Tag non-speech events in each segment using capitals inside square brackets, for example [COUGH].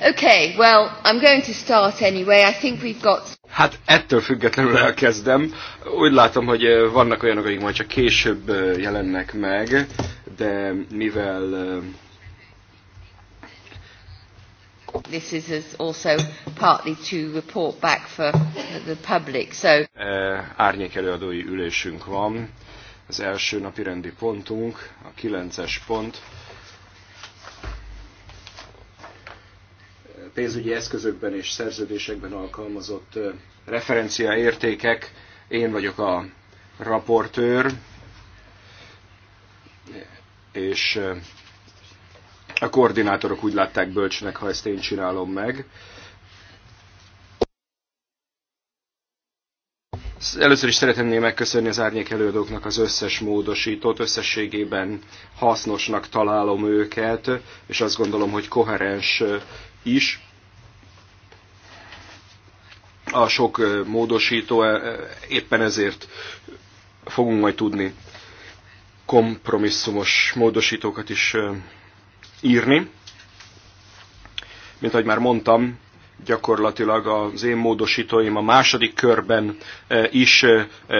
Okay, well, I'm going to start anyway. I think we've got... Hát ettől függetlenül elkezdem. Úgy látom, hogy vannak olyanok, akik majd csak később jelennek meg, de mivel... This is also partly to report back for the public, so... Árnyék előadói ülésünk van. Az első napi rendi pontunk, a kilences pont pénzügyi eszközökben és szerződésekben alkalmazott referenciaértékek. Én vagyok a raportőr, és a koordinátorok úgy látták bölcsnek, ha ezt én csinálom meg. Először is szeretném megköszönni az árnyék előadóknak az összes módosítót, összességében hasznosnak találom őket, és azt gondolom, hogy koherens is a sok módosító, e, e, éppen ezért fogunk majd tudni kompromisszumos módosítókat is írni. Mint ahogy már mondtam, gyakorlatilag az én módosítóim a második körben e, is e, e,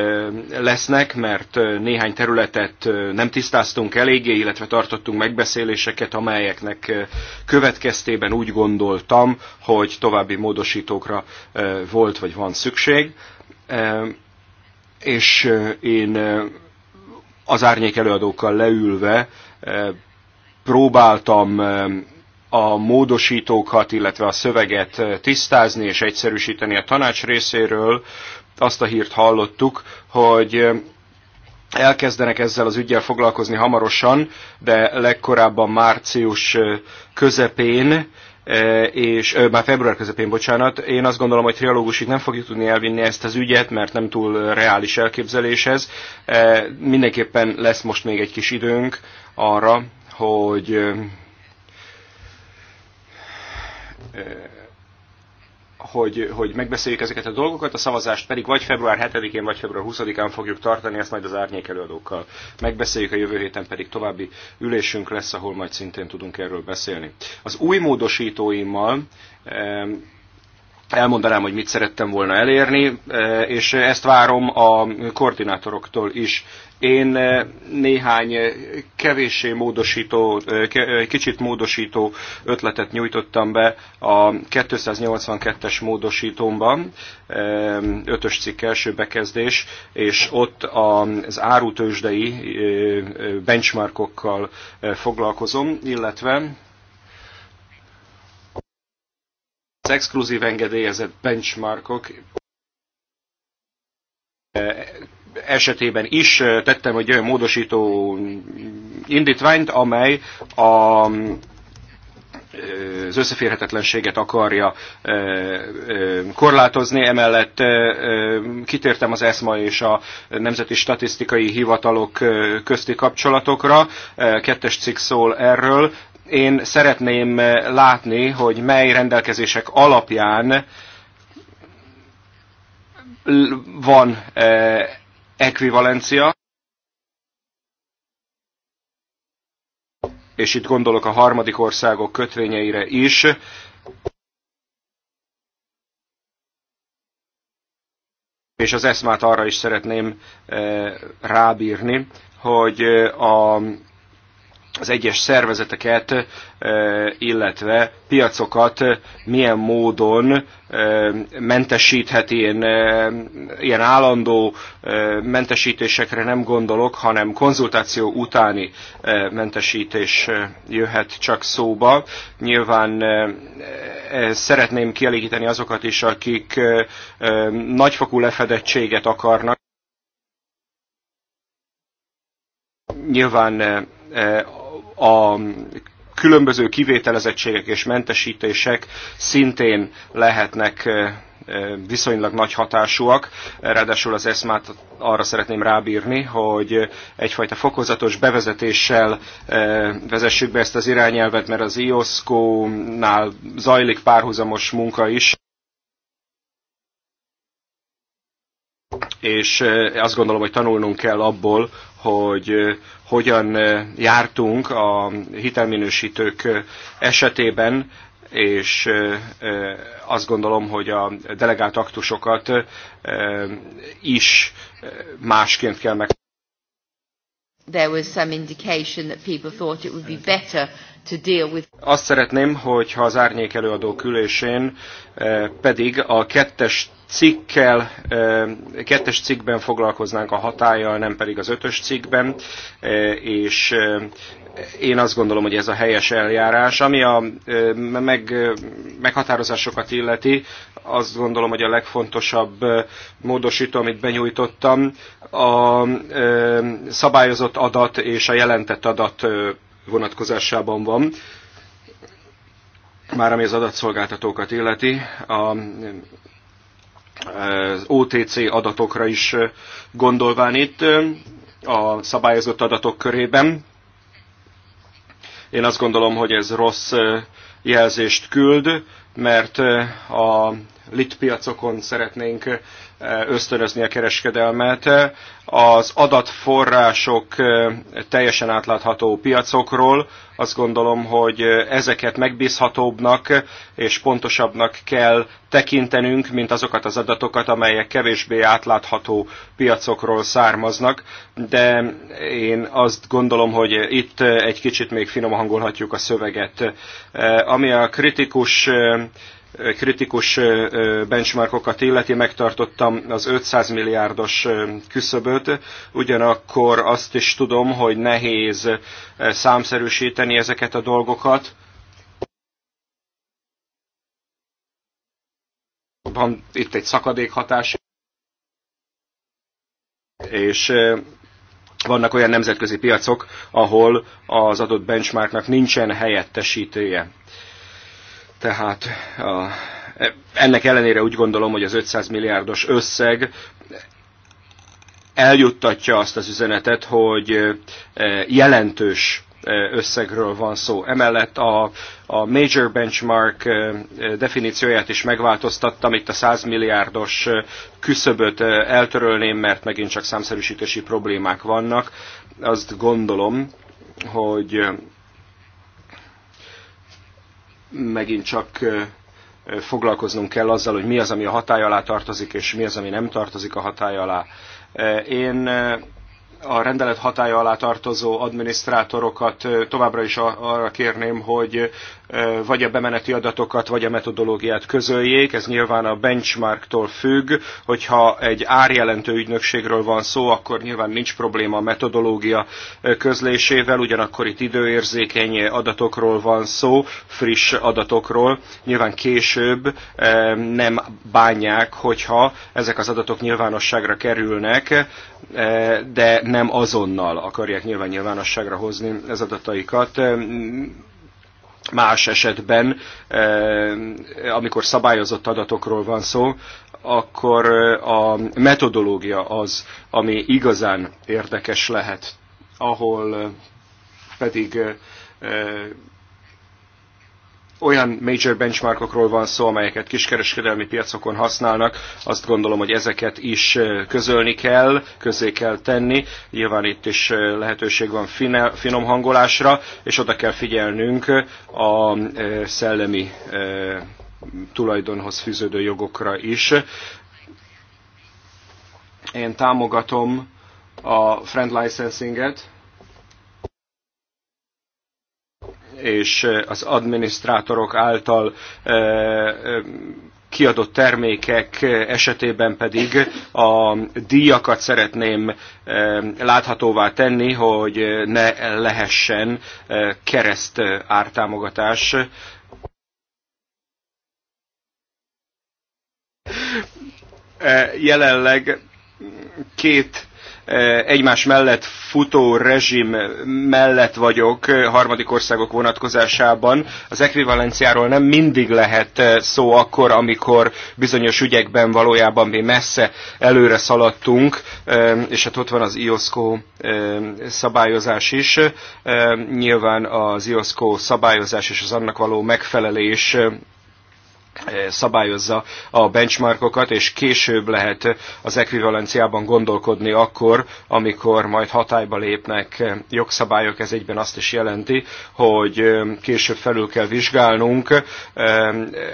lesznek, mert néhány területet nem tisztáztunk eléggé, illetve tartottunk megbeszéléseket, amelyeknek következtében úgy gondoltam, hogy további módosítókra volt vagy van szükség. És én az árnyék előadókkal leülve próbáltam a módosítókat, illetve a szöveget tisztázni és egyszerűsíteni a tanács részéről. Azt a hírt hallottuk, hogy elkezdenek ezzel az ügyel foglalkozni hamarosan, de legkorábban március közepén, e, és már február közepén, bocsánat, én azt gondolom, hogy triológusig nem fogjuk tudni elvinni ezt az ügyet, mert nem túl reális elképzeléshez. E, mindenképpen lesz most még egy kis időnk arra, hogy hogy, hogy megbeszéljük ezeket a dolgokat, a szavazást pedig vagy február 7-én, vagy február 20-án fogjuk tartani, ezt majd az árnyék előadókkal megbeszéljük, a jövő héten pedig további ülésünk lesz, ahol majd szintén tudunk erről beszélni. Az új módosítóimmal elmondanám, hogy mit szerettem volna elérni, e, és ezt várom a koordinátoroktól is. Én e, néhány kevéssé módosító, e, kicsit módosító ötletet nyújtottam be a 282-es módosítómban, ötös cikk első bekezdés, és ott az árutősdei benchmarkokkal foglalkozom, illetve az exkluzív engedélyezett benchmarkok eh, esetében is eh, tettem egy olyan módosító indítványt, amely a, eh, az összeférhetetlenséget akarja korlátozni, emellett kitértem az ESMA és a Nemzeti Statisztikai Hivatalok közti kapcsolatokra, kettes cikk szól erről, én szeretném eh, látni, hogy mely rendelkezések alapján van eh, ekvivalencia, és itt gondolok a harmadik országok kötvényeire is, és az eszmát arra is szeretném eh, rábírni, hogy a az egyes szervezeteket, illetve piacokat milyen módon mentesítheti. Én ilyen állandó mentesítésekre nem gondolok, hanem konzultáció utáni mentesítés jöhet csak szóba. Nyilván szeretném kielégíteni azokat is, akik nagyfokú lefedettséget akarnak, Nyilván a különböző kivételezettségek és mentesítések szintén lehetnek viszonylag nagy hatásúak. Ráadásul az eszmát arra szeretném rábírni, hogy egyfajta fokozatos bevezetéssel vezessük be ezt az irányelvet, mert az IOSCO-nál zajlik párhuzamos munka is és azt gondolom, hogy tanulnunk kell abból, hogy hogyan jártunk a hitelminősítők esetében, és azt gondolom, hogy a delegált aktusokat is másként kell meg there was some indication that people thought it would be better to deal with. Azt szeretném, hogyha az árnyék előadó külésén eh, pedig a kettes cikkel, eh, kettes cikkben foglalkoznánk a hatállyal, nem pedig az ötös cikkben, eh, és én azt gondolom, hogy ez a helyes eljárás. Ami a meg, meghatározásokat illeti, azt gondolom, hogy a legfontosabb módosító, amit benyújtottam, a szabályozott adat és a jelentett adat vonatkozásában van. Már ami az adatszolgáltatókat illeti, a az OTC adatokra is gondolván itt a szabályozott adatok körében. Én azt gondolom, hogy ez rossz jelzést küld, mert a litpiacokon szeretnénk ösztönözni a kereskedelmet. Az adatforrások teljesen átlátható piacokról azt gondolom, hogy ezeket megbízhatóbbnak és pontosabbnak kell tekintenünk, mint azokat az adatokat, amelyek kevésbé átlátható piacokról származnak, de én azt gondolom, hogy itt egy kicsit még finom hangolhatjuk a szöveget. Ami a kritikus kritikus benchmarkokat illeti, megtartottam az 500 milliárdos küszöböt, ugyanakkor azt is tudom, hogy nehéz számszerűsíteni ezeket a dolgokat. Van itt egy szakadékhatás, és vannak olyan nemzetközi piacok, ahol az adott benchmarknak nincsen helyettesítője tehát a, e, ennek ellenére úgy gondolom, hogy az 500 milliárdos összeg eljuttatja azt az üzenetet, hogy e, jelentős e, összegről van szó. Emellett a, a major benchmark definícióját is megváltoztattam, itt a 100 milliárdos küszöböt eltörölném, mert megint csak számszerűsítési problémák vannak. Azt gondolom, hogy megint csak foglalkoznunk kell azzal, hogy mi az, ami a hatály alá tartozik, és mi az, ami nem tartozik a hatály alá. Én a rendelet hatája alá tartozó adminisztrátorokat továbbra is arra kérném, hogy vagy a bemeneti adatokat, vagy a metodológiát közöljék. Ez nyilván a benchmarktól függ. Hogyha egy árjelentő ügynökségről van szó, akkor nyilván nincs probléma a metodológia közlésével, ugyanakkor itt időérzékeny adatokról van szó, friss adatokról. Nyilván később nem bánják, hogyha ezek az adatok nyilvánosságra kerülnek, de nem azonnal akarják nyilván nyilvánosságra hozni az adataikat más esetben, eh, amikor szabályozott adatokról van szó, akkor eh, a metodológia az, ami igazán érdekes lehet, ahol eh, pedig olyan major benchmarkokról van szó, amelyeket kiskereskedelmi piacokon használnak, azt gondolom, hogy ezeket is közölni kell, közé kell tenni. Nyilván itt is lehetőség van finom hangolásra, és oda kell figyelnünk a szellemi tulajdonhoz fűződő jogokra is. Én támogatom a friend licensinget, és eh, az adminisztrátorok által eh, eh, kiadott termékek esetében pedig a díjakat szeretném láthatóvá tenni, hogy ne lehessen kereszt ártámogatás. Jelenleg két Eh, egymás mellett futó rezsim mellett vagyok eh, harmadik országok vonatkozásában. Az ekvivalenciáról nem mindig lehet eh, szó akkor, amikor bizonyos ügyekben valójában mi messze előre szaladtunk, és hát ott van az IOSCO szabályozás is. Nyilván az IOSCO szabályozás és az annak való megfelelés Eh, szabályozza a benchmarkokat, és később lehet az ekvivalenciában gondolkodni akkor, amikor majd hatályba lépnek eh, jogszabályok. Ez egyben azt is jelenti, hogy eh, később felül kell vizsgálnunk.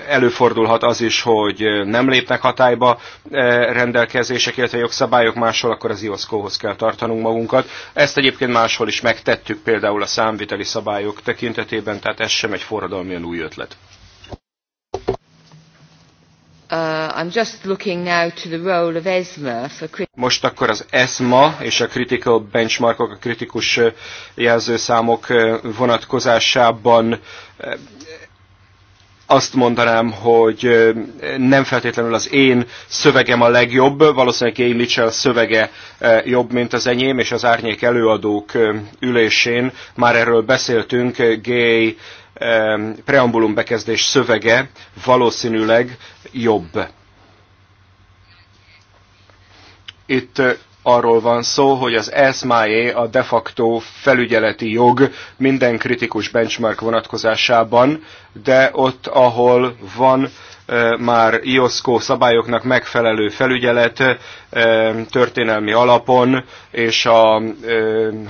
Előfordulhat az is, hogy nem lépnek hatályba rendelkezések, illetve jogszabályok máshol, akkor az IOSCO-hoz kell tartanunk magunkat. Ezt egyébként máshol is megtettük, például a számviteli szabályok tekintetében, tehát ez sem egy forradalmian új ötlet. Most akkor az ESMA és a critical benchmarkok, a kritikus uh, jelzőszámok uh, vonatkozásában uh, azt mondanám, hogy nem feltétlenül az én szövegem a legjobb, valószínűleg én Mitchell szövege jobb, mint az enyém, és az árnyék előadók ülésén már erről beszéltünk, gay preambulum bekezdés szövege valószínűleg jobb. Itt arról van szó, hogy az ESMAE a de facto felügyeleti jog minden kritikus benchmark vonatkozásában, de ott, ahol van már IOSCO szabályoknak megfelelő felügyelet történelmi alapon, és a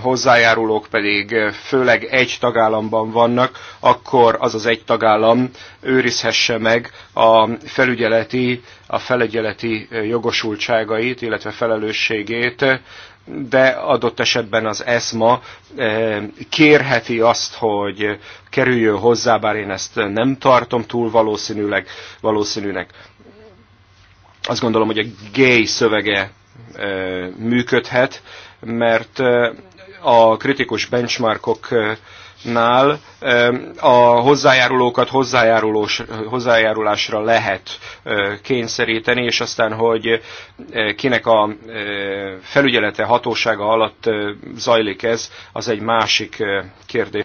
hozzájárulók pedig főleg egy tagállamban vannak, akkor az az egy tagállam őrizhesse meg a felügyeleti, a felügyeleti jogosultságait, illetve felelősségét de adott esetben az ESMA eh, kérheti azt, hogy kerüljön hozzá, bár én ezt nem tartom túl valószínűleg, valószínűnek. Azt gondolom, hogy a gay szövege eh, működhet, mert eh, a kritikus benchmarkok -ok nál a hozzájárulókat hozzájárulós, hozzájárulásra lehet kényszeríteni, és aztán, hogy kinek a felügyelete hatósága alatt zajlik ez, az egy másik kérdés.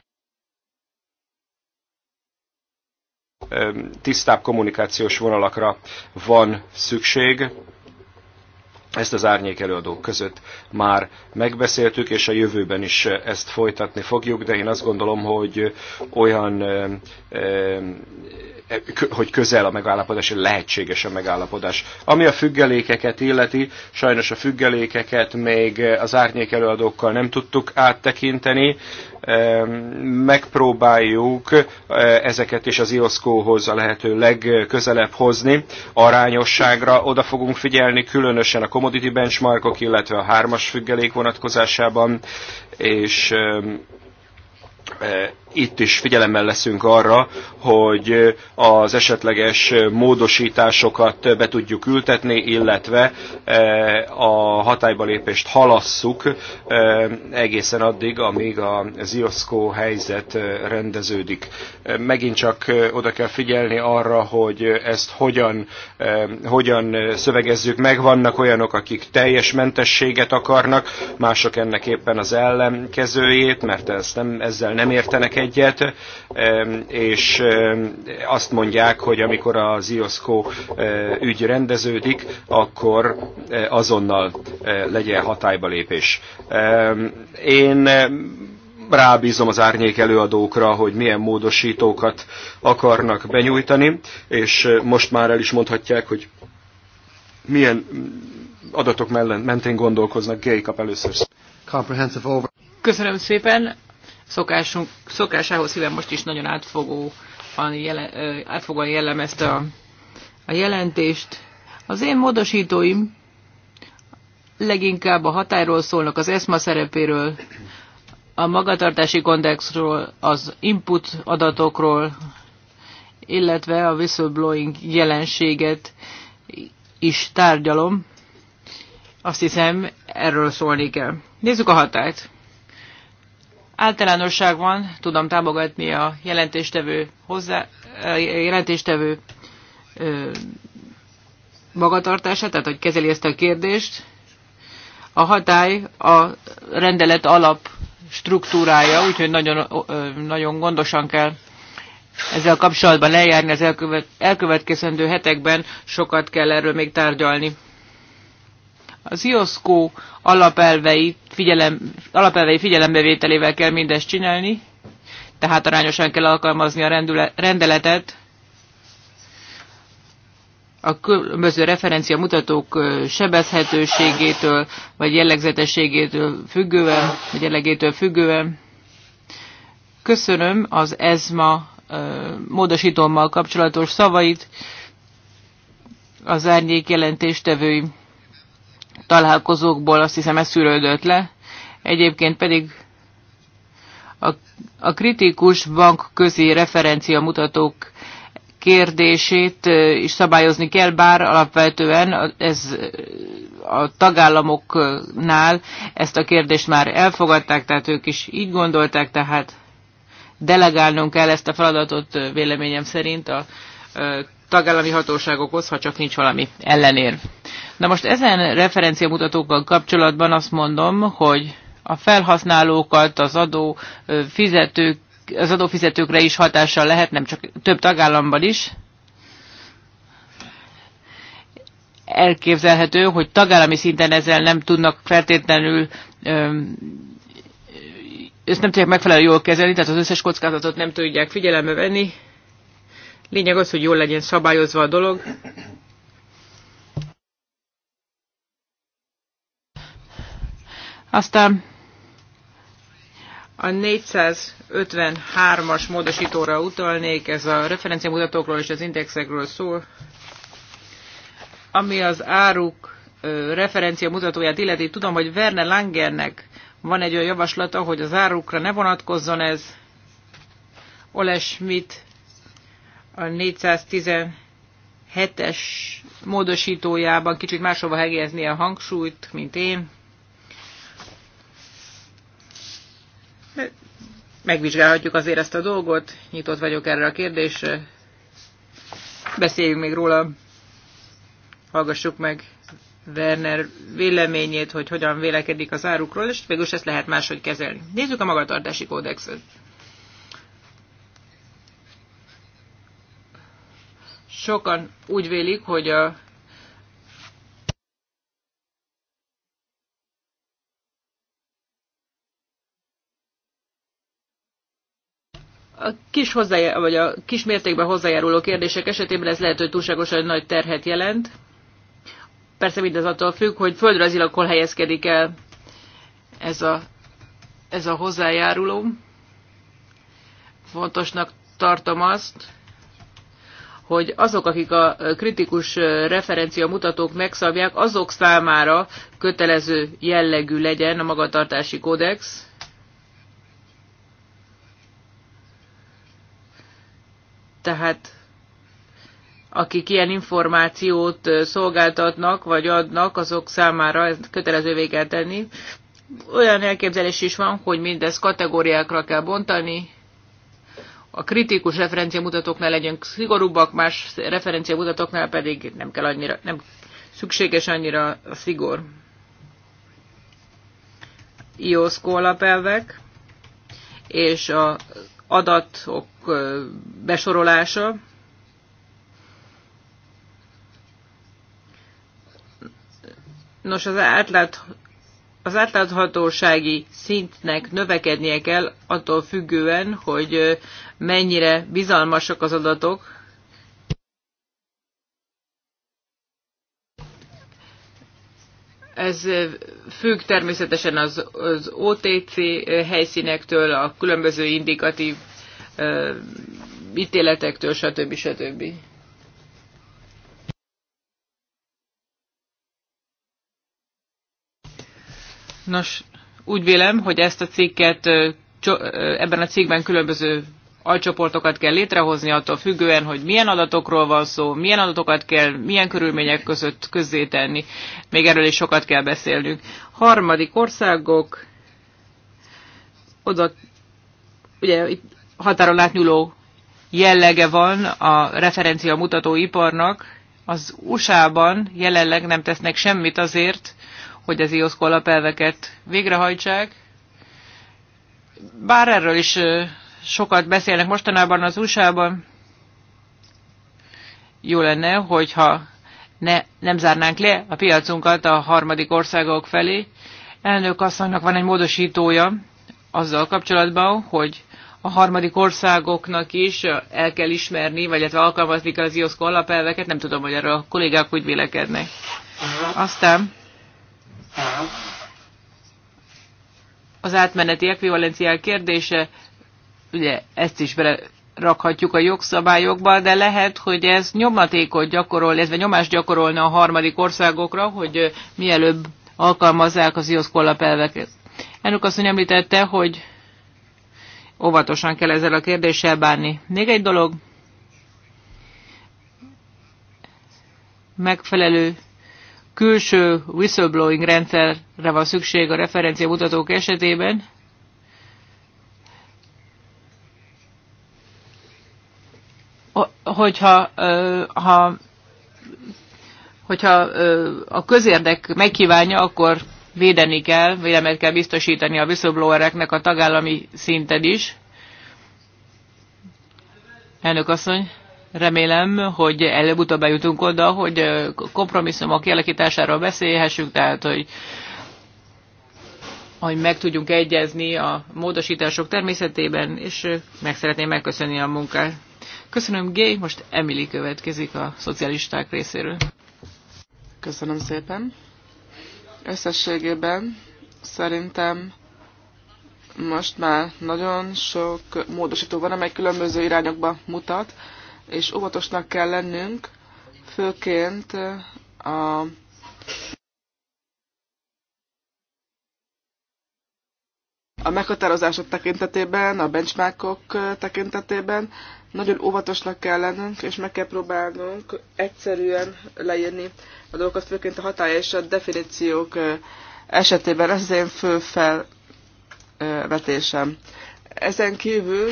Tisztább kommunikációs vonalakra van szükség. Ezt az árnyék előadók között már megbeszéltük, és a jövőben is ezt folytatni fogjuk, de én azt gondolom, hogy olyan hogy közel a megállapodás, lehetséges a megállapodás. Ami a függelékeket illeti, sajnos a függelékeket még az árnyék előadókkal nem tudtuk áttekinteni. Megpróbáljuk eh, ezeket is az IOSCO-hoz a lehető legközelebb hozni. Arányosságra oda fogunk figyelni, különösen a commodity benchmarkok, illetve a hármas függelék vonatkozásában, és eh, itt is figyelemmel leszünk arra, hogy az esetleges módosításokat be tudjuk ültetni, illetve a hatályba lépést halasszuk egészen addig, amíg a ZIOSZKÓ helyzet rendeződik. Megint csak oda kell figyelni arra, hogy ezt hogyan, hogyan szövegezzük meg. Vannak olyanok, akik teljes mentességet akarnak, mások ennek éppen az ellenkezőjét, mert ezt nem, ezzel nem értenek egyet, és azt mondják, hogy amikor az IOSCO ügy rendeződik, akkor eh, azonnal eh, legyen hatályba lépés. Én rábízom az árnyék előadókra, hogy milyen módosítókat akarnak benyújtani, és eh, most már el is mondhatják, hogy milyen adatok mellett mentén gondolkoznak. Gay kap először. Köszönöm szépen szokásunk, szokásához híven most is nagyon átfogóan, jelen, átfogóan jellemezte a, a jelentést. Az én módosítóim leginkább a határól szólnak, az eszma szerepéről, a magatartási kontextról, az input adatokról, illetve a whistleblowing jelenséget is tárgyalom. Azt hiszem, erről szólni kell. Nézzük a hatályt. Általánosságban tudom támogatni a jelentéstevő, hozzá, a jelentéstevő ö, magatartását, tehát hogy kezeli ezt a kérdést. A hatály a rendelet alap struktúrája, úgyhogy nagyon, ö, nagyon gondosan kell ezzel kapcsolatban lejárni az elkövet, elkövetkezendő hetekben, sokat kell erről még tárgyalni. Az IOSCO alapelvei figyelem, alapelvei figyelembevételével kell mindezt csinálni, tehát arányosan kell alkalmazni a rendeletet, a különböző referencia mutatók sebezhetőségétől, vagy jellegzetességétől függően, vagy jellegétől függően. Köszönöm az ESMA módosítommal kapcsolatos szavait, az árnyék jelentéstevőim találkozókból azt hiszem ez szűrődött le. Egyébként pedig a, a kritikus bankközi referencia mutatók kérdését is szabályozni kell, bár alapvetően ez a tagállamoknál ezt a kérdést már elfogadták, tehát ők is így gondolták, tehát delegálnunk kell ezt a feladatot véleményem szerint a tagállami hatóságokhoz, ha csak nincs valami ellenérv. Na most ezen referenciamutatókkal kapcsolatban azt mondom, hogy a felhasználókat, az adó fizetők, az adófizetőkre is hatással lehet, nem csak több tagállamban is. Elképzelhető, hogy tagállami szinten ezzel nem tudnak feltétlenül ezt nem tudják megfelelően jól kezelni, tehát az összes kockázatot nem tudják figyelembe venni. Lényeg az, hogy jól legyen szabályozva a dolog. Aztán a 453-as módosítóra utalnék, ez a referenciamutatókról és az indexekről szól, ami az áruk referencia mutatóját illeti. Tudom, hogy Werner Langernek van egy olyan javaslata, hogy az árukra ne vonatkozzon ez. Ole Schmidt a 417-es módosítójában kicsit máshova hegyezni a hangsúlyt, mint én. megvizsgálhatjuk azért ezt a dolgot, nyitott vagyok erre a kérdésre. Beszéljünk még róla, hallgassuk meg Werner véleményét, hogy hogyan vélekedik az árukról, és végül ezt lehet máshogy kezelni. Nézzük a magatartási kódexet. Sokan úgy vélik, hogy a a kis, vagy a kis mértékben hozzájáruló kérdések esetében ez lehet, hogy túlságosan nagy terhet jelent. Persze mindez attól függ, hogy földrajzilag hol helyezkedik el ez a, ez a hozzájáruló. Fontosnak tartom azt, hogy azok, akik a kritikus referencia mutatók megszabják, azok számára kötelező jellegű legyen a magatartási kódex, Tehát akik ilyen információt szolgáltatnak vagy adnak, azok számára ezt kötelezővé kell tenni. Olyan elképzelés is van, hogy mindez kategóriákra kell bontani, a kritikus referenciamutatóknál legyünk szigorúbbak, más referenciamutatóknál pedig nem kell annyira, nem szükséges annyira a szigor. IOSCO alapelvek és a adatok besorolása. Nos, az, átlát, az átláthatósági szintnek növekednie kell attól függően, hogy mennyire bizalmasak az adatok, Ez függ természetesen az, az OTC helyszínektől, a különböző indikatív uh, ítéletektől, stb. stb. Nos, úgy vélem, hogy ezt a cikket ebben a cikkben különböző alcsoportokat kell létrehozni attól függően, hogy milyen adatokról van szó, milyen adatokat kell, milyen körülmények között közzétenni. Még erről is sokat kell beszélnünk. Harmadik országok, oda, ugye itt határon átnyúló jellege van a referencia iparnak, az USA-ban jelenleg nem tesznek semmit azért, hogy az IOSZKO alapelveket végrehajtsák. Bár erről is sokat beszélnek mostanában az USA-ban. Jó lenne, hogyha ne, nem zárnánk le a piacunkat a harmadik országok felé. Elnök asszonynak van egy módosítója azzal kapcsolatban, hogy a harmadik országoknak is el kell ismerni, vagy illetve alkalmazni kell az IOSZKO alapelveket. Nem tudom, hogy erről a kollégák úgy vélekednek. Aztán az átmeneti ekvivalenciák kérdése ugye ezt is bele rakhatjuk a jogszabályokba, de lehet, hogy ez nyomatékot gyakorol, illetve nyomást gyakorolna a harmadik országokra, hogy mielőbb alkalmazzák az IOSZ kollapelveket. Ennek azt említette, hogy óvatosan kell ezzel a kérdéssel bánni. Még egy dolog, megfelelő külső whistleblowing rendszerre van szükség a mutatók esetében, hogyha, ha, hogyha a közérdek megkívánja, akkor védeni kell, vélemet kell biztosítani a whistleblowereknek a tagállami szinten is. Elnök asszony, remélem, hogy előbb-utóbb eljutunk oda, hogy kompromisszumok kialakításáról beszélhessünk, tehát hogy hogy meg tudjunk egyezni a módosítások természetében, és meg szeretném megköszönni a munkát. Köszönöm, Gay, most Emily következik a szocialisták részéről. Köszönöm szépen. Összességében szerintem most már nagyon sok módosító van, amely különböző irányokba mutat, és óvatosnak kell lennünk, főként a a meghatározások tekintetében, a benchmarkok tekintetében, nagyon óvatosnak kell lennünk, és meg kell próbálnunk egyszerűen leírni a dolgokat, főként a hatája és a definíciók esetében. Ez az én fő felvetésem. Ezen kívül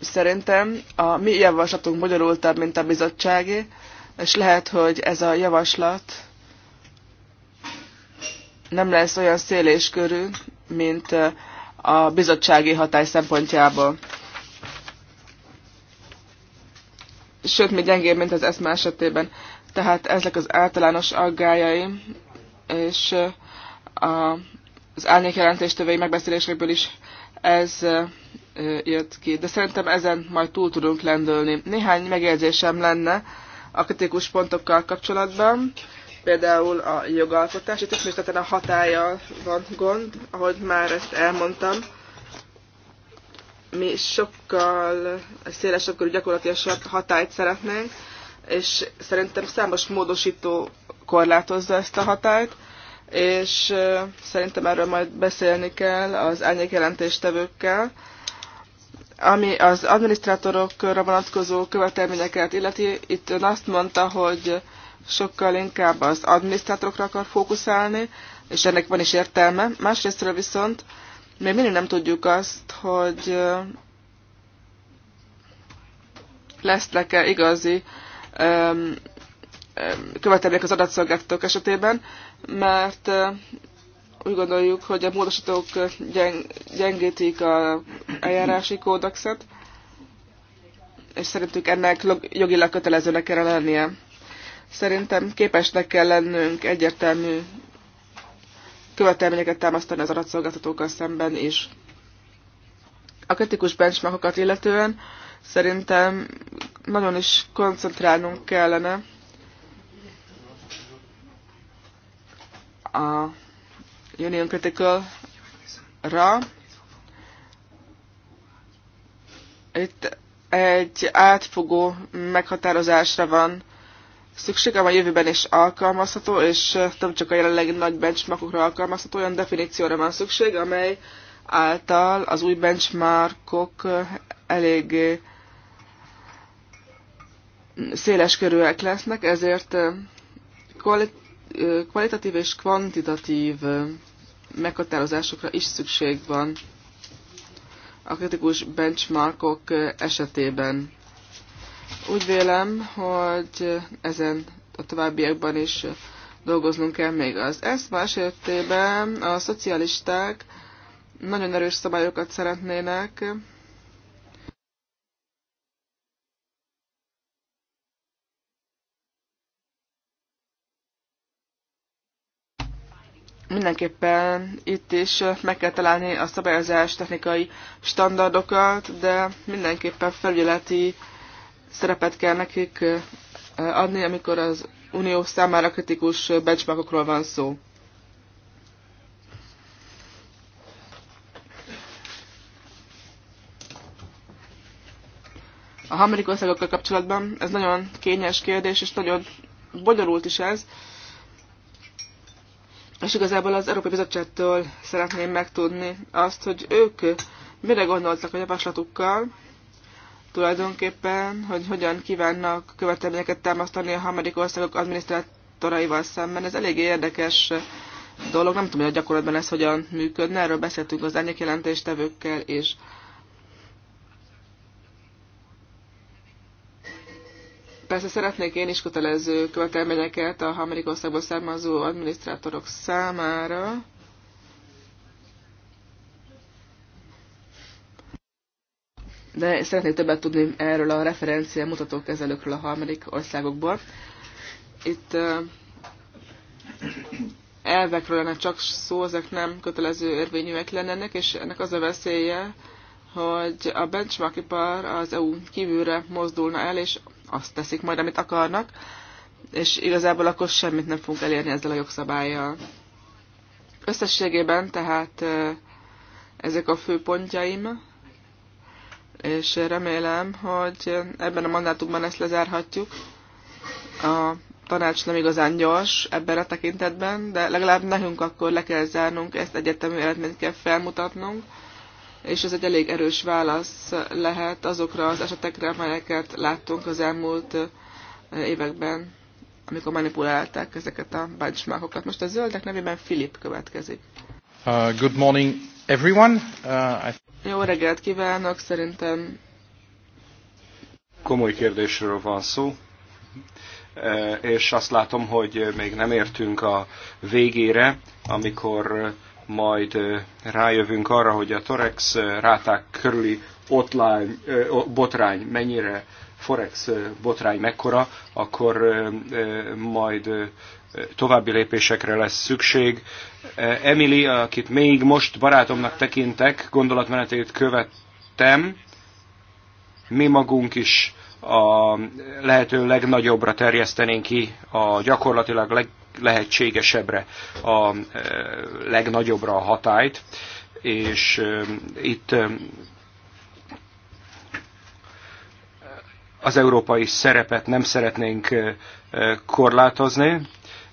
szerintem a mi javaslatunk bonyolultabb, mint a bizottságé, és lehet, hogy ez a javaslat nem lesz olyan széléskörű, körű, mint a bizottsági hatály szempontjából. Sőt, még gyengébb, mint az eszme esetében. Tehát ezek az általános aggájai, és a, az árnyék jelentéstövői megbeszélésekből is ez jött ki. De szerintem ezen majd túl tudunk lendülni. Néhány megjegyzésem lenne a kritikus pontokkal kapcsolatban például a jogalkotás, itt ismételten a hatája van gond, ahogy már ezt elmondtam. Mi sokkal szélesebb körű gyakorlatilag hatályt szeretnénk, és szerintem számos módosító korlátozza ezt a hatályt, és szerintem erről majd beszélni kell az árnyékjelentéstevőkkel, ami az adminisztrátorokra vonatkozó követelményeket illeti. Itt ön azt mondta, hogy sokkal inkább az adminisztrátorokra akar fókuszálni, és ennek van is értelme. Másrésztről viszont még mindig nem tudjuk azt, hogy lesznek-e igazi követelmények az adatszolgáltatók esetében, mert úgy gondoljuk, hogy a módosítók gyeng, gyengítik a eljárási kódexet, és szerintük ennek jogilag kötelezőnek kell lennie. Szerintem képesnek kell lennünk egyértelmű követelményeket támasztani az adatszolgáltatókkal szemben is. A kritikus benchmarkokat illetően szerintem nagyon is koncentrálnunk kellene a Union Critical-ra. Itt egy átfogó meghatározásra van szüksége van jövőben is alkalmazható, és nem csak a jelenlegi nagy benchmarkokra alkalmazható, olyan definícióra van szükség, amely által az új benchmarkok elég széles körűek lesznek, ezért kvalitatív és kvantitatív meghatározásokra is szükség van a kritikus benchmarkok esetében. Úgy vélem, hogy ezen a továbbiakban is dolgoznunk kell még az ESZMA esetében. A szocialisták nagyon erős szabályokat szeretnének, mindenképpen itt is meg kell találni a szabályozás technikai standardokat, de mindenképpen felületi szerepet kell nekik adni, amikor az unió számára kritikus benchmarkokról van szó. A harmadik országokkal kapcsolatban ez nagyon kényes kérdés, és nagyon bonyolult is ez. És igazából az Európai Bizottságtól szeretném megtudni azt, hogy ők mire gondoltak a javaslatukkal, tulajdonképpen, hogy hogyan kívánnak követelményeket támasztani a harmadik országok adminisztrátoraival szemben. Ez eléggé érdekes dolog. Nem tudom, hogy a gyakorlatban ez hogyan működne. Erről beszéltünk az ennyi jelentéstevőkkel, és persze szeretnék én is kötelező követelményeket a harmadik országból származó adminisztrátorok számára, de szeretnék többet tudni erről a referencia mutatókezelőkről a harmadik országokból. Itt elvekről lenne csak szó, ezek nem kötelező érvényűek lennének, és ennek az a veszélye, hogy a benchmark ipar az EU kívülre mozdulna el, és azt teszik majd, amit akarnak, és igazából akkor semmit nem fogunk elérni ezzel a jogszabályjal. Összességében tehát ezek a fő pontjaim, és remélem, hogy ebben a mandátumban ezt lezárhatjuk. A tanács nem igazán gyors ebben a tekintetben, de legalább nekünk akkor le kell zárnunk, ezt egyetemű eredményt kell felmutatnunk, és ez egy elég erős válasz lehet azokra az esetekre, amelyeket láttunk az elmúlt eh, években, amikor manipulálták ezeket a benchmarkokat. Most a zöldek nevében Filip következik. Uh, good morning, everyone. Uh, I... Jó reggelt kívánok, szerintem... Komoly kérdésről van szó, e, és azt látom, hogy még nem értünk a végére, amikor majd e, rájövünk arra, hogy a Torex e, ráták körüli otlány, botrány mennyire Forex botrány mekkora, akkor majd további lépésekre lesz szükség. E, Emily, akit még most barátomnak tekintek, gondolatmenetét követtem, mi magunk is a lehető legnagyobbra terjesztenénk ki, a gyakorlatilag leg, lehetségesebbre, a e, legnagyobbra a hatályt, és e, itt az európai szerepet nem szeretnénk korlátozni,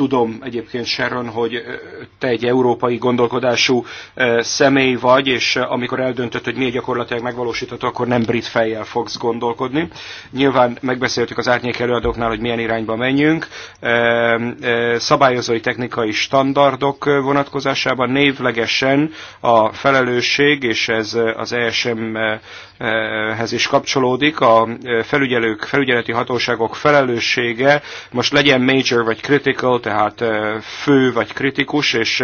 Tudom egyébként, Sharon, hogy te egy európai gondolkodású személy vagy, és amikor eldöntött, hogy miért gyakorlatilag megvalósítható, akkor nem brit fejjel fogsz gondolkodni. Nyilván megbeszéltük az árnyék előadóknál, hogy milyen irányba menjünk. Szabályozói technikai standardok vonatkozásában névlegesen a felelősség, és ez az ESM-hez is kapcsolódik, a felügyelők, felügyeleti hatóságok felelőssége most legyen major vagy critical, tehát fő vagy kritikus, és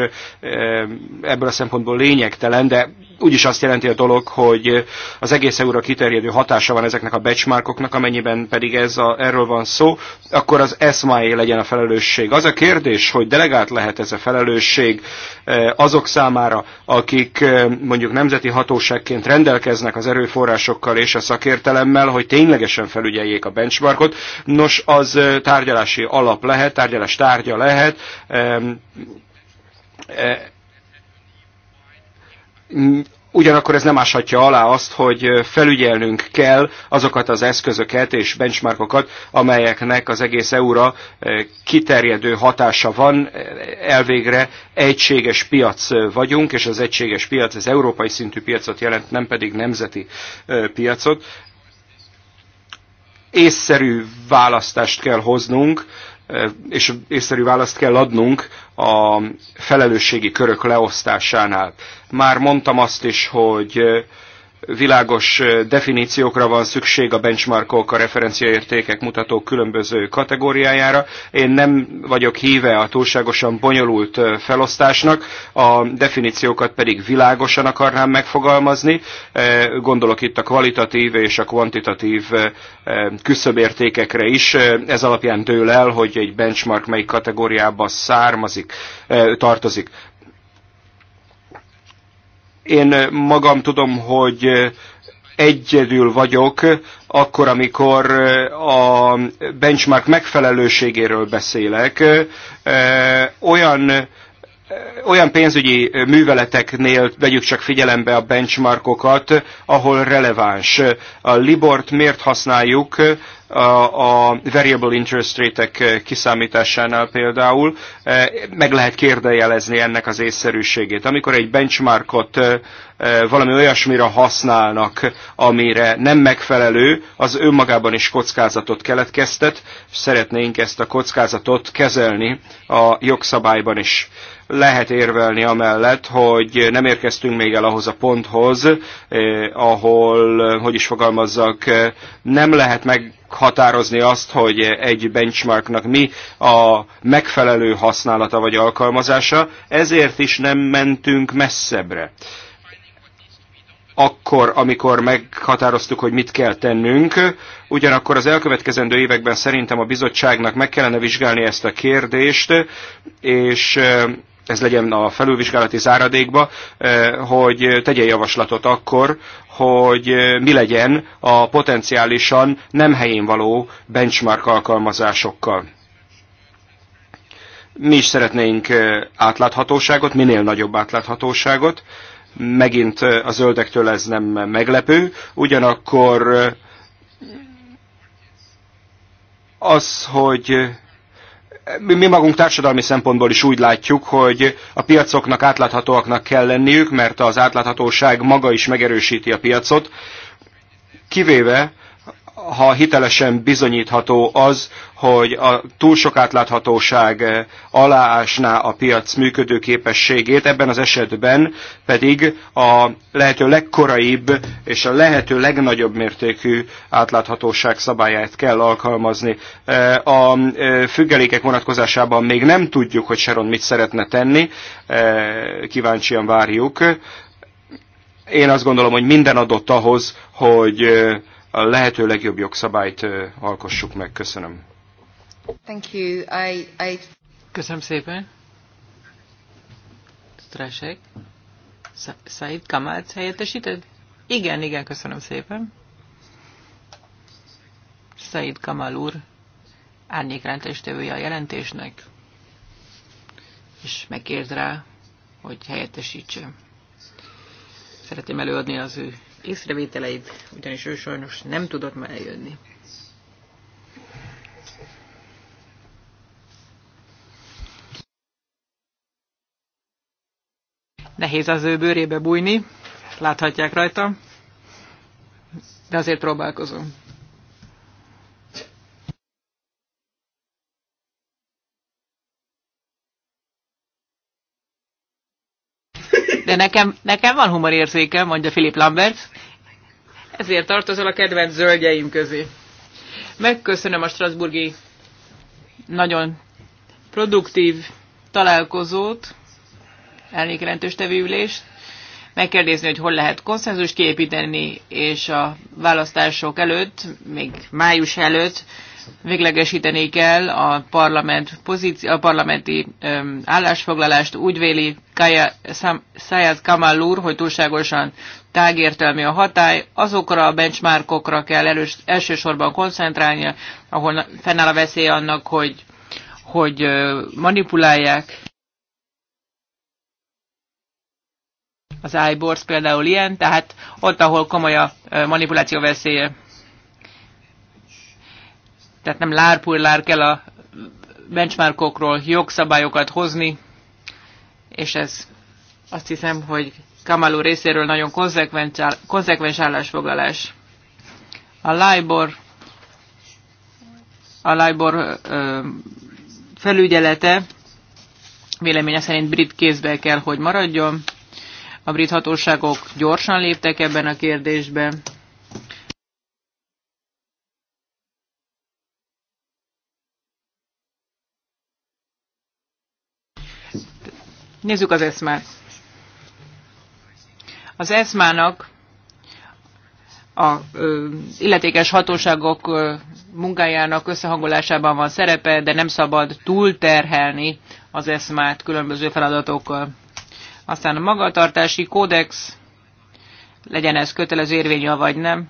ebből a szempontból lényegtelen, de úgyis azt jelenti a dolog, hogy az egész euróra kiterjedő hatása van ezeknek a benchmarkoknak, amennyiben pedig ez a, erről van szó, akkor az ESMAE legyen a felelősség. Az a kérdés, hogy delegált lehet ez a felelősség eh, azok számára, akik eh, mondjuk nemzeti hatóságként rendelkeznek az erőforrásokkal és a szakértelemmel, hogy ténylegesen felügyeljék a benchmarkot. Nos, az eh, tárgyalási alap lehet, tárgyalás tárgya lehet, Mm, ugyanakkor ez nem áshatja alá azt, hogy felügyelnünk kell azokat az eszközöket és benchmarkokat, amelyeknek az egész eura kiterjedő hatása van. Elvégre egységes piac vagyunk, és az egységes piac az európai szintű piacot jelent, nem pedig nemzeti piacot. Észszerű választást kell hoznunk és észszerű választ kell adnunk a felelősségi körök leosztásánál. Már mondtam azt is, hogy világos definíciókra van szükség a benchmarkok, a referenciaértékek, mutatók különböző kategóriájára. Én nem vagyok híve a túlságosan bonyolult felosztásnak, a definíciókat pedig világosan akarnám megfogalmazni. Gondolok itt a kvalitatív és a kvantitatív küszöbértékekre is. Ez alapján dől el, hogy egy benchmark melyik kategóriába származik, tartozik. Én eh, magam tudom, hogy eh, egyedül vagyok, akkor, amikor eh, a benchmark megfelelőségéről beszélek, olyan olyan pénzügyi műveleteknél vegyük csak figyelembe a benchmarkokat, ahol releváns. A Libort miért használjuk a variable interest rate kiszámításánál például, meg lehet kérdejelezni ennek az észszerűségét. Amikor egy benchmarkot valami olyasmira használnak, amire nem megfelelő, az önmagában is kockázatot keletkeztet, szeretnénk ezt a kockázatot kezelni a jogszabályban is lehet érvelni amellett, hogy nem érkeztünk még el ahhoz a ponthoz, eh, ahol, eh, hogy is fogalmazzak, eh, nem lehet meghatározni azt, hogy egy benchmarknak mi a megfelelő használata vagy alkalmazása, ezért is nem mentünk messzebbre akkor, amikor meghatároztuk, hogy mit kell tennünk. Ugyanakkor az elkövetkezendő években szerintem a bizottságnak meg kellene vizsgálni ezt a kérdést, és ez legyen a felülvizsgálati záradékba, eh, hogy tegyen javaslatot akkor, hogy eh, mi legyen a potenciálisan nem helyén való benchmark alkalmazásokkal. Mi is szeretnénk eh, átláthatóságot, minél nagyobb átláthatóságot. Megint a zöldektől ez nem meglepő, ugyanakkor az, hogy mi magunk társadalmi szempontból is úgy látjuk, hogy a piacoknak átláthatóaknak kell lenniük, mert az átláthatóság maga is megerősíti a piacot, kivéve ha hitelesen bizonyítható az, hogy a túl sok átláthatóság eh, aláásná a piac működőképességét, ebben az esetben pedig a lehető legkoraibb és a lehető legnagyobb mértékű átláthatóság szabályát kell alkalmazni. Eh, a eh, függelékek vonatkozásában még nem tudjuk, hogy Sharon mit szeretne tenni, kíváncsian várjuk. Én azt gondolom, hogy minden adott ahhoz, hogy a lehető legjobb jogszabályt alkossuk meg. Köszönöm. Thank you. I, I... Köszönöm szépen. Strasek. Said Kamát helyettesíted? Igen, igen, köszönöm szépen. Said Kamal úr árnyékrendestevője a jelentésnek, és megkért rá, hogy helyettesítse. Szeretném előadni az ő észrevételeit, ugyanis ő sajnos nem tudott már eljönni. Nehéz az ő bőrébe bújni, láthatják rajta, de azért próbálkozom. De nekem, nekem van humorérzéke, mondja Philip Lambert, ezért tartozol a kedvenc zöldjeim közé. Megköszönöm a Strasburgi nagyon produktív találkozót elég jelentős tevő ülést. hogy hol lehet konszenzus kiépíteni, és a választások előtt, még május előtt véglegesíteni kell a, parlament pozíció, a parlamenti öm, állásfoglalást. Úgy véli Sayed Kamal úr, hogy túlságosan tágértelmű a hatály. Azokra a benchmarkokra kell elős, elsősorban koncentrálnia, ahol fennáll a veszély annak, hogy, hogy manipulálják Az iBoards például ilyen, tehát ott, ahol komoly a manipuláció veszélye. Tehát nem lárpullár kell a benchmarkokról jogszabályokat hozni, és ez azt hiszem, hogy Kamalú részéről nagyon konzekvens állásfoglalás. A LIBOR a LIBOR ö, felügyelete véleménye szerint brit kézbe kell, hogy maradjon. A brit hatóságok gyorsan léptek ebben a kérdésben. Nézzük az eszmát. Az eszmának a ö, illetékes hatóságok ö, munkájának összehangolásában van szerepe, de nem szabad túlterhelni az eszmát különböző feladatokkal. Aztán a magatartási kódex, legyen ez kötelező érvényű, vagy nem.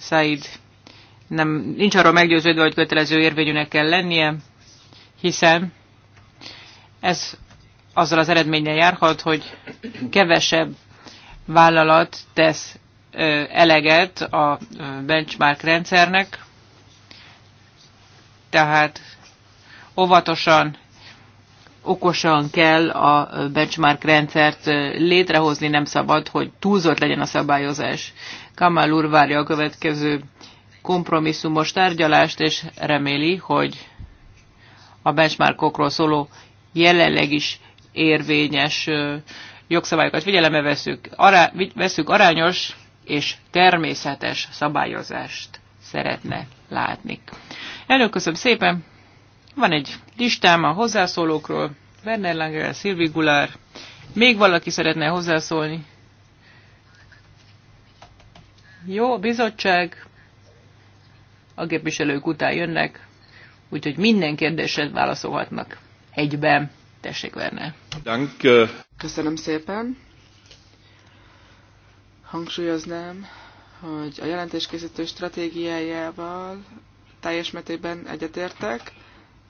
Said nem, nincs arról meggyőződve, hogy kötelező érvényűnek kell lennie, hiszen ez azzal az eredménnyel járhat, hogy kevesebb vállalat tesz eleget a benchmark rendszernek, tehát óvatosan okosan kell a benchmark rendszert létrehozni, nem szabad, hogy túlzott legyen a szabályozás. Kamal úr várja a következő kompromisszumos tárgyalást, és reméli, hogy a benchmarkokról szóló jelenleg is érvényes jogszabályokat figyelembe veszük, ará, veszük arányos és természetes szabályozást szeretne látni. Elnök, köszönöm szépen! Van egy listám a hozzászólókról. Werner Langer, Szilvi Gulár. Még valaki szeretne hozzászólni? Jó, a bizottság. A képviselők után jönnek, úgyhogy minden kérdéset válaszolhatnak. Egyben. Tessék, Werner. Dank. Köszönöm szépen. Hangsúlyoznám, hogy a jelentéskészítő stratégiájával teljes mértékben egyetértek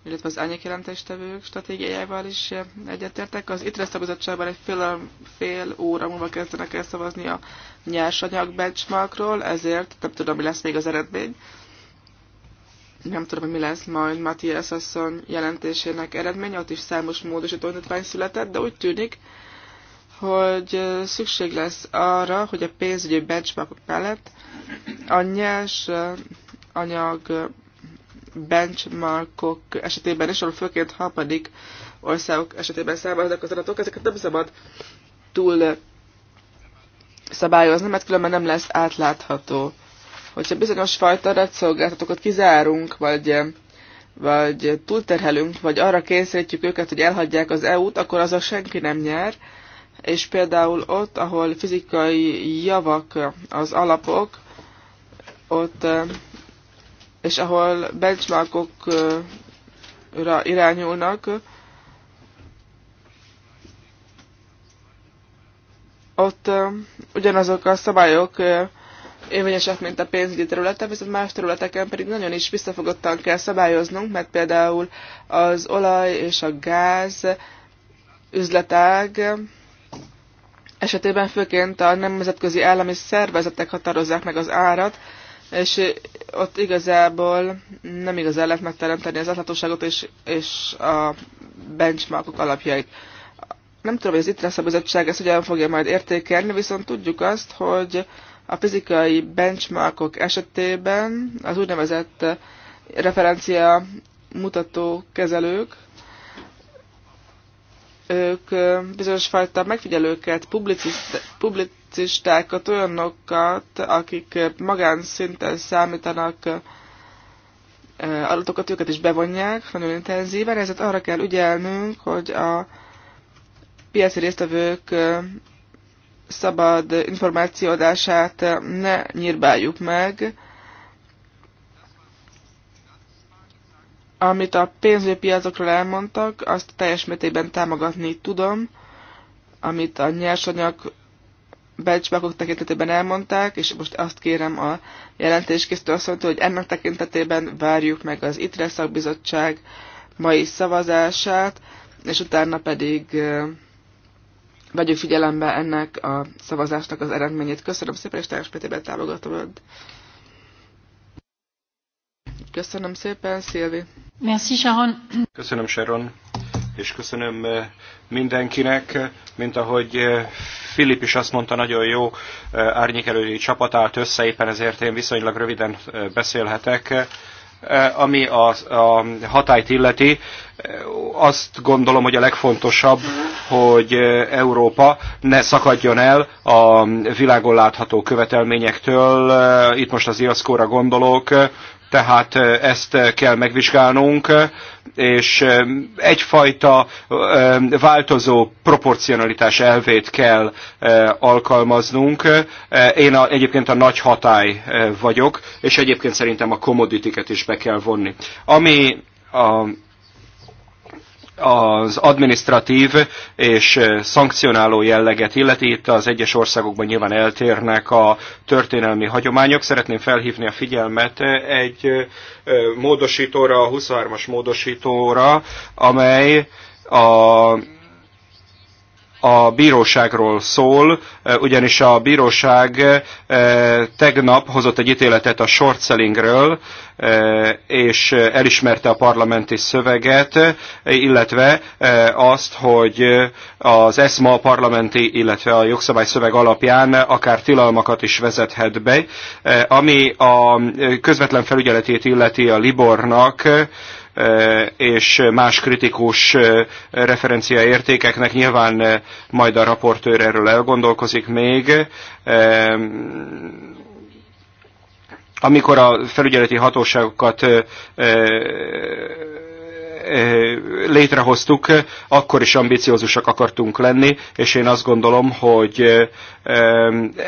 illetve az árnyékjelentéstevők stratégiájával is egyetértek. Az ITRE szabadságban egy fél, fél óra múlva kezdenek el szavazni a nyersanyag benchmarkról, ezért nem tudom, mi lesz még az eredmény. Nem tudom, hogy mi lesz majd Matthias asszony jelentésének eredménye, ott is számos módosító indítvány született, de úgy tűnik, hogy szükség lesz arra, hogy a pénzügyi benchmarkok mellett a nyers anyag benchmarkok esetében is, ahol főként harmadik országok esetében származnak az adatok, ezeket nem szabad túl szabályozni, mert különben nem lesz átlátható. Hogyha bizonyos fajta adatszolgáltatókat kizárunk, vagy, vagy túlterhelünk, vagy arra kényszerítjük őket, hogy elhagyják az EU-t, akkor azok senki nem nyer, és például ott, ahol fizikai javak az alapok, ott és ahol benchmarkokra irányulnak, ott ugyanazok a szabályok érvényesek, mint a pénzügyi területen, viszont más területeken pedig nagyon is visszafogottan kell szabályoznunk, mert például az olaj és a gáz üzletág esetében főként a nemzetközi állami szervezetek határozzák meg az árat, és ott igazából nem igazán lehet megteremteni az átláthatóságot és, és a benchmarkok alapjait. Nem tudom, hogy az ITRA szabizottság ezt hogyan fogja majd értékelni, viszont tudjuk azt, hogy a fizikai benchmarkok esetében az úgynevezett referencia mutató kezelők, ők bizonyos fajta megfigyelőket, publicist, public, narcistákat, olyanokat, akik magánszinten számítanak adatokat, őket is bevonják nagyon intenzíven, ezért arra kell ügyelnünk, hogy a piaci résztvevők szabad információadását ne nyírbáljuk meg, Amit a pénzügyi piacokról elmondtak, azt teljes mértékben támogatni tudom, amit a nyersanyag benchmarkok tekintetében elmondták, és most azt kérem a jelentéskészítő mondta, hogy ennek tekintetében várjuk meg az ITRE szakbizottság mai szavazását, és utána pedig vegyük figyelembe ennek a szavazásnak az eredményét. Köszönöm szépen, és teljes mértékben támogatod. Köszönöm szépen, Szilvi. Merci, Sharon. Köszönöm, Sharon és köszönöm eh, mindenkinek, mint ahogy eh, Filip is azt mondta, nagyon jó eh, árnyékelői csapat állt össze, éppen ezért én viszonylag röviden beszélhetek. Ami a, a hatályt illeti, azt gondolom, hogy a legfontosabb, hogy Európa ne szakadjon el a világon látható követelményektől. Itt most az IASZKÓ-ra gondolok, tehát ezt kell megvizsgálnunk, és egyfajta változó proporcionalitás elvét kell alkalmaznunk. Én a, egyébként a nagy hatály vagyok, és egyébként szerintem a komoditiket is be kell vonni. Ami a az administratív és eh, szankcionáló jelleget illeti. Itt az egyes országokban nyilván eltérnek a történelmi hagyományok. Szeretném felhívni a figyelmet eh, egy eh, módosítóra, a 23-as módosítóra, amely a a bíróságról szól, eh, ugyanis a bíróság eh, tegnap hozott egy ítéletet a short sellingről, eh, és elismerte a parlamenti szöveget, illetve azt, hogy az ESMA a parlamenti, illetve a jogszabály szöveg alapján akár tilalmakat is vezethet be, ami a közvetlen felügyeletét illeti a Libornak, Eh, és más kritikus eh, referenciaértékeknek. Nyilván eh, majd a raportőr erről elgondolkozik még. Amikor a felügyeleti hatóságokat létrehoztuk, akkor is ambiciózusak akartunk lenni, és én azt gondolom, hogy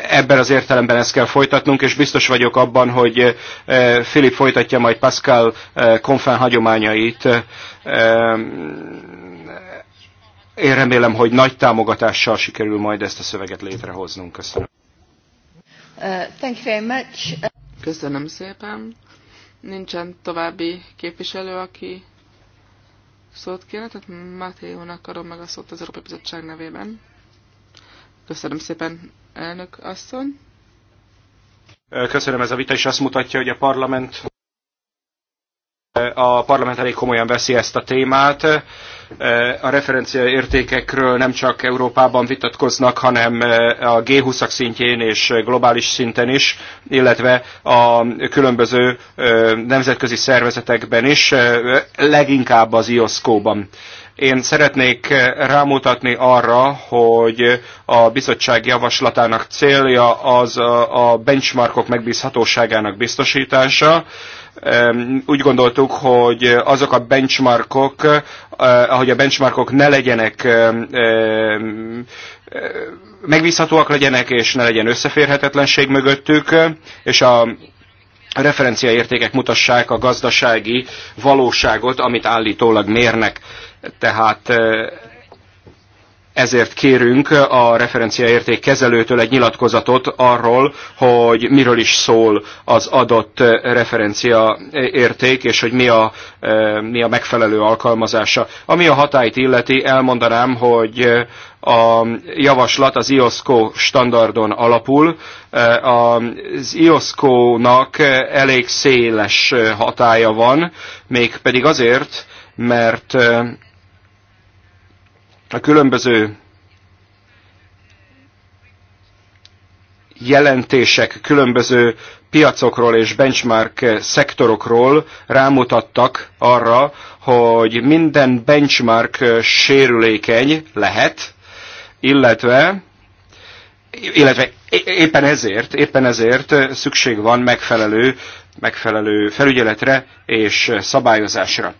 ebben az értelemben ezt kell folytatnunk, és biztos vagyok abban, hogy Filip folytatja majd Pascal konfán hagyományait. Én remélem, hogy nagy támogatással sikerül majd ezt a szöveget létrehoznunk. Köszönöm. Uh, thank you very much. Köszönöm szépen. Nincsen további képviselő, aki szót kérne, tehát Mátéónak adom meg a szót az Európai Bizottság nevében. Köszönöm szépen, elnök asszony. Köszönöm, ez a vita is azt mutatja, hogy a parlament a parlament elég komolyan veszi ezt a témát. A referencia értékekről nem csak Európában vitatkoznak, hanem a G20-ak szintjén és globális szinten is, illetve a különböző nemzetközi szervezetekben is, leginkább az IOSCO-ban. Én szeretnék rámutatni arra, hogy a bizottság javaslatának célja az a benchmarkok megbízhatóságának biztosítása, úgy gondoltuk, hogy azok a benchmarkok, eh, ahogy a benchmarkok ne legyenek megbízhatóak legyenek, és ne legyen összeférhetetlenség mögöttük, és a referenciaértékek mutassák a gazdasági valóságot, amit állítólag mérnek. Tehát eh, ezért kérünk a referenciaérték kezelőtől egy nyilatkozatot arról, hogy miről is szól az adott referenciaérték, és hogy mi a, e, mi a megfelelő alkalmazása. Ami a hatályt illeti, elmondanám, hogy a javaslat az IOSCO standardon alapul. E, az IOSCO-nak elég széles hatája van, mégpedig azért, mert a különböző jelentések különböző piacokról és benchmark szektorokról rámutattak arra, hogy minden benchmark sérülékeny lehet, illetve illetve éppen ezért, éppen ezért szükség van megfelelő, megfelelő felügyeletre és szabályozásra.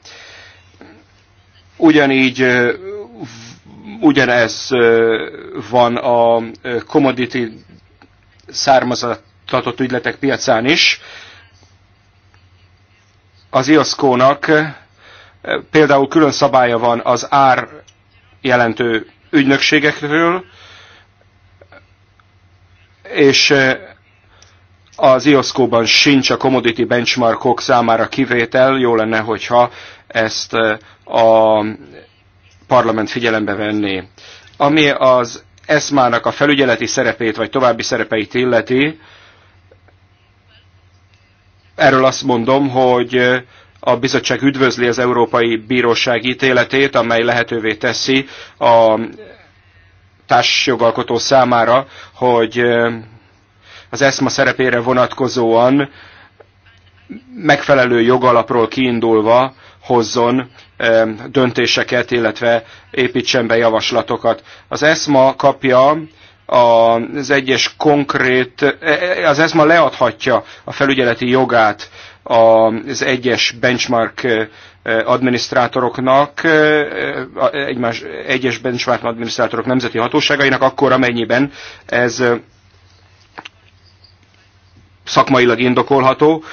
Ugyanígy Ugyanez van a commodity származatatott ügyletek piacán is. Az IOSCO-nak például külön szabálya van az ár jelentő ügynökségekről, és az IOSCO-ban sincs a commodity benchmarkok számára kivétel, jó lenne, hogyha ezt a parlament figyelembe venné. Ami az ESMA-nak a felügyeleti szerepét vagy további szerepeit illeti, erről azt mondom, hogy a bizottság üdvözli az Európai Bíróság ítéletét, amely lehetővé teszi a társjogalkotó számára, hogy az ESMA szerepére vonatkozóan megfelelő jogalapról kiindulva hozzon döntéseket, illetve építsen be javaslatokat. Az ESMA kapja az egyes konkrét, e, e, az ESMA leadhatja a felügyeleti jogát az egyes benchmark e, adminisztrátoroknak, egymás, egyes benchmark adminisztrátorok nemzeti hatóságainak, akkor amennyiben ez szakmailag indokolható,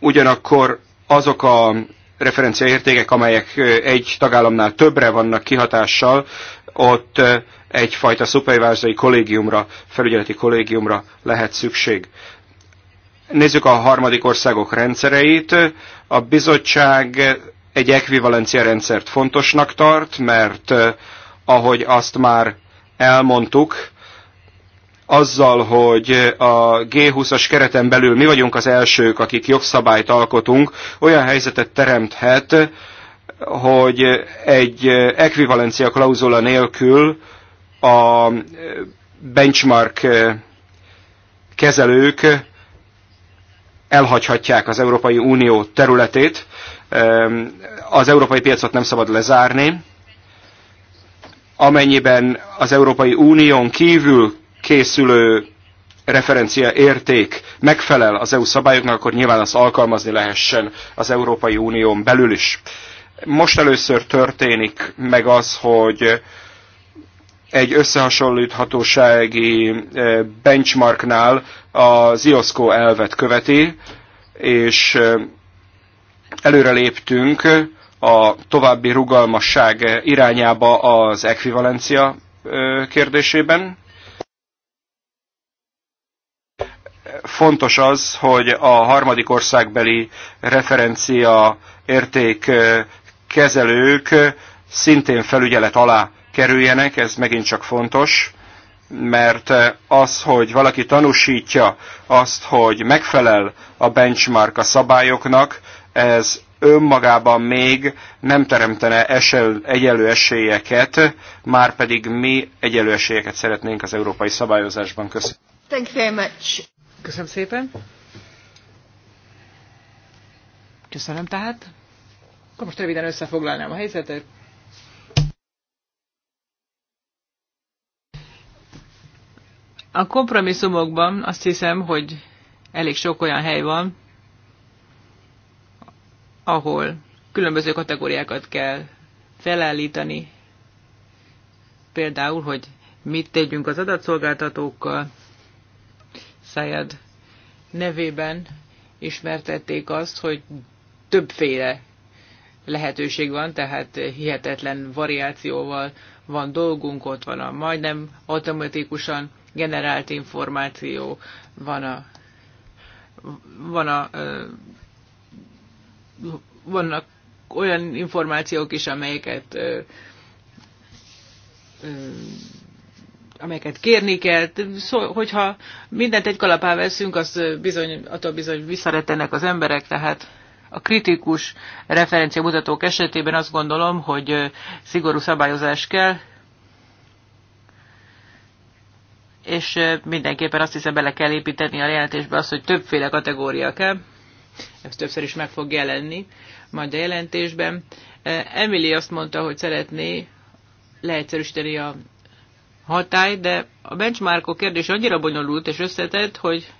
ugyanakkor azok a referenciaértékek, amelyek egy tagállamnál többre vannak kihatással, ott egyfajta szupervázai kollégiumra, felügyeleti kollégiumra lehet szükség. Nézzük a harmadik országok rendszereit. A bizottság egy ekvivalencia rendszert fontosnak tart, mert ahogy azt már elmondtuk, azzal, hogy a G20-as kereten belül mi vagyunk az elsők, akik jogszabályt alkotunk, olyan helyzetet teremthet, hogy egy ekvivalencia klauzula nélkül a benchmark kezelők elhagyhatják az Európai Unió területét, az európai piacot nem szabad lezárni, amennyiben az Európai Unión kívül készülő referencia érték megfelel az EU szabályoknak, akkor nyilván azt alkalmazni lehessen az Európai Unión belül is. Most először történik meg az, hogy egy összehasonlíthatósági eh, benchmarknál az IOSCO elvet követi, és eh, előre léptünk a további rugalmasság irányába az ekvivalencia eh, kérdésében. fontos az, hogy a harmadik országbeli referencia érték kezelők szintén felügyelet alá kerüljenek, ez megint csak fontos, mert az, hogy valaki tanúsítja azt, hogy megfelel a benchmark a szabályoknak, ez önmagában még nem teremtene esel, egyelő esélyeket, már pedig mi egyelő esélyeket szeretnénk az európai szabályozásban. Köszönöm. Thank you very much. Köszönöm szépen. Köszönöm tehát. Akkor most röviden összefoglalnám a helyzetet. A kompromisszumokban azt hiszem, hogy elég sok olyan hely van, ahol különböző kategóriákat kell felállítani. Például, hogy mit tegyünk az adatszolgáltatókkal, Szájad nevében ismertették azt, hogy többféle lehetőség van, tehát hihetetlen variációval van dolgunk, ott van a majdnem automatikusan generált információ, van a, van a vannak olyan információk is, amelyeket amelyeket kérni kell. Szó, hogyha mindent egy kalapá veszünk, az bizony, attól bizony visszaretenek az emberek, tehát a kritikus mutatók esetében azt gondolom, hogy szigorú szabályozás kell, és mindenképpen azt hiszem bele kell építeni a jelentésbe azt, hogy többféle kategória kell, ez többször is meg fog jelenni majd a jelentésben. Emily azt mondta, hogy szeretné leegyszerűsíteni a hatály, de a benchmarkok kérdés annyira bonyolult és összetett, hogy,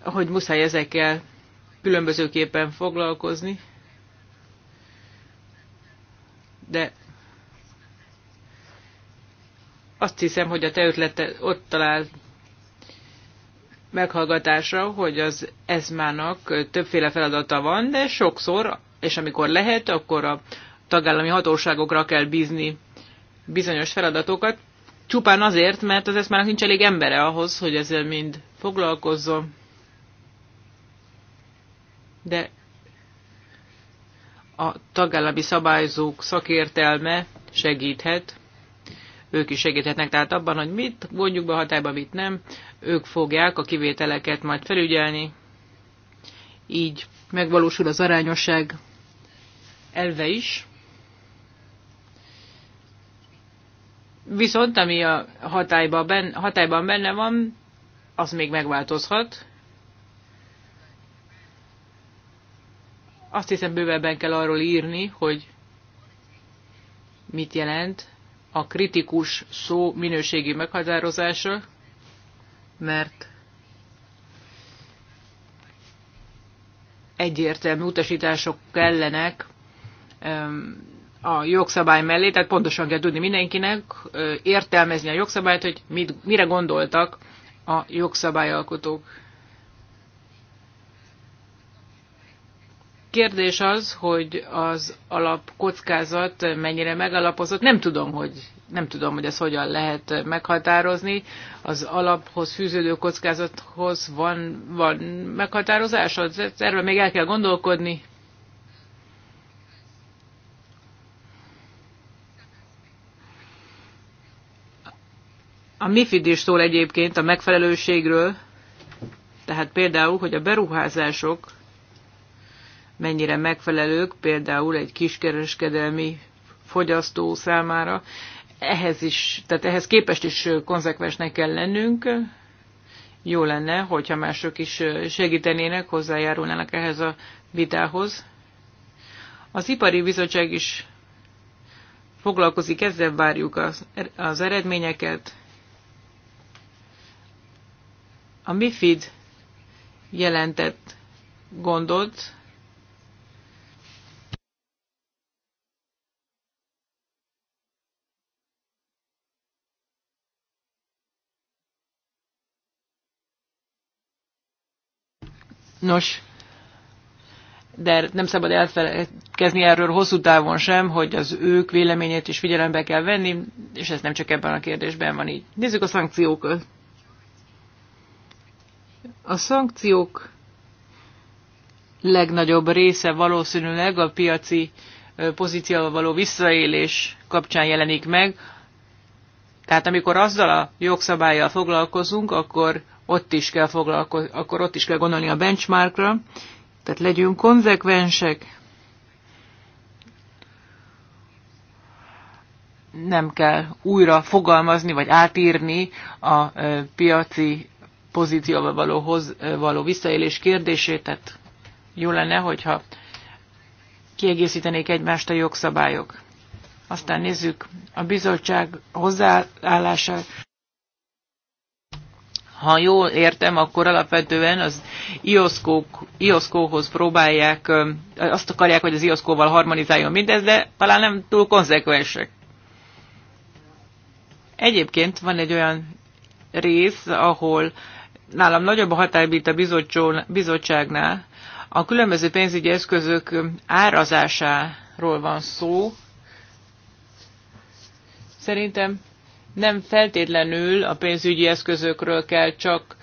hogy muszáj ezekkel különbözőképpen foglalkozni. De azt hiszem, hogy a te ötlete ott talál meghallgatásra, hogy az ezmának többféle feladata van, de sokszor, és amikor lehet, akkor a tagállami hatóságokra kell bízni bizonyos feladatokat, csupán azért, mert az eszmának nincs elég embere ahhoz, hogy ezzel mind foglalkozzon. De a tagállami szabályzók szakértelme segíthet, ők is segíthetnek, tehát abban, hogy mit vonjuk be hatályba, mit nem, ők fogják a kivételeket majd felügyelni, így megvalósul az arányosság elve is. Viszont ami a hatályban benne, hatályban benne van, az még megváltozhat. Azt hiszem bővebben kell arról írni, hogy mit jelent a kritikus szó minőségi meghatározása, mert egyértelmű utasítások kellenek a jogszabály mellé, tehát pontosan kell tudni mindenkinek értelmezni a jogszabályt, hogy mit, mire gondoltak a jogszabályalkotók. Kérdés az, hogy az alapkockázat mennyire megalapozott. Nem tudom, hogy nem tudom, hogy ezt hogyan lehet meghatározni. Az alaphoz fűződő kockázathoz van, van meghatározás, erről még el kell gondolkodni, A MIFID is szól egyébként a megfelelőségről, tehát például, hogy a beruházások mennyire megfelelők, például egy kiskereskedelmi fogyasztó számára. Ehhez is, tehát ehhez képest is konzekvensnek kell lennünk. Jó lenne, hogyha mások is segítenének, hozzájárulnának ehhez a vitához. Az ipari bizottság is foglalkozik, ezzel várjuk az, az eredményeket. A MIFID jelentett gondot, Nos, de nem szabad elfelejtkezni erről hosszú távon sem, hogy az ők véleményét is figyelembe kell venni, és ez nem csak ebben a kérdésben van így. Nézzük a szankciókat. A szankciók legnagyobb része valószínűleg a piaci pozícióval való visszaélés kapcsán jelenik meg. Tehát amikor azzal a jogszabályjal foglalkozunk, akkor ott is kell foglalkozni, akkor ott is kell gondolni a benchmarkra. Tehát legyünk konzekvensek. Nem kell újra fogalmazni vagy átírni a piaci pozícióba való, hoz, való visszaélés kérdését, tehát jó lenne, hogyha kiegészítenék egymást a jogszabályok. Aztán nézzük a bizottság hozzáállását. Ha jól értem, akkor alapvetően az IOSCO-hoz próbálják, azt akarják, hogy az IOSCO-val harmonizáljon mindez, de talán nem túl konzekvensek. Egyébként van egy olyan rész, ahol nálam nagyobb a hatály, mint a bizottságnál. A különböző pénzügyi eszközök árazásáról van szó. Szerintem nem feltétlenül a pénzügyi eszközökről kell csak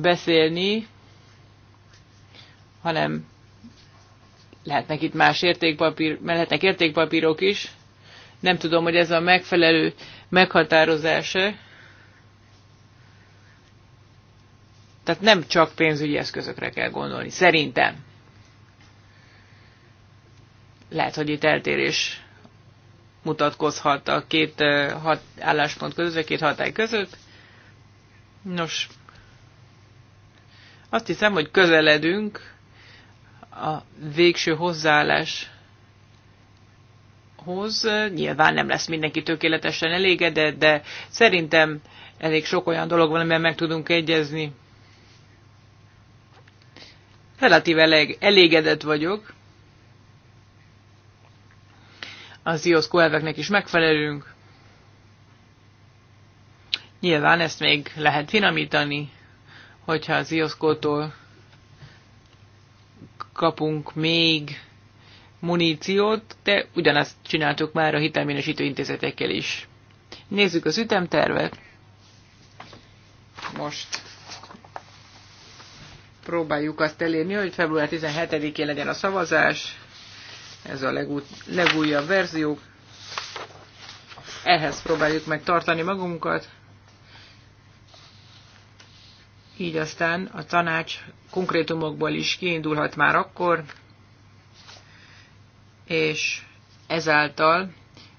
beszélni, hanem lehetnek itt más értékpapír, lehetnek értékpapírok is. Nem tudom, hogy ez a megfelelő meghatározása. Tehát nem csak pénzügyi eszközökre kell gondolni, szerintem. Lehet, hogy itt eltérés mutatkozhat a két hat, álláspont között, vagy két hatály között. Nos, azt hiszem, hogy közeledünk a végső hozzáálláshoz. Nyilván nem lesz mindenki tökéletesen elégedett, de szerintem elég sok olyan dolog van, amivel meg tudunk egyezni relatív eleg, elégedett vagyok. Az IOSCO elveknek is megfelelünk. Nyilván ezt még lehet finomítani, hogyha az iosco kapunk még muníciót, de ugyanezt csináltuk már a hitelminősítő intézetekkel is. Nézzük az ütemtervet. Most próbáljuk azt elérni, hogy február 17-én legyen a szavazás, ez a legú- legújabb verzió. Ehhez próbáljuk meg tartani magunkat. Így aztán a tanács konkrétumokból is kiindulhat már akkor, és ezáltal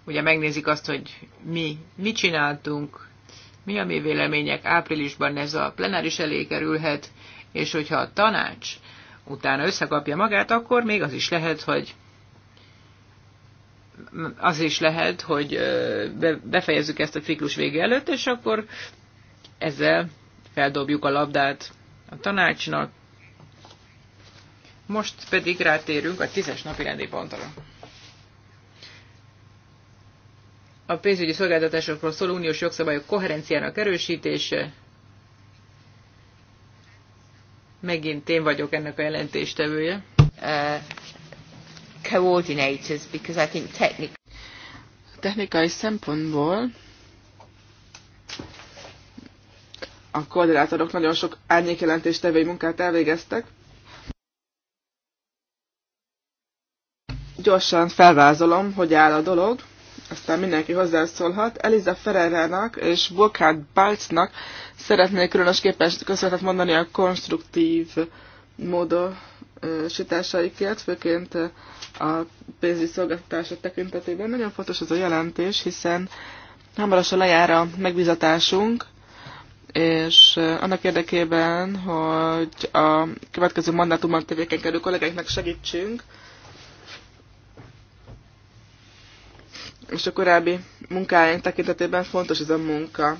ugye megnézik azt, hogy mi mit csináltunk, mi a mi vélemények, áprilisban ez a plenáris elé kerülhet, és hogyha a tanács utána összekapja magát, akkor még az is lehet, hogy az is lehet, hogy befejezzük ezt a ciklus vége előtt, és akkor ezzel feldobjuk a labdát a tanácsnak. Most pedig rátérünk a tízes napi rendi pontra. A pénzügyi szolgáltatásokról szóló uniós jogszabályok koherenciának erősítése, Megint én vagyok ennek a jelentéstevője. Uh, coordinators, because I think technic technikai szempontból a koordinátorok nagyon sok árnyékjelentéstevői munkát elvégeztek. Gyorsan felvázolom, hogy áll a dolog aztán mindenki hozzászólhat. Eliza Ferrerának és Burkhard Balcnak szeretnék különösképpen köszönetet mondani a konstruktív módosításaikért, főként a pénzügyi szolgáltatások tekintetében. Nagyon fontos ez a jelentés, hiszen hamarosan lejár a megbizatásunk, és annak érdekében, hogy a következő mandátumban tevékenykedő kollégáknak segítsünk, és a korábbi munkáink tekintetében fontos ez a munka.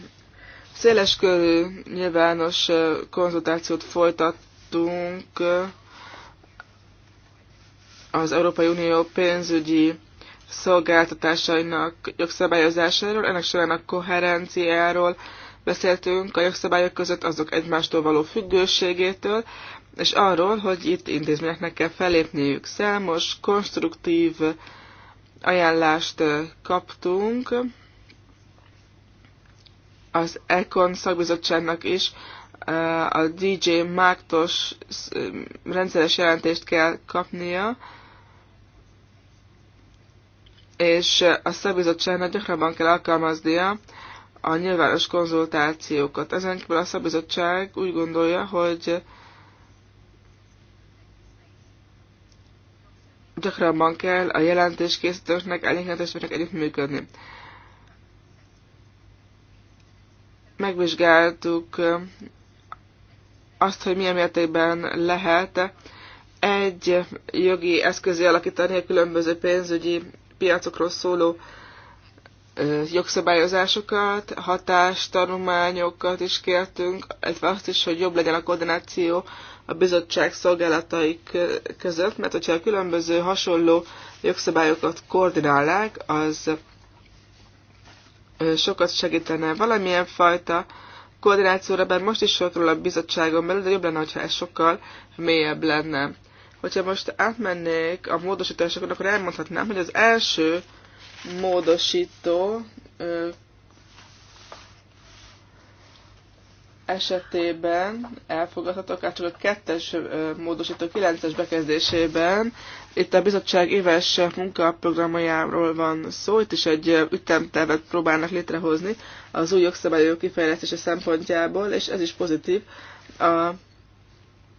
Széleskörű nyilvános konzultációt folytattunk az Európai Unió pénzügyi szolgáltatásainak jogszabályozásáról, ennek során a koherenciáról beszéltünk a jogszabályok között azok egymástól való függőségétől, és arról, hogy itt intézményeknek kell felépniük. Számos konstruktív uh, ajánlást kaptunk az Econ szakbizottságnak is, a DJ Máktos rendszeres jelentést kell kapnia, és a szabizottságnak gyakrabban kell alkalmaznia a nyilvános konzultációkat. Ezenkből a szabizottság úgy gondolja, hogy gyakrabban kell a jelentéskészítőknek, elégedésnek együttműködni. Megvizsgáltuk azt, hogy milyen mértékben lehet egy jogi eszközé alakítani a különböző pénzügyi piacokról szóló jogszabályozásokat, hatástanulmányokat is kértünk, illetve azt is, hogy jobb legyen a koordináció a bizottság szolgálatai között, mert hogyha a különböző hasonló jogszabályokat koordinálnák, az sokat segítene valamilyen fajta koordinációra, bár most is sokról a bizottságon belül, de jobb lenne, ha ez sokkal mélyebb lenne. Hogyha most átmennék a módosításokon, akkor elmondhatnám, hogy az első módosító esetében elfogadható, akár hát csak a kettes módosító 9-es bekezdésében. Itt a bizottság éves munkaprogramjáról van szó, itt is egy ütemtervet próbálnak létrehozni az új jogszabályok kifejlesztése szempontjából, és ez is pozitív a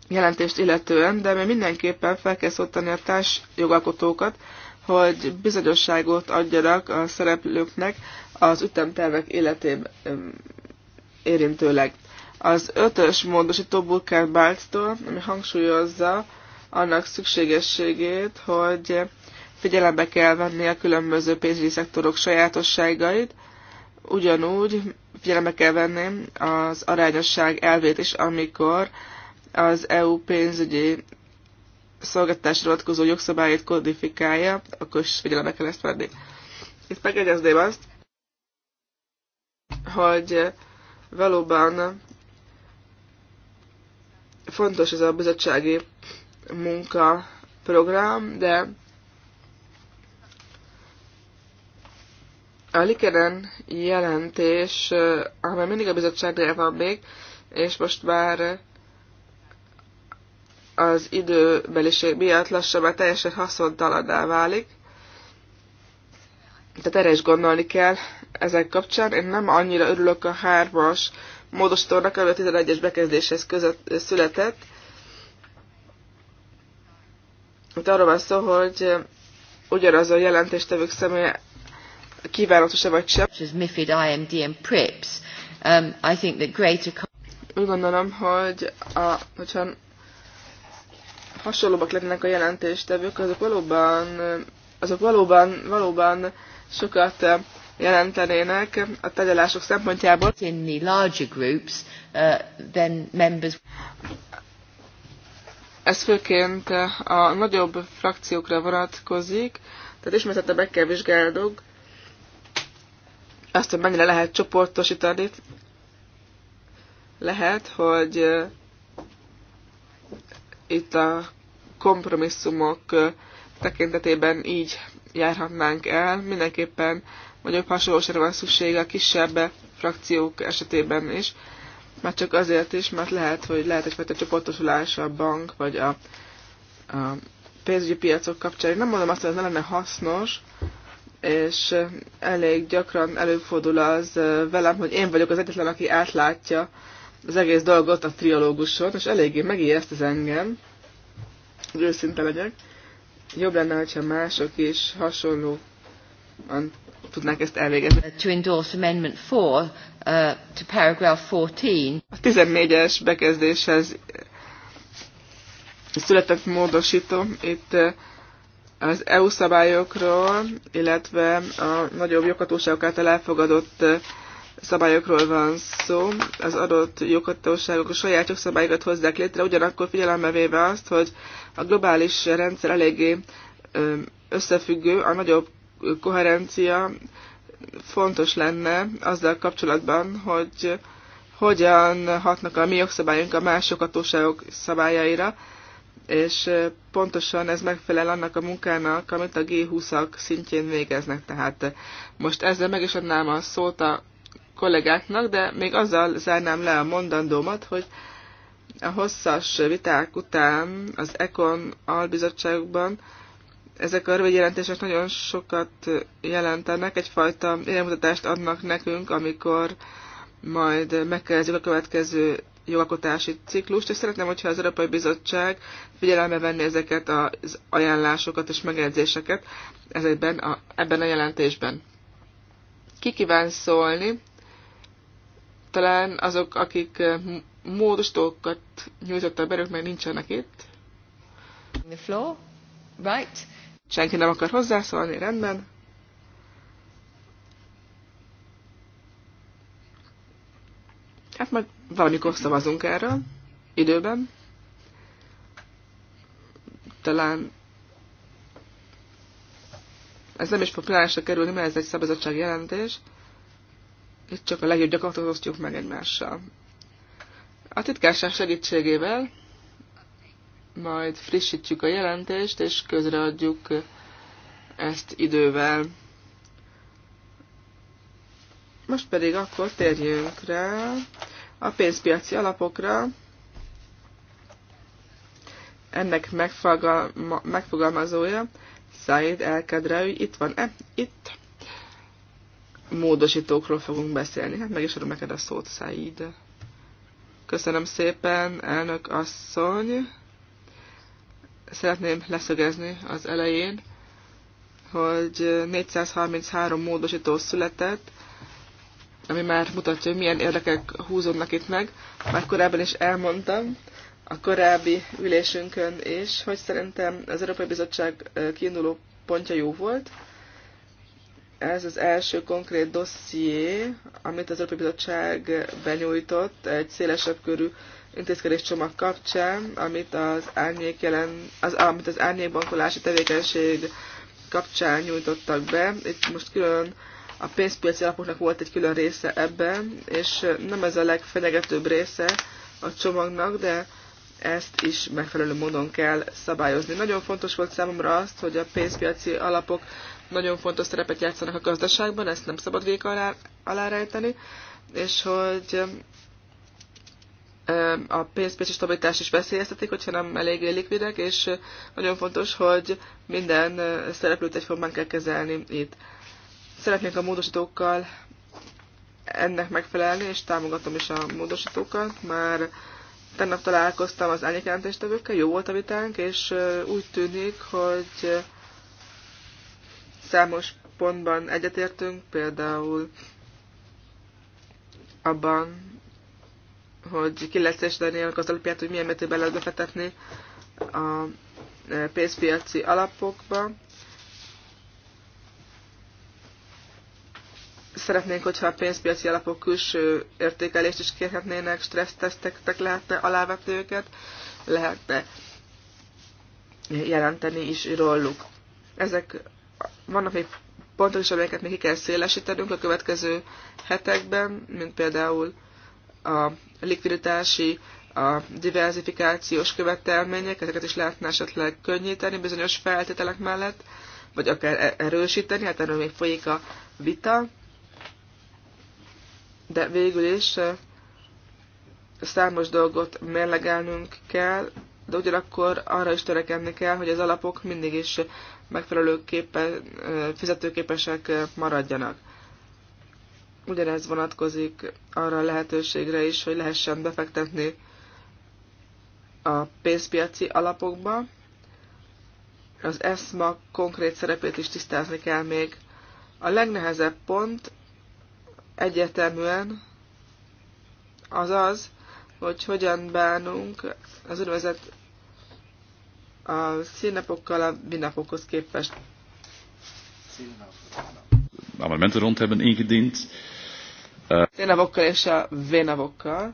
jelentést illetően, de még mindenképpen fel kell szóltani a társ jogalkotókat, hogy bizonyosságot adjanak a szereplőknek az ütemtervek életében érintőleg az ötös módosító Burkhard Balctól, ami hangsúlyozza annak szükségességét, hogy figyelembe kell venni a különböző pénzügyi szektorok sajátosságait, ugyanúgy figyelembe kell venni az arányosság elvét is, amikor az EU pénzügyi szolgáltatásra vonatkozó jogszabályt kodifikálja, akkor is figyelembe kell ezt venni. Itt megjegyezném azt, hogy valóban Fontos ez a bizottsági munkaprogram, de a Likeren jelentés, eh, amely mindig a bizottságnál van még, és most már az időbeliség miatt lassan már teljesen haszontalanná válik. Tehát erre is gondolni kell ezek kapcsán. Én nem annyira örülök a hármas módosítónak a 11-es bekezdéshez között született. Itt arról van szó, hogy ugyanaz a jelentéstevők személye kívánatos-e vagy sem. MIFID, IMD and PRIPS. Um, I think that greater... Úgy gondolom, hogy a, hogyha hasonlóbbak lennének a jelentéstevők, azok valóban, azok valóban, valóban sokat jelentenének a tárgyalások szempontjából. In the larger groups, uh, then members... Ez főként a nagyobb frakciókra vonatkozik, tehát ismertetve meg kell vizsgálnunk azt, hogy mennyire lehet csoportosítani. Lehet, hogy uh, itt a kompromisszumok uh, tekintetében így járhatnánk el. Mindenképpen nagyobb hasonlóságra van szüksége a kisebb frakciók esetében is. Már csak azért is, mert lehet, hogy lehet egyfajta csoportosulás a bank vagy a, a pénzügyi piacok kapcsán. Én nem mondom azt, hogy ez ne lenne hasznos, és elég gyakran előfordul az velem, hogy én vagyok az egyetlen, aki átlátja az egész dolgot a triológuson, és eléggé megijeszt ez engem, hogy őszinte legyek jobb lenne, ha mások is hasonló tudnák ezt elvégezni. Uh, to endorse amendment 4 uh, to paragraph 14. A 14-es bekezdéshez született módosító itt uh, az EU szabályokról, illetve a nagyobb joghatóságok által elfogadott uh, szabályokról van szó. Az adott joghatóságok a saját jogszabályokat hozzák létre, ugyanakkor figyelembe véve azt, hogy a globális rendszer eléggé összefüggő, a nagyobb koherencia fontos lenne azzal kapcsolatban, hogy hogyan hatnak a mi jogszabályunk a más joghatóságok szabályaira, és pontosan ez megfelel annak a munkának, amit a G20-ak szintjén végeznek. Tehát most ezzel meg is adnám a szót a kollégáknak, de még azzal zárnám le a mondandómat, hogy a hosszas viták után az ECON albizottságokban ezek a rövid jelentések nagyon sokat jelentenek, egyfajta iránymutatást adnak nekünk, amikor majd megkezdjük a következő jogalkotási ciklust, és szeretném, hogyha az Európai Bizottság figyelembe venni ezeket az ajánlásokat és megjegyzéseket ezekben a, ebben a jelentésben. Ki kíván szólni? talán azok, akik eh, módostókat nyújtottak be, mert nincsenek itt. The floor, right? Senki nem akar hozzászólni, rendben. Hát majd valamikor szavazunk erről, időben. Talán ez nem is populárisra kerülni, mert ez egy szabadság jelentés. Itt csak a legjobb gyakorlatot osztjuk meg egymással. A titkárság segítségével majd frissítjük a jelentést, és közreadjuk ezt idővel. Most pedig akkor térjünk rá a pénzpiaci alapokra. Ennek megfogalmazója Said El Kadraui itt van-e? Itt módosítókról fogunk beszélni. Hát meg is adom neked a szót, Said. Köszönöm szépen, elnök asszony. Szeretném leszögezni az elején, hogy 433 módosító született, ami már mutatja, hogy milyen érdekek húzódnak itt meg. Már korábban is elmondtam, a korábbi ülésünkön is, hogy szerintem az Európai Bizottság kiinduló pontja jó volt, ez az első konkrét dosszié, amit az Európai Bizottság benyújtott egy szélesebb körű intézkedéscsomag kapcsán, amit az, árnyék jelen, az, amit az árnyékbankolási tevékenység kapcsán nyújtottak be. Itt most külön a pénzpiaci alapoknak volt egy külön része ebben, és nem ez a legfenyegetőbb része a csomagnak, de ezt is megfelelő módon kell szabályozni. Nagyon fontos volt számomra azt, hogy a pénzpiaci alapok nagyon fontos szerepet játszanak a gazdaságban, ezt nem szabad vék alá, alárejteni, és hogy a pénzpiaci stabilitás is veszélyeztetik, hogyha nem eléggé likvidek, és nagyon fontos, hogy minden szereplőt egyformán kell kezelni itt. Szeretnék a módosítókkal ennek megfelelni, és támogatom is a módosítókat, már tegnap találkoztam az árnyékjelentéstevőkkel, jó volt a vitánk, és úgy tűnik, hogy Számos pontban egyetértünk, például abban, hogy ki lesz és Daniel az alapját, hogy milyen mértékben lehet befetetni a e, pénzpiaci alapokba. Szeretnénk, hogyha a pénzpiaci alapok külső értékelést is kérhetnének, stresszteszteknek lehetne alávetni őket, lehetne jelenteni is róluk. Ezek vannak még pontok is, amelyeket még ki kell szélesítenünk a következő hetekben, mint például a likviditási, a diversifikációs követelmények, ezeket is lehetne esetleg könnyíteni bizonyos feltételek mellett, vagy akár e- erősíteni, hát erről még folyik a vita. De végül is számos dolgot mérlegelnünk kell, de ugyanakkor arra is törekedni kell, hogy az alapok mindig is megfelelőképpen fizetőképesek maradjanak. Ugyanez vonatkozik arra a lehetőségre is, hogy lehessen befektetni a pénzpiaci alapokba. Az ESMA konkrét szerepét is tisztázni kell még. A legnehezebb pont egyeteműen az az, hogy hogyan bánunk az úgynevezett a színnapokkal a minnapokhoz képest. Amendementen rond hebben ingediend. Eh, színnapokkal és a vénavokkal.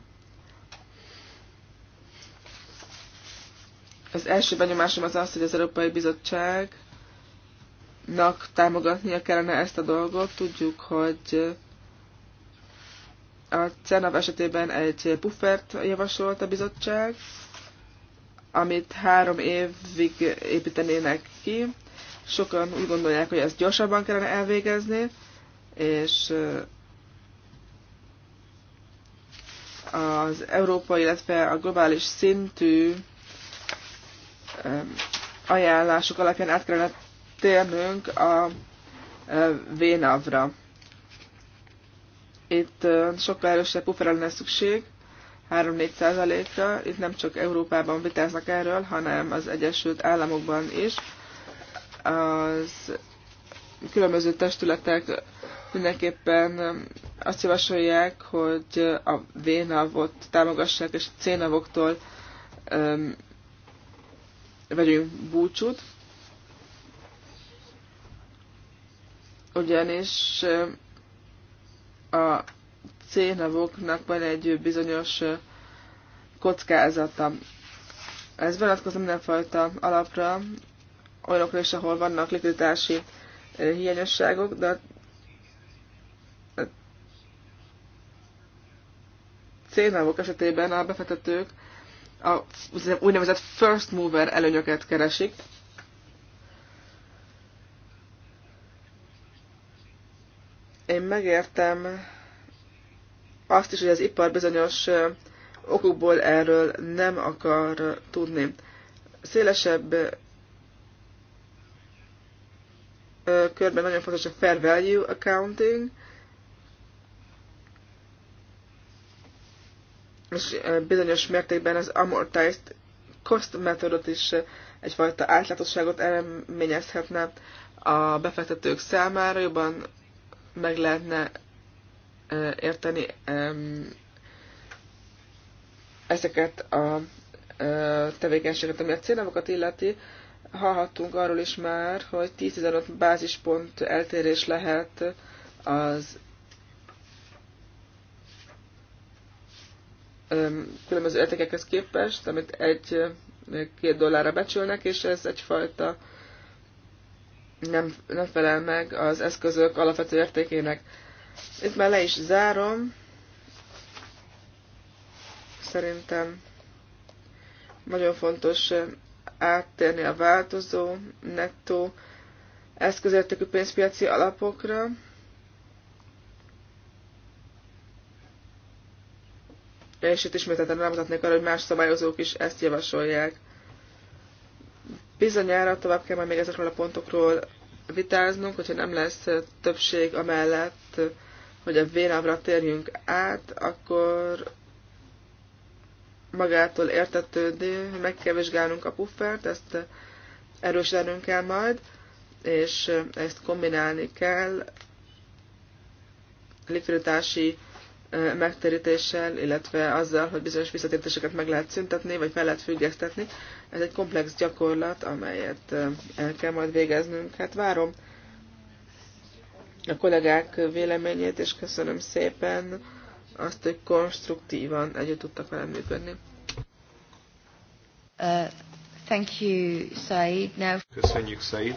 Az első benyomásom az az, hogy az Európai Bizottságnak támogatnia kellene ezt a dolgot. Tudjuk, hogy a CENAV esetében egy puffert javasolt a bizottság, amit három évig építenének ki. Sokan úgy gondolják, hogy ezt gyorsabban kellene elvégezni, és az európai, illetve a globális szintű ajánlások alapján át kellene térnünk a Vénavra. Itt sokkal erősebb pufra lenne szükség, 3-4 százalékra. Itt nem csak Európában vitáznak erről, hanem az Egyesült Államokban is. Az különböző testületek mindenképpen azt javasolják, hogy a V-navot támogassák, és a c um, vegyünk búcsút. Ugyanis um, a cénavoknak van egy bizonyos kockázata. Ez vonatkozó mindenfajta alapra, olyanokra is, ahol vannak likviditási hiányosságok, de a cénavok esetében a befektetők a úgynevezett first mover előnyöket keresik, Én megértem azt is, hogy az ipar bizonyos okokból erről nem akar tudni. Szélesebb körben nagyon fontos a fair value accounting, és bizonyos mértékben az amortized cost metodot is egyfajta átlátosságot eredményezhetne a befektetők számára, jobban meg lehetne érteni ezeket a tevékenységet, ami a célnapokat illeti, hallhattunk arról is már, hogy 10-15 bázispont eltérés lehet az különböző értékekhez képest, amit egy-két dollárra becsülnek, és ez egyfajta nem, nem felel meg az eszközök alapvető értékének. Itt már le is zárom. Szerintem nagyon fontos eh, áttérni a változó, nettó eszközértékű pénzpiaci alapokra. És itt ismételten rámutatnék arra, hogy más szabályozók is ezt javasolják. Bizonyára tovább kell majd még ezekről a pontokról vitáznunk, hogyha nem lesz eh, többség amellett, eh, hogy a vénámra térjünk át, akkor magától értetődő, hogy meg kell vizsgálnunk a puffert, ezt eh, erősítenünk kell majd, és ezt kombinálni kell likviditási megtérítéssel, illetve azzal, hogy bizonyos visszatértéseket meg lehet szüntetni, vagy fel lehet függesztetni. Ez egy komplex gyakorlat, amelyet el kell majd végeznünk. Hát várom a kollégák véleményét, és köszönöm szépen azt, hogy konstruktívan együtt tudtak velem működni. Uh, thank you, Said. Now... Köszönjük, Said.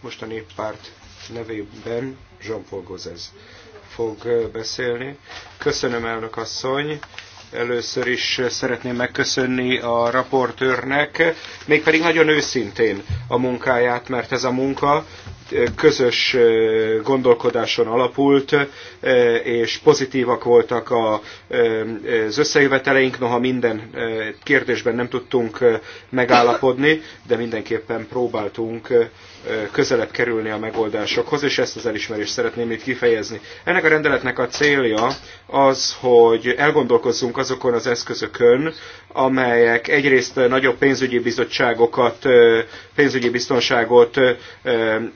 Most a néppárt nevében Jean-Paul Gozes fog beszélni. Köszönöm, elnök asszony! Először is szeretném megköszönni a raportőrnek, mégpedig nagyon őszintén a munkáját, mert ez a munka közös gondolkodáson alapult, és pozitívak voltak az összejöveteleink, noha minden kérdésben nem tudtunk megállapodni, de mindenképpen próbáltunk közelebb kerülni a megoldásokhoz, és ezt az elismerést szeretném itt kifejezni. Ennek a rendeletnek a célja az, hogy elgondolkozzunk azokon az eszközökön, amelyek egyrészt nagyobb pénzügyi bizottságokat, pénzügyi biztonságot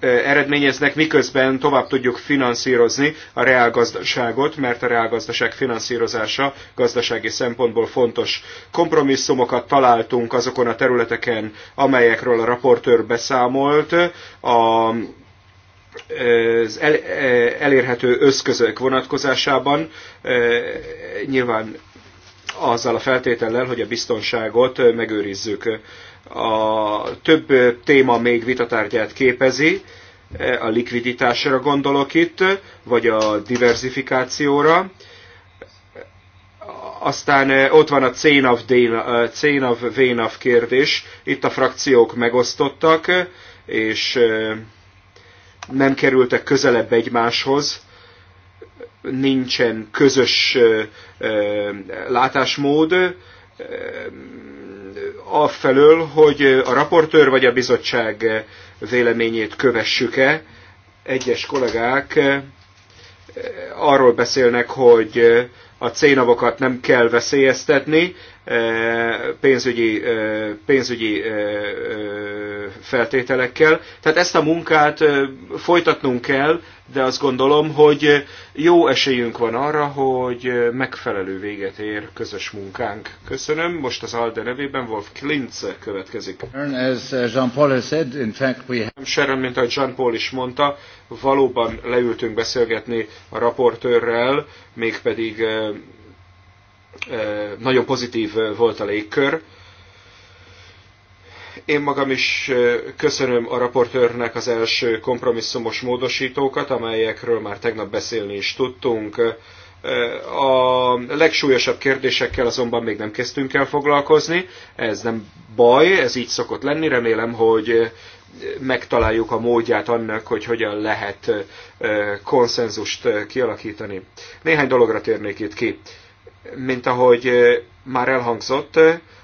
eredményeznek, miközben tovább tudjuk finanszírozni a reálgazdaságot, mert a reálgazdaság finanszírozása gazdasági szempontból fontos. Kompromisszumokat találtunk azokon a területeken, amelyekről a raportőr beszámolt, a az el, e, elérhető összközök vonatkozásában e, nyilván azzal a feltétellel, hogy a biztonságot megőrizzük. A több téma még vitatárgyát képezi, e, a likviditásra gondolok itt, vagy a diversifikációra. Aztán ott van a CNAV, CNAV, VNAV kérdés, itt a frakciók megosztottak, és nem kerültek közelebb egymáshoz, nincsen közös látásmód, afelől, hogy a raportőr vagy a bizottság véleményét kövessük-e. Egyes kollégák arról beszélnek, hogy a cénavokat nem kell veszélyeztetni, E, pénzügyi, e, pénzügyi e, feltételekkel. Tehát ezt a munkát folytatnunk kell, de azt gondolom, hogy jó esélyünk van arra, hogy megfelelő véget ér közös munkánk. Köszönöm. Most az ALDE nevében Wolf Klintz következik. Uh, Sharon, mint ahogy Jean-Paul is mondta, valóban leültünk beszélgetni a raportőrrel, mégpedig nagyon pozitív volt a légkör. Én magam is köszönöm a raportőrnek az első kompromisszumos módosítókat, amelyekről már tegnap beszélni is tudtunk. A legsúlyosabb kérdésekkel azonban még nem kezdtünk el foglalkozni. Ez nem baj, ez így szokott lenni. Remélem, hogy megtaláljuk a módját annak, hogy hogyan lehet konszenzust kialakítani. Néhány dologra térnék itt ki. Mint ahogy már elhangzott,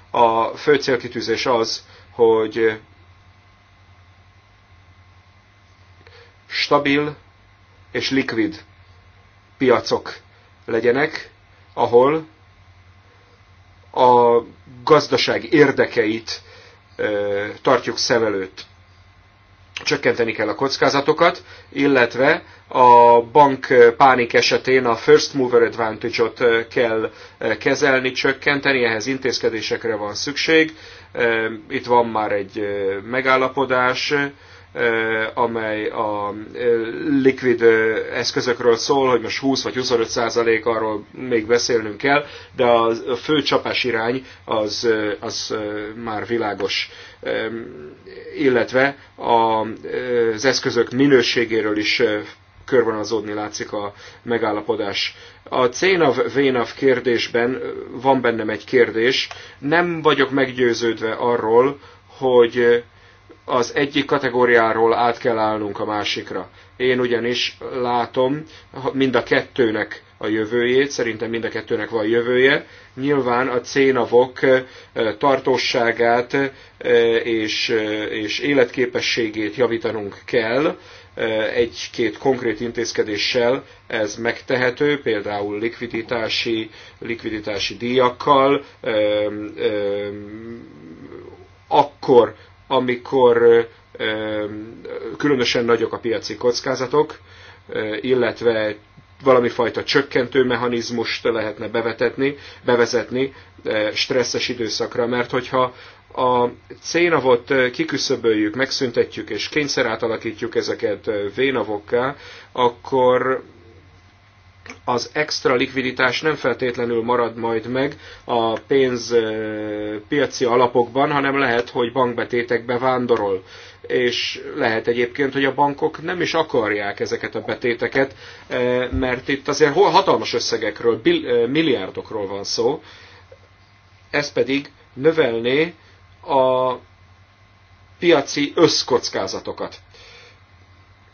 a fő célkitűzés az, hogy stabil és likvid piacok legyenek, ahol a gazdaság érdekeit tartjuk szem előtt csökkenteni kell a kockázatokat, illetve a bank pánik esetén a first mover advantage-ot kell kezelni, csökkenteni, ehhez intézkedésekre van szükség. Itt van már egy megállapodás, Eh, amely a eh, likvid eh, eszközökről szól, hogy most 20 vagy 25 százalék arról még beszélnünk kell, de a fő csapás irány az, az már világos, illetve az eszközök minőségéről is körvonalazódni látszik a megállapodás. A cénav vénav kérdésben van bennem egy kérdés. Nem vagyok meggyőződve arról, hogy az egyik kategóriáról át kell állnunk a másikra. Én ugyanis látom mind a kettőnek a jövőjét, szerintem mind a kettőnek van jövője. Nyilván a cénavok tartóságát és, és életképességét javítanunk kell, egy-két konkrét intézkedéssel ez megtehető, például likviditási, likviditási díjakkal, akkor, amikor különösen nagyok a piaci kockázatok, illetve valami fajta csökkentő mechanizmust lehetne bevetetni, bevezetni stresszes időszakra, mert hogyha a cénavot kiküszöböljük, megszüntetjük és kényszer átalakítjuk ezeket vénavokká, akkor az extra likviditás nem feltétlenül marad majd meg a pénzpiaci eh, alapokban, hanem lehet, hogy bankbetétekbe vándorol. És lehet egyébként, hogy a bankok nem is akarják ezeket a betéteket, eh, mert itt azért hatalmas összegekről, eh, milliárdokról van szó, ez pedig növelné a piaci összkockázatokat.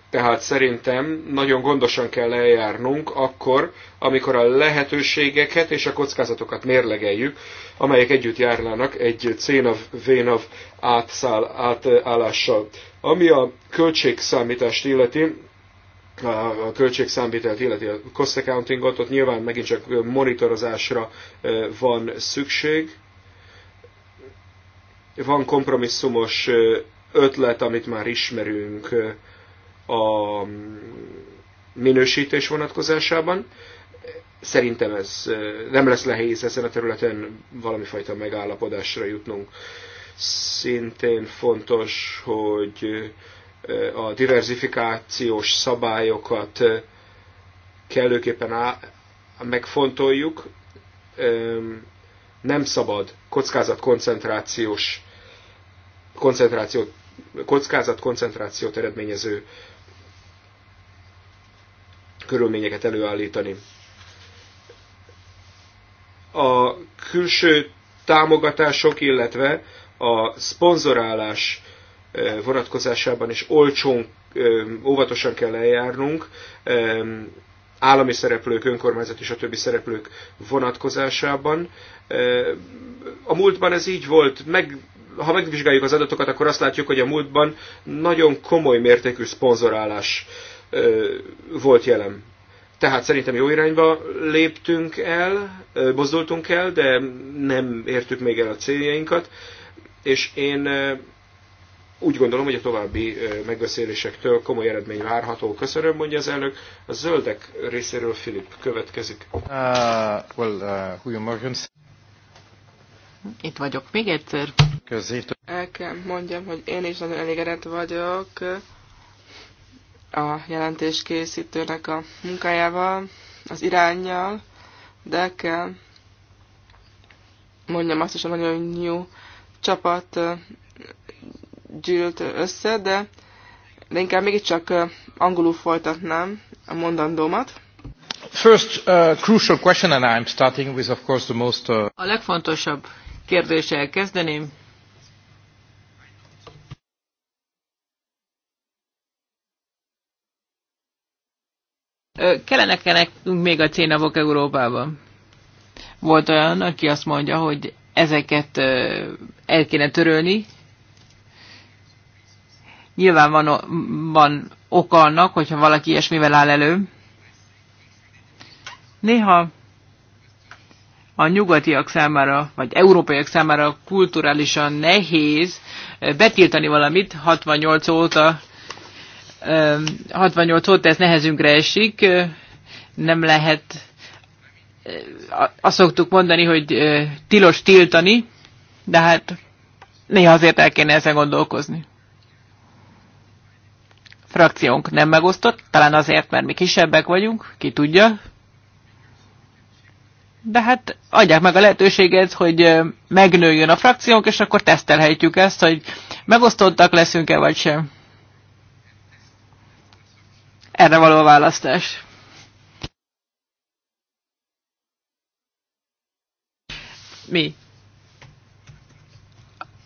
Tehát szerintem nagyon gondosan kell eljárnunk akkor, amikor a lehetőségeket és a kockázatokat mérlegeljük, amelyek együtt járnának egy cénav-vénav átszáll, átállással. Ami a költségszámítást illeti, a költségszámítást illeti a cost accountingot, ott nyilván megint csak monitorozásra van szükség. Van kompromisszumos ötlet, amit már ismerünk a minősítés vonatkozásában. Szerintem ez nem lesz nehéz ezen a területen valamifajta megállapodásra jutnunk. Szintén fontos, hogy a diversifikációs szabályokat kellőképpen megfontoljuk. Nem szabad koncentrációs koncentrációt kockázat koncentrációt eredményező körülményeket előállítani. A külső támogatások, illetve a szponzorálás eh, vonatkozásában is olcsón, eh, óvatosan kell eljárnunk, eh, állami szereplők, önkormányzat és a többi szereplők vonatkozásában. A múltban ez így volt, meg, ha megvizsgáljuk az adatokat, akkor azt látjuk, hogy a múltban nagyon komoly mértékű szponzorálás volt jelen. Tehát szerintem jó irányba léptünk el, bozdultunk el, de nem értük még el a céljainkat, és én úgy gondolom, hogy a további megbeszélésektől komoly eredmény várható. Köszönöm, mondja az elnök. A zöldek részéről Filip következik. Uh, well, uh, Itt vagyok még egyszer. Közé. El kell mondjam, hogy én is nagyon elégedett vagyok a jelentéskészítőnek a munkájával, az irányjal, de kell mondjam azt is, hogy nagyon jó csapat gyűlt össze, de, de inkább mégiscsak angolul folytatnám a mondandómat. First uh, crucial question, and I'm starting with, of course, the most. Uh... A legfontosabb kérdéssel kezdeném, Kellenek -e nekünk még a cénavok Európában? Volt olyan, aki azt mondja, hogy ezeket el kéne törölni. Nyilván van, van ok annak, hogyha valaki ilyesmivel áll elő. Néha a nyugatiak számára, vagy európaiak számára kulturálisan nehéz betiltani valamit. 68 óta 68 óta ez nehezünkre esik, nem lehet, azt szoktuk mondani, hogy tilos tiltani, de hát néha azért el kéne ezen gondolkozni. Frakciónk nem megosztott, talán azért, mert mi kisebbek vagyunk, ki tudja. De hát adják meg a lehetőséget, hogy megnőjön a frakciónk, és akkor tesztelhetjük ezt, hogy megosztottak leszünk-e vagy sem erre való a választás. Mi?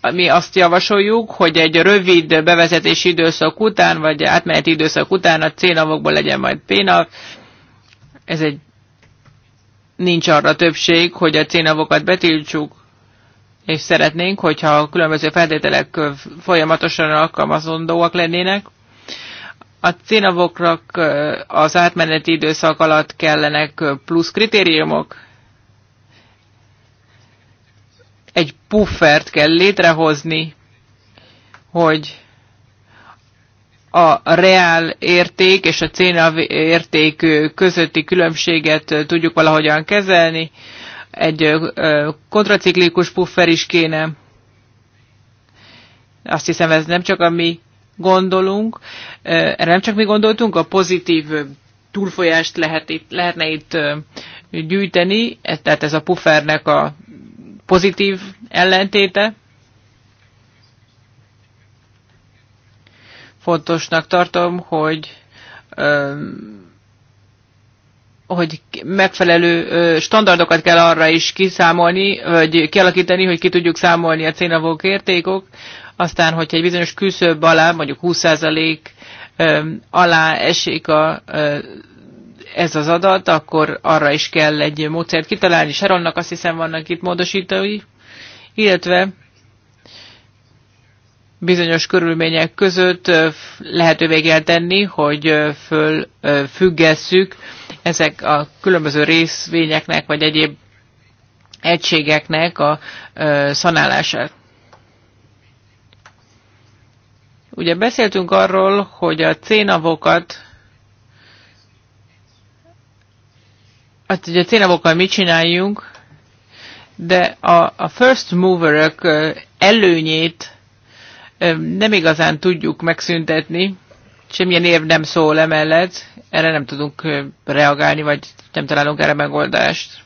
Mi azt javasoljuk, hogy egy rövid bevezetési időszak után, vagy átmeneti időszak után a cénavokból legyen majd pénag. Ez egy nincs arra többség, hogy a cénavokat betiltsuk, és szeretnénk, hogyha a különböző feltételek folyamatosan alkalmazondóak lennének a cinavoknak az átmeneti időszak alatt kellenek plusz kritériumok? Egy puffert kell létrehozni, hogy a reál érték és a cénav érték közötti különbséget tudjuk valahogyan kezelni. Egy kontraciklikus puffer is kéne. Azt hiszem, ez nem csak a mi gondolunk, erre nem csak mi gondoltunk, a pozitív túlfolyást lehet itt, lehetne itt gyűjteni, e, tehát ez a puffernek a pozitív ellentéte. Fontosnak tartom, hogy hogy megfelelő standardokat kell arra is kiszámolni, vagy kialakítani, hogy ki tudjuk számolni a cénavók értékok, aztán, hogyha egy bizonyos küszöb alá, mondjuk 20% alá esik a, ez az adat, akkor arra is kell egy módszert kitalálni. Saronnak azt hiszem vannak itt módosítói, illetve bizonyos körülmények között lehetővé kell tenni, hogy fölfüggesszük ezek a különböző részvényeknek vagy egyéb egységeknek a szanálását. Ugye beszéltünk arról, hogy a cénavokat hát ugye a cénavokkal mit csináljunk, de a, a first moverök előnyét nem igazán tudjuk megszüntetni semmilyen érv nem szól emellett, erre nem tudunk reagálni, vagy nem találunk erre megoldást.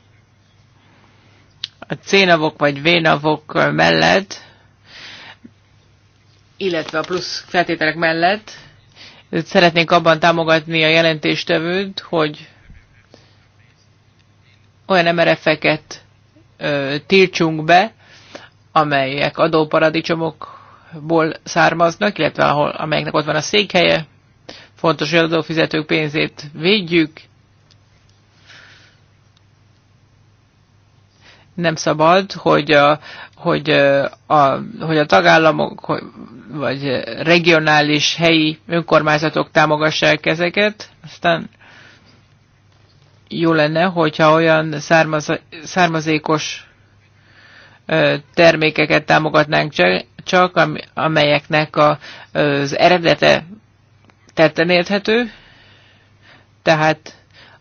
A C-navok vagy V-navok mellett, illetve a plusz feltételek mellett szeretnénk abban támogatni a jelentéstevőt, hogy olyan MRF-eket er tiltsunk be, amelyek adóparadicsomokból származnak, illetve ahol, amelyeknek ott van a székhelye, fontos, hogy adófizetők pénzét védjük. Nem szabad, hogy a, hogy a, hogy a tagállamok vagy regionális helyi önkormányzatok támogassák ezeket. Aztán jó lenne, hogyha olyan származ, származékos termékeket támogatnánk csak, amelyeknek az eredete tetten érthető, tehát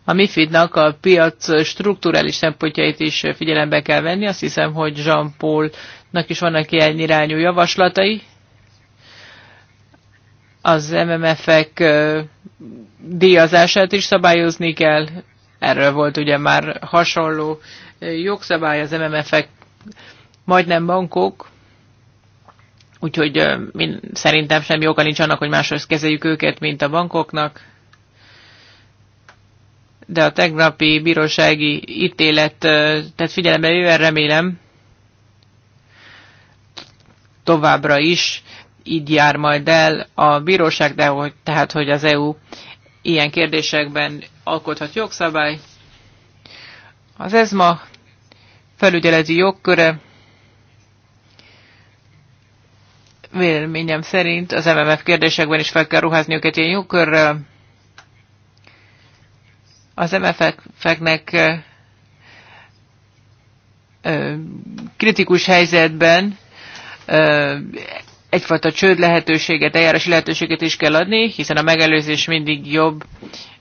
a MIFID-nak a piac strukturális szempontjait is figyelembe kell venni. Azt hiszem, hogy Jean Paulnak is vannak ilyen irányú javaslatai. Az MMF-ek díjazását is szabályozni kell. Erről volt ugye már hasonló jogszabály az MMF-ek majdnem bankok Úgyhogy min, szerintem semmi joga nincs annak, hogy máshoz kezeljük őket, mint a bankoknak. De a tegnapi bírósági ítélet, tehát figyelembe véve remélem, továbbra is így jár majd el a bíróság, de hogy, tehát, hogy az EU ilyen kérdésekben alkothat jogszabály. Az ESMA felügyeleti jogköre véleményem szerint az MMF kérdésekben is fel kell ruházni őket ilyen jókörrel. Az MFF-eknek kritikus helyzetben egyfajta csőd lehetőséget, eljárási lehetőséget is kell adni, hiszen a megelőzés mindig jobb,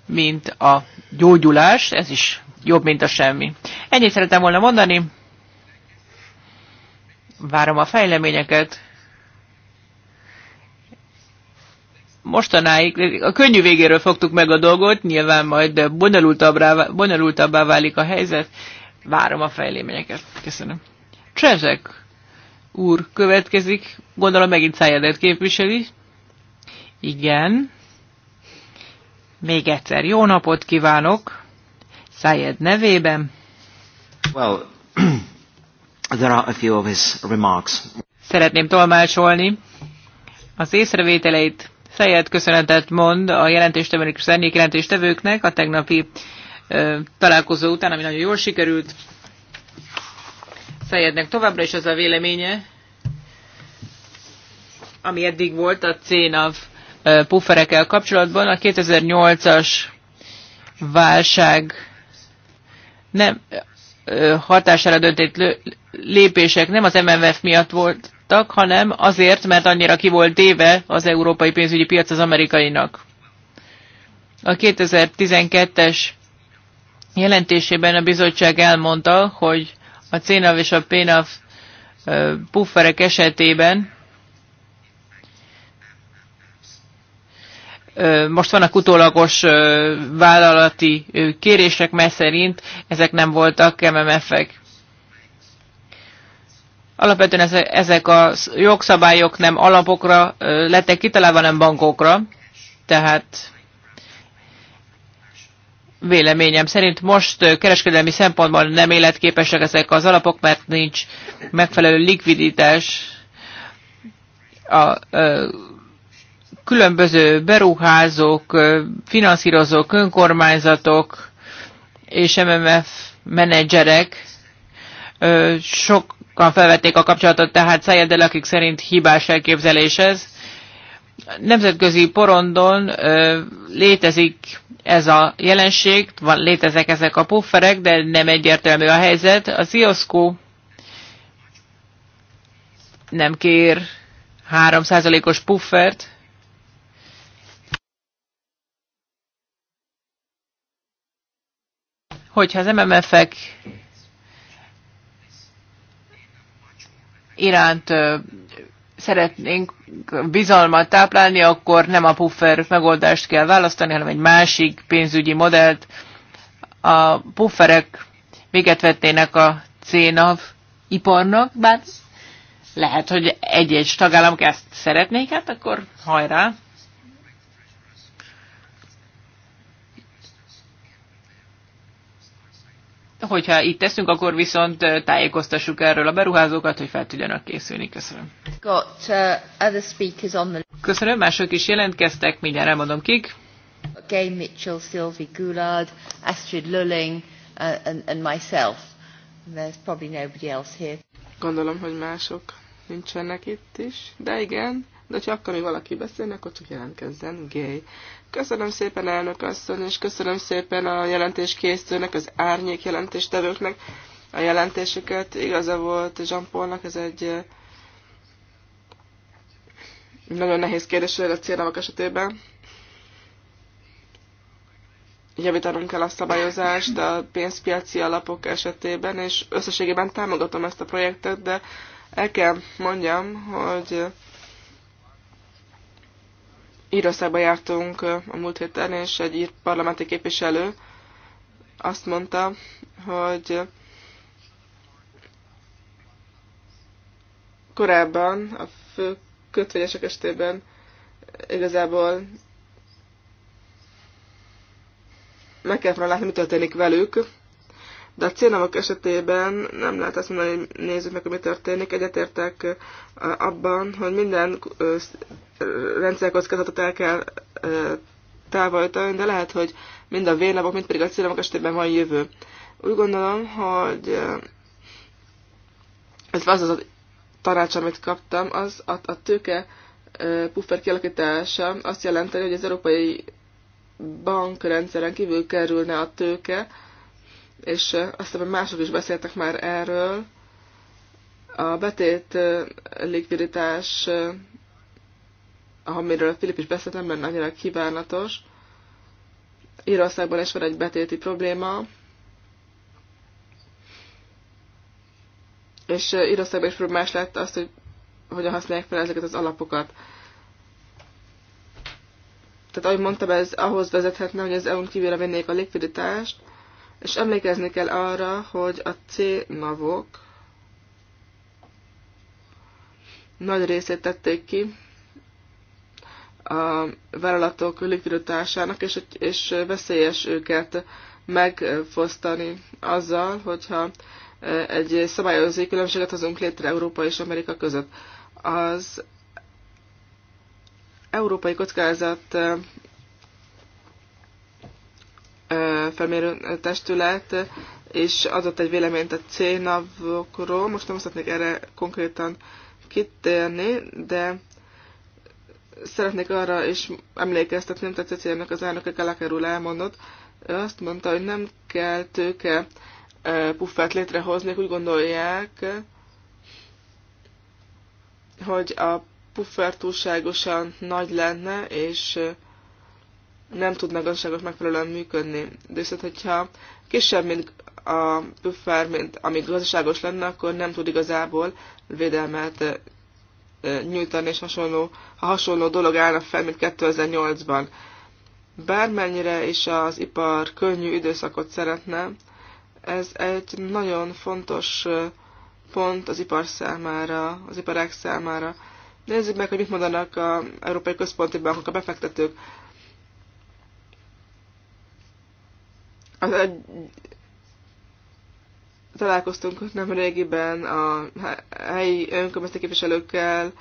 mint a gyógyulás, ez is jobb, mint a semmi. Ennyit szeretem volna mondani. Várom a fejleményeket mostanáig a könnyű végéről fogtuk meg a dolgot, nyilván majd bonyolultabbá, bonyolultabbá válik a helyzet. Várom a fejléményeket. Köszönöm. Csezek úr következik, gondolom megint szájadat képviseli. Igen. Még egyszer jó napot kívánok. Szájed nevében. Well, [CLEARS THROAT] there are a few of his remarks. Szeretném tolmácsolni az észrevételeit Fejed köszönetet mond a jelentéstevők, zenék jelentéstevőknek a tegnapi ö, találkozó után, ami nagyon jól sikerült. Fejednek továbbra is az a véleménye, ami eddig volt a CNAV pufferekkel kapcsolatban. A 2008-as válság nem hatására döntött lépések nem az MMF miatt volt, kaptak, hanem azért, mert annyira ki volt téve az európai pénzügyi piac az amerikainak. A 2012-es jelentésében a bizottság elmondta, hogy a CNAV és a PNAV pufferek esetében most vannak utólagos vállalati kérések, mert szerint ezek nem voltak MMF-ek. Alapvetően ezek a jogszabályok nem alapokra lettek kitalálva, nem bankokra, tehát véleményem szerint most kereskedelmi szempontból nem életképesek ezek az alapok, mert nincs megfelelő likviditás a különböző beruházók, finanszírozók, önkormányzatok és MMF menedzserek sok sokan felvették a kapcsolatot, tehát Szájed akik szerint hibás elképzelés ez. Nemzetközi porondon ö, létezik ez a jelenség, van, léteznek ezek a pufferek, de nem egyértelmű a helyzet. a IOSCO nem kér 3%-os puffert, hogyha az MMF-ek iránt szeretnénk bizalmat táplálni, akkor nem a puffer megoldást kell választani, hanem egy másik pénzügyi modellt. A pufferek véget vetnének a CNAV iparnak, bár lehet, hogy egy-egy tagállamok ezt szeretnék, hát akkor hajrá! hogyha itt teszünk, akkor viszont tájékoztassuk erről a beruházókat, hogy fel tudjanak készülni. Köszönöm. Got, uh, the... Köszönöm, mások is jelentkeztek, mindjárt elmondom kik. Gay Mitchell, Sylvie Goulard, Astrid Lulling uh, and, and myself. There's probably nobody else here. Gondolom, hogy mások nincsenek itt is, de igen, de ha akkor, még valaki beszélni, akkor csak jelentkezzen. Gay Köszönöm szépen elnök asszony, és köszönöm szépen a jelentés készítőnek, az árnyék jelentéstevőknek a jelentésüket. Igaza volt Jean Paulnak, ez egy eh, nagyon nehéz kérdés a célnavak esetében. Javítanunk kell a szabályozást a pénzpiaci alapok esetében, és összességében támogatom ezt a projektet, de el kell mondjam, hogy Írországba jártunk a múlt héten, és egy ír parlamenti képviselő azt mondta, hogy korábban a fő kötvényesek estében igazából meg kell látni, mi történik velük, de a célamok esetében nem lehet azt mondani, hogy nézzük meg, hogy mi történik. Egyetértek abban, hogy minden rendszerkockázatot el kell távolítani, de lehet, hogy mind a vérlábok, mind pedig a célamok esetében van jövő. Úgy gondolom, hogy ez az az tanács, amit kaptam, az a, a tőke puffer kialakítása azt jelenti, hogy az európai bankrendszeren kívül kerülne a tőke, és azt hiszem, hogy mások is beszéltek már erről, a betét likviditás, amiről Filip is beszélt, nem lenne annyira kívánatos. Írországban is van egy betéti probléma, és Írországban is problémás lett azt, hogy hogyan használják fel ezeket az alapokat. Tehát ahogy mondtam, ez ahhoz vezethetne, hogy az EU-n kívülre vennék a likviditást, és emlékezni kell arra, hogy a C-navok nagy részét tették ki a vállalatok likviditásának, és, és veszélyes őket megfosztani azzal, hogyha e, egy szabályozói különbséget hozunk létre Európa és Amerika között. Az európai kockázat e, felmérő testület és adott egy véleményt a cénavokról. Most nem szeretnék erre konkrétan kitérni, de szeretnék arra is emlékeztetni, tehát Cecilnek az elnöke Kalakerul elmondott, ő azt mondta, hogy nem kell tőke puffert létrehozni, úgy gondolják, hogy a puffer túlságosan nagy lenne, és nem tudnak gazdaságos megfelelően működni. De viszont, hogyha kisebb, mint a puffer, mint ami gazdaságos lenne, akkor nem tud igazából védelmet nyújtani, és hasonló, ha hasonló dolog állna fel, mint 2008-ban. Bármennyire is az ipar könnyű időszakot szeretne, ez egy nagyon fontos pont az ipar számára, az iparák számára. Nézzük meg, hogy mit mondanak az Európai Központi Bankok, a befektetők az a, találkoztunk nem régiben a helyi önkormányzati képviselőkkel,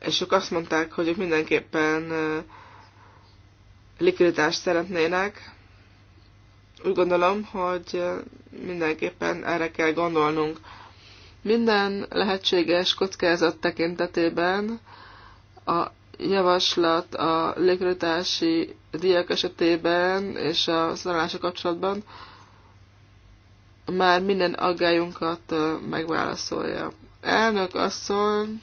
és ők azt mondták, hogy ők mindenképpen likviditást szeretnének. Úgy gondolom, hogy mindenképpen erre kell gondolnunk. Minden lehetséges kockázat tekintetében a javaslat a légkörítási diák esetében és a szállása kapcsolatban már minden aggályunkat megválaszolja. Elnök asszony,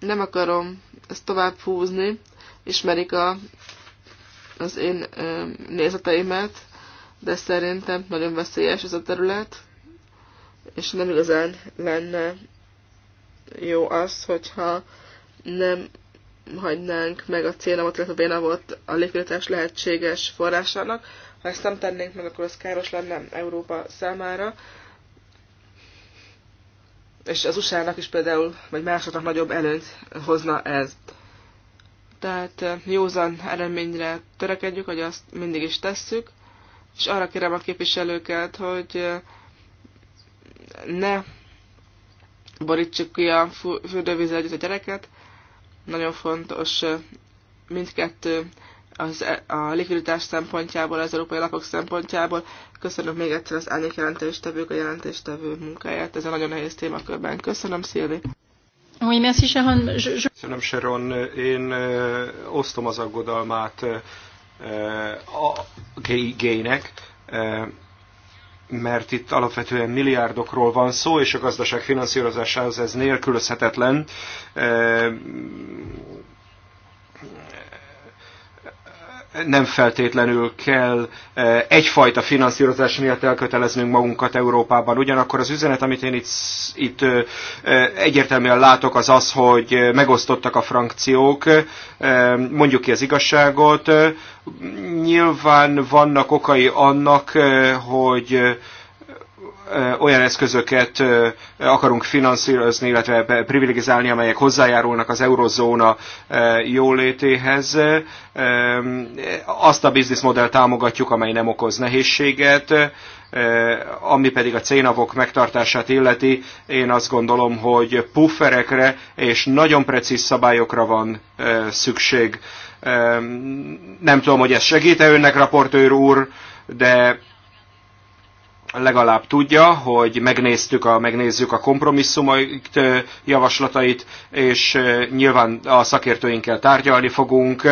nem akarom ezt tovább húzni, ismerik a, az én nézeteimet, de szerintem nagyon veszélyes ez a terület, és nem igazán lenne jó az, hogyha nem hagynánk meg a célomat, illetve a volt a likviditás lehetséges forrásának. Ha ezt nem tennénk meg, akkor az káros lenne Európa számára. És az USA-nak is például, vagy másoknak nagyobb előnyt hozna ez. Tehát eh, józan eredményre törekedjük, hogy azt mindig is tesszük, és arra kérem a képviselőket, hogy eh, ne borítsuk ki a fürdővízzel együtt a gyereket. Nagyon fontos mindkettő az, e, a likviditás szempontjából, az európai lapok szempontjából. Köszönöm még egyszer az elnék jelentéstevők, a jelentéstevő munkáját. Ez a nagyon nehéz témakörben. Köszönöm, Szilvi. Oui, merci Sharon. Je, je... Köszönöm Sharon, én ö, osztom az aggodalmát ö, a géinek mert itt alapvetően milliárdokról van szó, és a gazdaság finanszírozásához ez nélkülözhetetlen nem feltétlenül kell eh, egyfajta finanszírozás miatt elköteleznünk magunkat Európában. Ugyanakkor az üzenet, amit én itt, itt eh, eh, egyértelműen látok, az az, hogy megosztottak a frankciók, mondjuk ki az igazságot. Nyilván vannak okai annak, hogy olyan eszközöket akarunk finanszírozni, illetve privilegizálni, amelyek hozzájárulnak az eurozóna jólétéhez. Azt a bizniszmodell támogatjuk, amely nem okoz nehézséget, ami pedig a cénavok megtartását illeti, én azt gondolom, hogy pufferekre és nagyon precíz szabályokra van szükség. Nem tudom, hogy ez segít-e önnek, raportőr úr, de legalább tudja, hogy megnéztük a, megnézzük a kompromisszumait, javaslatait, és nyilván a szakértőinkkel tárgyalni fogunk.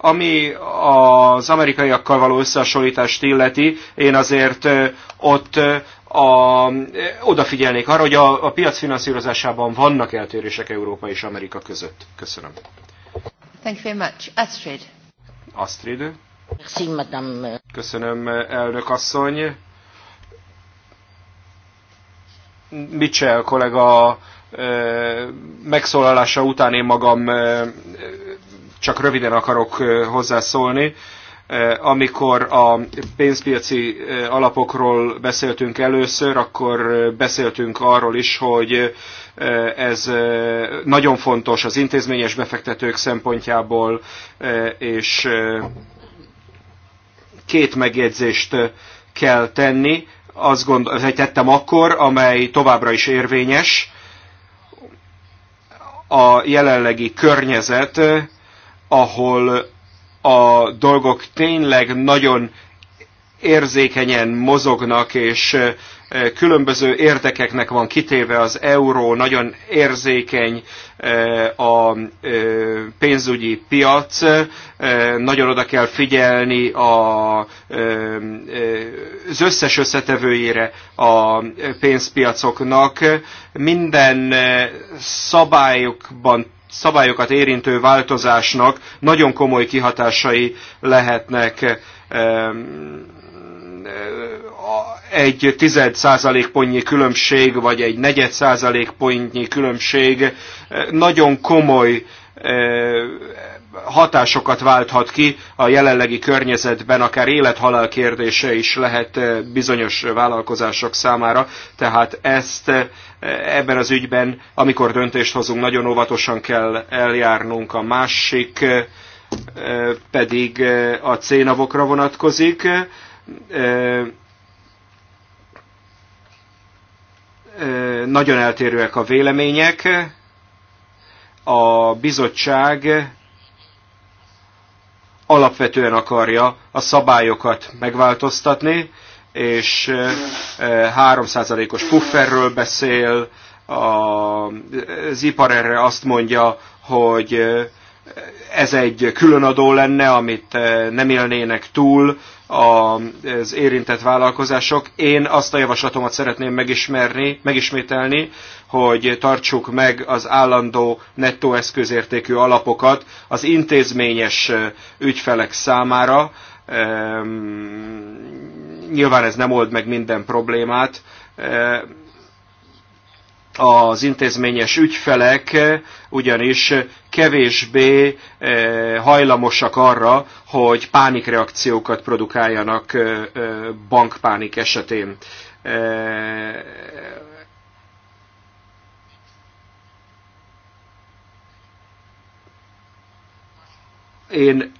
Ami az amerikaiakkal való összehasonlítást illeti, én azért ott a, odafigyelnék arra, hogy a, a piac finanszírozásában vannak eltérések Európa és Amerika között. Köszönöm. Thank you very much. Astrid. Astrid. madame. Köszönöm, elnök asszony Mitchell kollega megszólalása után én magam csak röviden akarok hozzászólni. Amikor a pénzpiaci alapokról beszéltünk először, akkor beszéltünk arról is, hogy ez nagyon fontos az intézményes befektetők szempontjából, és két megjegyzést kell tenni azt gondolom, tettem akkor, amely továbbra is érvényes, a jelenlegi környezet, ahol a dolgok tényleg nagyon érzékenyen mozognak, és Eh, különböző érdekeknek van kitéve az euró, nagyon érzékeny eh, a eh, pénzügyi piac, nagyon oda kell figyelni a, az összes összetevőjére a pénzpiacoknak. Minden szabályokban szabályokat érintő változásnak nagyon komoly kihatásai lehetnek egy tized százalékpontnyi különbség, vagy egy negyed százalékpontnyi különbség eh, nagyon komoly eh, hatásokat válthat ki a jelenlegi környezetben, akár élethalál kérdése is lehet eh, bizonyos vállalkozások számára, tehát ezt ebben az ügyben, amikor döntést hozunk, nagyon óvatosan kell eljárnunk. A másik pedig a cénavokra vonatkozik nagyon eltérőek a vélemények. A bizottság alapvetően akarja a szabályokat megváltoztatni, és 3%-os pufferről beszél, az ipar erre azt mondja, hogy ez egy különadó lenne, amit nem élnének túl az érintett vállalkozások. Én azt a javaslatomat szeretném megismerni, megismételni, hogy tartsuk meg az állandó nettó eszközértékű alapokat az intézményes ügyfelek számára. Ehm, nyilván ez nem old meg minden problémát, ehm, az intézményes ügyfelek ugyanis kevésbé eh, hajlamosak arra, hogy pánikreakciókat produkáljanak eh, eh, bankpánik esetén. Én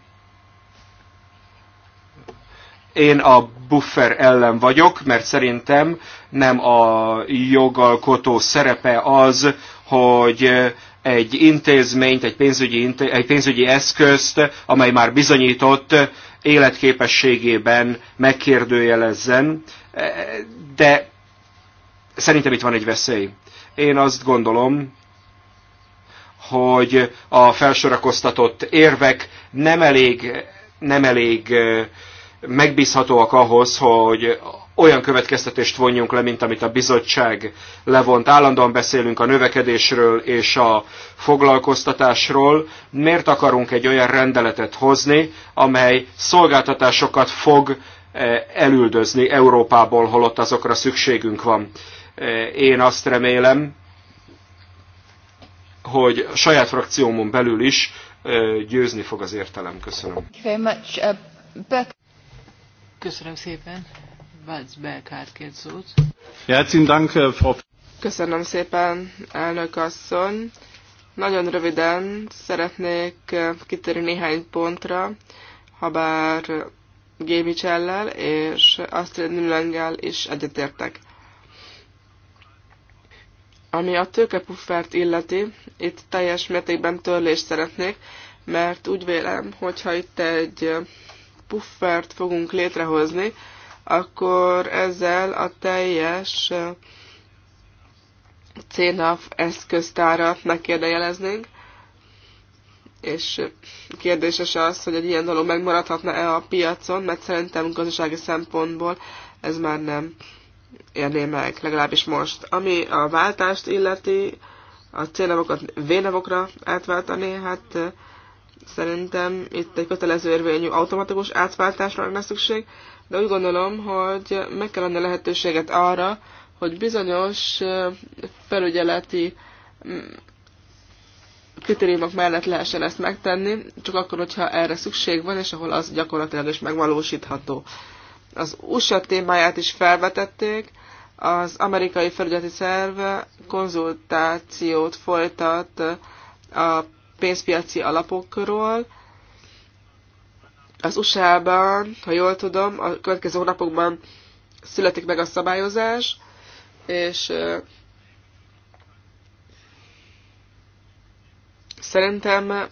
én a buffer ellen vagyok, mert szerintem nem a jogalkotó szerepe az, hogy egy intézményt, egy pénzügyi, egy pénzügyi eszközt, amely már bizonyított eh, életképességében megkérdőjelezzen, eh, de szerintem itt van egy veszély. Én azt gondolom, hogy a felsorakoztatott érvek nem elég, nem elég eh, megbízhatóak ahhoz, hogy olyan következtetést vonjunk le, mint amit a bizottság levont. Állandóan beszélünk a növekedésről és a foglalkoztatásról. Miért akarunk egy olyan rendeletet hozni, amely szolgáltatásokat fog eh, elüldözni Európából, holott azokra szükségünk van. Eh, én azt remélem, hogy a saját frakciómon belül is eh, győzni fog az értelem. Köszönöm. Uh, Köszönöm szépen. Weizberg hát két szót. Äh, Köszönöm szépen, elnök asszony. Nagyon röviden szeretnék äh, kitérni néhány pontra, ha bár Gémicsellel és Astrid Nülengel is egyetértek. Ami a tőkepuffert illeti, itt teljes mértékben törlést szeretnék, mert úgy vélem, hogyha itt egy puffert fogunk létrehozni, akkor ezzel a teljes CNAF eszköztárat megkérdejeleznénk. és kérdéses az, hogy egy ilyen dolog megmaradhatna-e a piacon, mert szerintem gazdasági szempontból ez már nem érné meg, legalábbis most. Ami a váltást illeti, a célnavokat vénavokra átváltani, hát szerintem itt egy kötelező érvényű automatikus átváltásra lenne szükség, de úgy gondolom, hogy meg kell adni lehetőséget arra, hogy bizonyos felügyeleti mm, kritériumok mellett lehessen ezt megtenni, csak akkor, hogyha erre szükség van, és ahol az gyakorlatilag is megvalósítható. Az USA témáját is felvetették, az amerikai felügyeleti szerve konzultációt folytat a pénzpiaci alapokról, az USA-ban, ha jól tudom, a következő hónapokban születik meg a szabályozás, és szerintem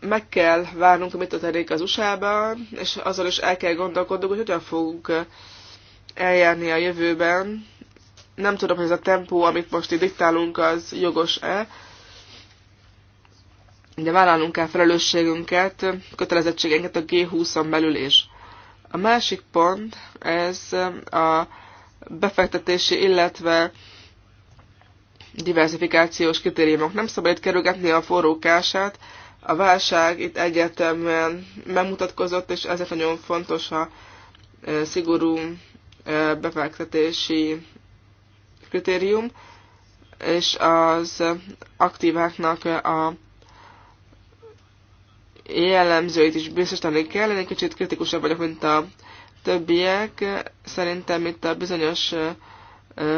meg kell várnunk, mit történik az USA-ban, és azzal is el kell gondolkodnunk, hogy hogyan fogunk eljárni a jövőben. Nem tudom, hogy ez a tempó, amit most itt diktálunk, az jogos-e, Ugye vállalnunk kell felelősségünket, kötelezettségünket a G20-on belül is. A másik pont, ez a befektetési, illetve diversifikációs kritériumok. Nem szabad itt kerülgetni a forrókását, a válság itt egyetemen bemutatkozott, és ezért nagyon fontos a szigorú befektetési kritérium, és az aktíváknak a jellemzőit is biztosítani kell. Én egy kicsit kritikusabb vagyok, mint a többiek. Szerintem itt a bizonyos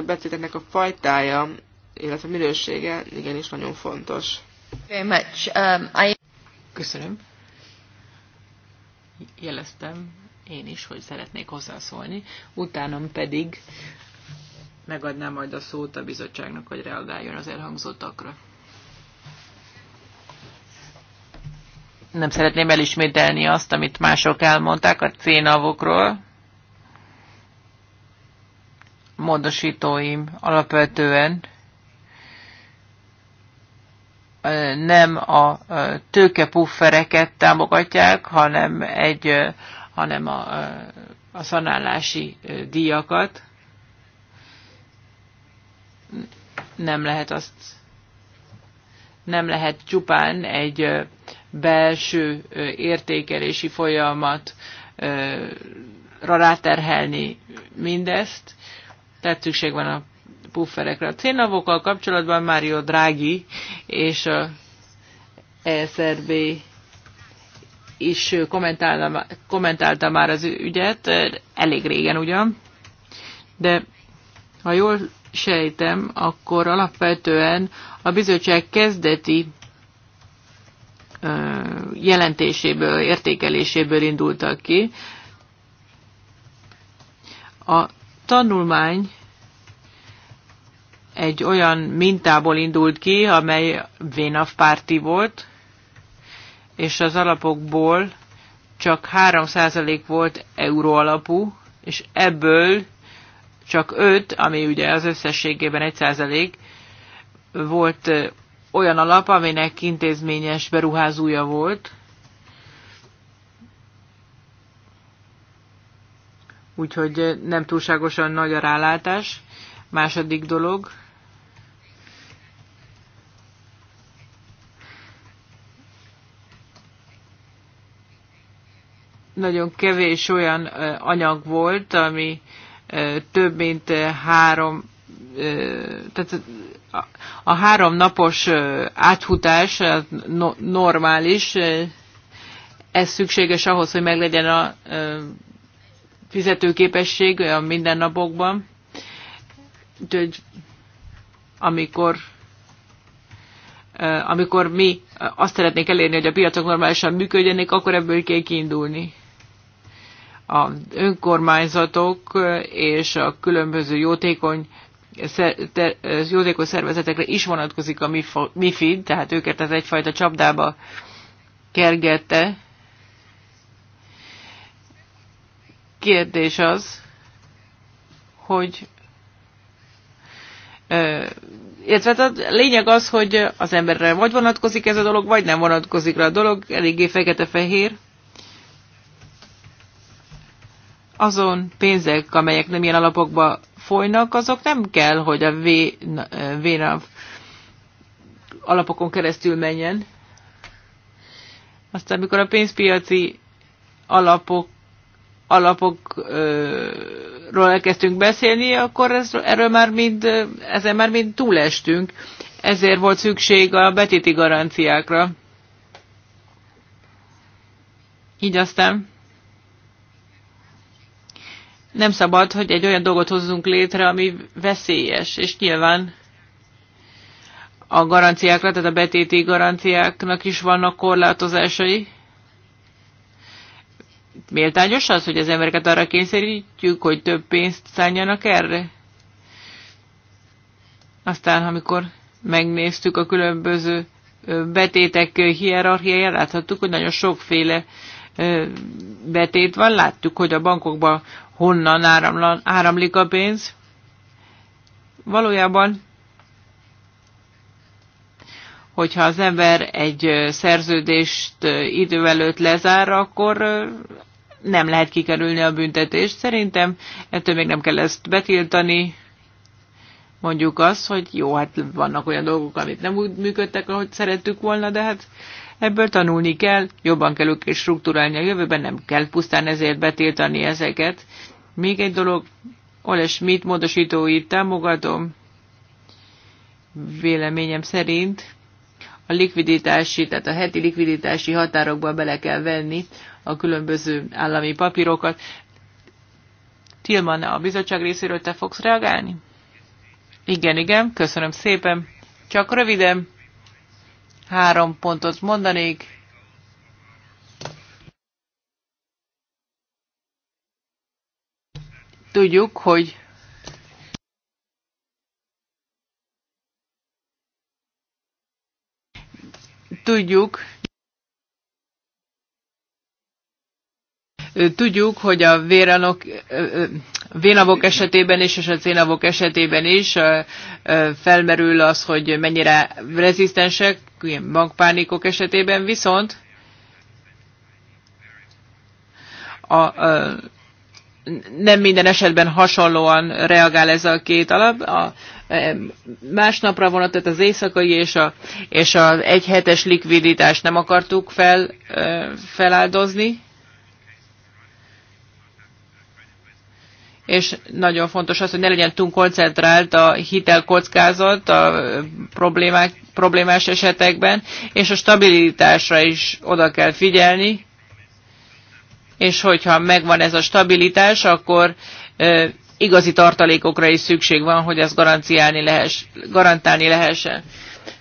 betéteknek a fajtája, illetve minősége igenis nagyon fontos. Very much. Um, I... Köszönöm. Jeleztem én is, hogy szeretnék hozzászólni. Utánam pedig megadnám majd a szót a bizottságnak, hogy reagáljon az elhangzottakra. nem szeretném elismételni azt, amit mások elmondták a cénavokról. Módosítóim alapvetően nem a tőkepuffereket támogatják, hanem, egy, hanem a, a szanálási díjakat. Nem lehet azt nem lehet csupán egy belső értékelési folyamat ráterhelni mindezt, tehát szükség van a pufferekre. A cénavokkal kapcsolatban Mário Draghi és a ESRB is kommentálta, kommentálta már az ügyet, elég régen ugyan, de ha jól sejtem, akkor alapvetően a bizottság kezdeti jelentéséből, értékeléséből indultak ki. A tanulmány egy olyan mintából indult ki, amely Vénav párti volt, és az alapokból csak 3% volt euró alapú, és ebből csak 5, ami ugye az összességében 1% volt olyan alap, aminek intézményes beruházója volt. Úgyhogy nem túlságosan nagy a rálátás. Második dolog. Nagyon kevés olyan anyag volt, ami több mint három tehát a három napos áthutás no, normális, ez szükséges ahhoz, hogy meglegyen a fizetőképesség a mindennapokban. Úgyhogy amikor amikor mi azt szeretnék elérni, hogy a piacok normálisan működjenek, akkor ebből kell kiindulni. A önkormányzatok és a különböző jótékony jótékony szervezetekre is vonatkozik a MIFID, tehát őket ez egyfajta csapdába kergette. Kérdés az, hogy illetve hát a lényeg az, hogy az emberre vagy vonatkozik ez a dolog, vagy nem vonatkozik rá a dolog, eléggé fekete-fehér. azon pénzek, amelyek nem ilyen alapokba folynak, azok nem kell, hogy a VNAV alapokon keresztül menjen. Aztán, amikor a pénzpiaci alapok alapokról elkezdtünk beszélni, akkor ez, erről már mind, ezen már mind túlestünk. Ezért volt szükség a betéti garanciákra. Így aztán nem szabad, hogy egy olyan dolgot hozzunk létre, ami veszélyes, és nyilván a garanciákra, tehát a betéti garanciáknak is vannak korlátozásai. Méltányos az, hogy az embereket arra kényszerítjük, hogy több pénzt szálljanak erre? Aztán, amikor megnéztük a különböző betétek hierarchiáját, láthattuk, hogy nagyon sokféle betét van. Láttuk, hogy a bankokban honnan áramlan, áramlik a pénz. Valójában, hogyha az ember egy szerződést idő előtt lezár, akkor nem lehet kikerülni a büntetést. Szerintem ettől még nem kell ezt betiltani. Mondjuk azt, hogy jó, hát vannak olyan dolgok, amit nem úgy működtek, ahogy szerettük volna, de hát Ebből tanulni kell, jobban kell és struktúrálni a jövőben, nem kell pusztán ezért betiltani ezeket. Még egy dolog, mit Schmidt módosítóit támogatom. Véleményem szerint a likviditási, tehát a heti likviditási határokba bele kell venni a különböző állami papírokat. Tilman, a bizottság részéről te fogsz reagálni? Igen, igen, köszönöm szépen. Csak röviden három pontot mondanék. Tudjuk, hogy tudjuk, tudjuk, hogy a véranok, vénavok esetében is, és a cénavok esetében is felmerül az, hogy mennyire rezisztensek, ilyen bankpánikok esetében, viszont a, a nem minden esetben hasonlóan reagál ez a két alap. A e, másnapra tehát az éjszakai és a, és a egy hetes likviditást nem akartuk fel, e, feláldozni. És nagyon fontos az, hogy ne legyen túl koncentrált a hitelkockázat a problémák, problémás esetekben, és a stabilitásra is oda kell figyelni és hogyha megvan ez a stabilitás, akkor igazi tartalékokra is szükség van, hogy ezt garanciálni lehess, garantálni lehessen.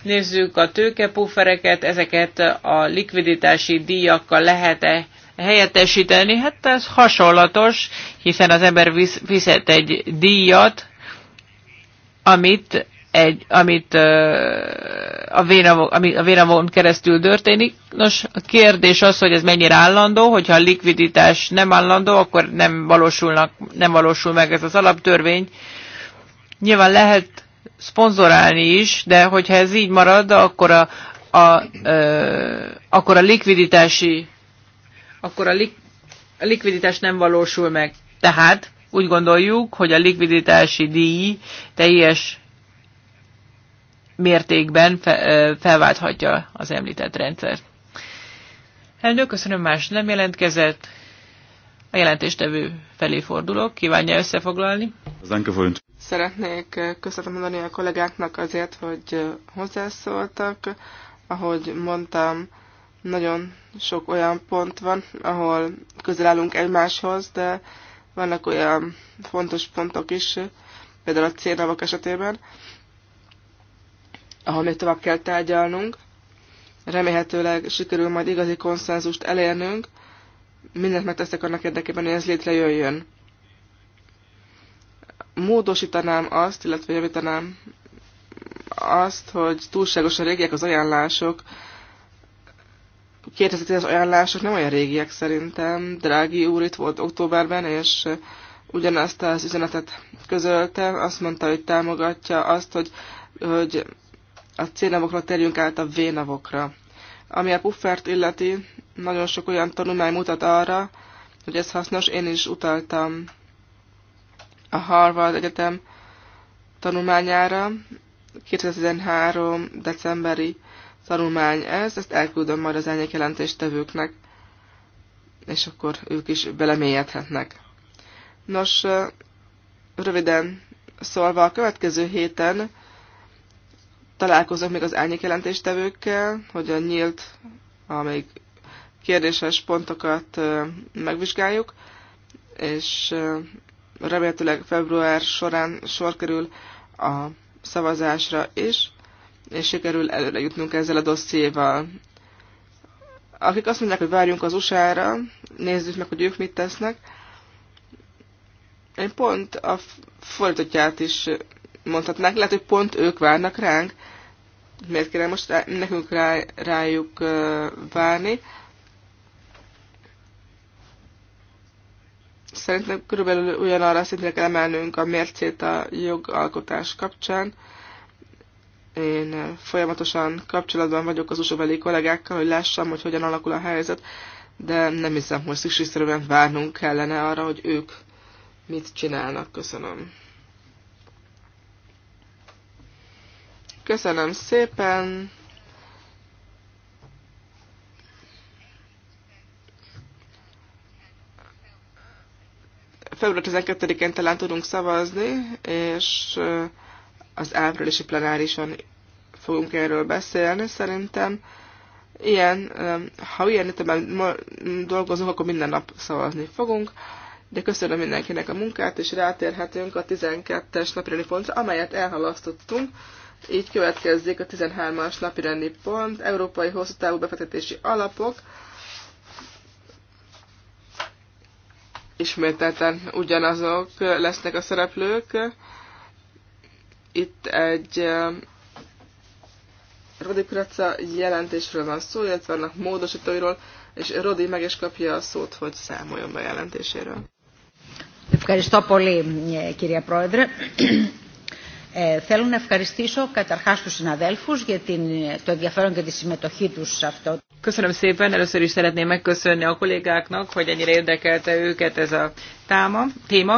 Nézzük a tőkepuffereket, ezeket a likviditási díjakkal lehet-e helyettesíteni? Hát ez hasonlatos, hiszen az ember visz, viszett egy díjat, amit egy, amit a, vénavon, ami a vénavon keresztül történik. Nos, a kérdés az, hogy ez mennyire állandó, hogyha a likviditás nem állandó, akkor nem, valósulnak, nem valósul meg ez az alaptörvény. Nyilván lehet szponzorálni is, de hogyha ez így marad, akkor a, a, ö, akkor a likviditási akkor a, lik, a likviditás nem valósul meg. Tehát úgy gondoljuk, hogy a likviditási díj teljes mértékben felválthatja az említett rendszert. Elnök, köszönöm, más nem jelentkezett. A jelentéstevő felé fordulok, kívánja összefoglalni. Szeretnék köszönetet mondani a kollégáknak azért, hogy hozzászóltak. Ahogy mondtam, nagyon sok olyan pont van, ahol közel állunk egymáshoz, de vannak olyan fontos pontok is, például a célnavak esetében, ahol még tovább kell tárgyalnunk. Remélhetőleg sikerül majd igazi konszenzust elérnünk. Mindent megteszek annak érdekében, hogy ez létrejöjjön. Módosítanám azt, illetve javítanám azt, hogy túlságosan régiek az ajánlások. 2010 az ajánlások nem olyan régiek szerintem. Drági úr itt volt októberben, és ugyanezt az üzenetet közölte. Azt mondta, hogy támogatja azt, hogy, hogy a célnavokra navokról térjünk át a V-navokra. Ami a puffert illeti, nagyon sok olyan tanulmány mutat arra, hogy ez hasznos. Én is utaltam a Harvard Egyetem tanulmányára, 2013. decemberi tanulmány ez, ezt elküldöm majd az elnyék jelentéstevőknek, és akkor ők is belemélyedhetnek. Nos, röviden szólva a következő héten találkozok még az árnyékjelentéstevőkkel, hogy a nyílt, amíg kérdéses pontokat megvizsgáljuk, és remélhetőleg február során sor kerül a szavazásra is, és sikerül előre jutnunk ezzel a dossziéval. Akik azt mondják, hogy várjunk az USA-ra, nézzük meg, hogy ők mit tesznek, én pont a fordítottját is mondhatnák, lehet, hogy pont ők várnak ránk, miért kéne most rá, nekünk rá, rájuk várni. Szerintem körülbelül ugyanarra szintre kell emelnünk a mércét a jogalkotás kapcsán. Én folyamatosan kapcsolatban vagyok az usa kollégákkal, hogy lássam, hogy hogyan alakul a helyzet, de nem hiszem, hogy szükségszerűen várnunk kellene arra, hogy ők mit csinálnak. Köszönöm. Köszönöm szépen. Február 12-én talán tudunk szavazni, és az áprilisi plenárison fogunk erről beszélni. Szerintem ilyen, ha ilyen ütemben dolgozunk, akkor minden nap szavazni fogunk. De köszönöm mindenkinek a munkát, és rátérhetünk a 12-es napirani pontra, amelyet elhalasztottunk. Így következzék a 13-as napi rendi pont, Európai Hosszú Távú Befektetési Alapok. Ismételten ugyanazok lesznek a szereplők. Itt egy Rodi Kraca jelentésről van szó, illetve vannak módosítóiról, és Rodi meg is kapja a szót, hogy számoljon be jelentéséről. Köszönöm, πολύ, κυρία prodre. Ε, θέλω να ευχαριστήσω καταρχάς τους συναδέλφους για την, το ενδιαφέρον και τη συμμετοχή τους σε αυτό. Köszönöm szépen, először is szeretném megköszönni a kollégáknak, hogy ennyire érdekelte őket ez a táma, téma.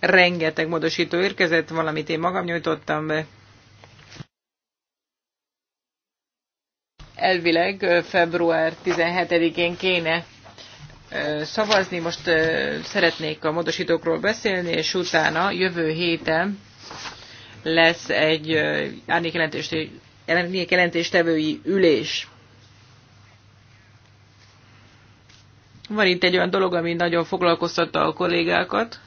Rengeteg módosító érkezett, valamit én magam nyújtottam be. Elvileg február 17-én kéne szavazni. Most szeretnék a módosítókról beszélni, és utána jövő héten lesz egy árnyék jelentéstevői ülés. Van itt egy olyan dolog, ami nagyon foglalkoztatta a kollégákat.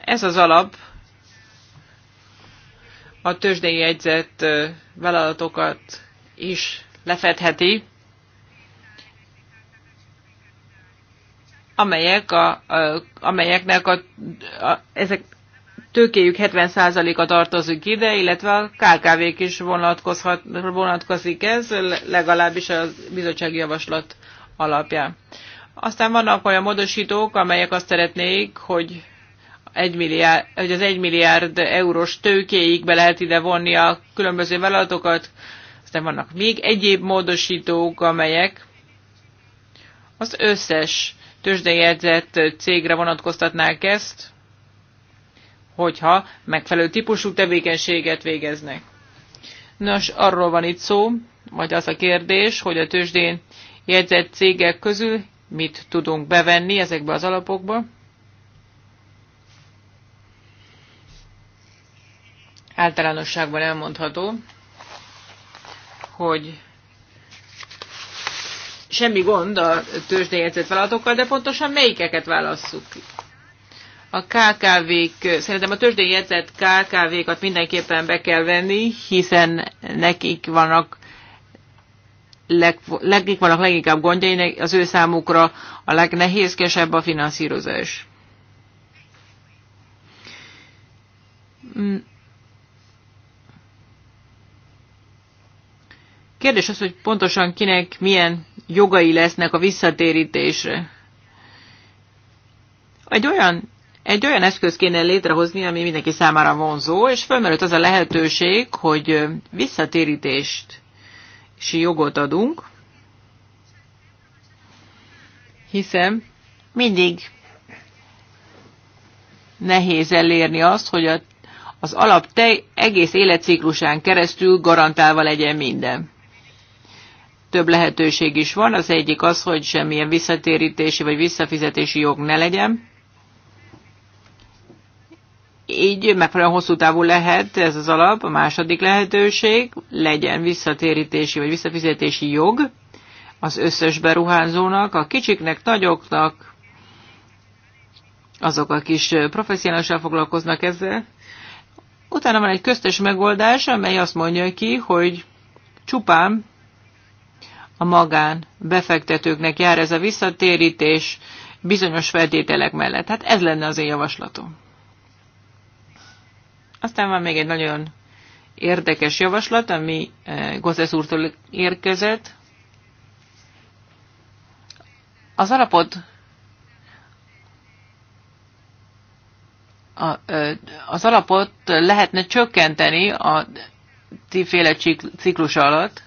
Ez az alap a tőzsdei jegyzett vállalatokat is lefedheti, amelyek a, a, amelyeknek a, a, ezek tőkéjük 70%-a tartozik ide, illetve a KKV-k is vonatkozhat, vonatkozik ez, legalábbis a bizottsági javaslat alapján. Aztán vannak olyan módosítók, amelyek azt szeretnék, hogy, egy milliárd, hogy az 1 milliárd eurós tőkéig be lehet ide vonni a különböző vállalatokat, aztán vannak még egyéb módosítók, amelyek az összes tőzsdejegyzett cégre vonatkoztatnák ezt, hogyha megfelelő típusú tevékenységet végeznek. Nos, arról van itt szó, vagy az a kérdés, hogy a tőzsdén jegyzett cégek közül mit tudunk bevenni ezekbe az alapokba. Általánosságban elmondható, hogy semmi gond a tőzsdejegyzett vállalatokkal, de pontosan melyikeket válasszuk a KKV-k, szerintem a tőzsdén KKV-kat mindenképpen be kell venni, hiszen nekik vannak leg, nekik vannak leginkább gondjai, az ő számukra a legnehézkesebb a finanszírozás. Mm, Kérdés az, hogy pontosan kinek milyen jogai lesznek a visszatérítésre. Egy olyan, egy olyan eszköz kéne létrehozni, ami mindenki számára vonzó, és fölmerült az a lehetőség, hogy visszatérítést és jogot adunk, hiszen mindig nehéz elérni azt, hogy az alap te egész életciklusán keresztül garantálva legyen minden több lehetőség is van. Az egyik az, hogy semmilyen visszatérítési vagy visszafizetési jog ne legyen. Így megfelelően hosszú távú lehet ez az alap. A második lehetőség legyen visszatérítési vagy visszafizetési jog az összes beruházónak, a kicsiknek, nagyoknak, azok, akik is professzionálisan foglalkoznak ezzel. Utána van egy köztes megoldás, amely azt mondja ki, hogy csupán a magán befektetőknek jár ez a visszatérítés bizonyos feltételek mellett. Hát ez lenne az én javaslatom. Aztán van még egy nagyon érdekes javaslat, ami eh, Gozesz úrtól érkezett. Az alapot a, eh, az alapot lehetne csökkenteni a tíféle ciklus alatt,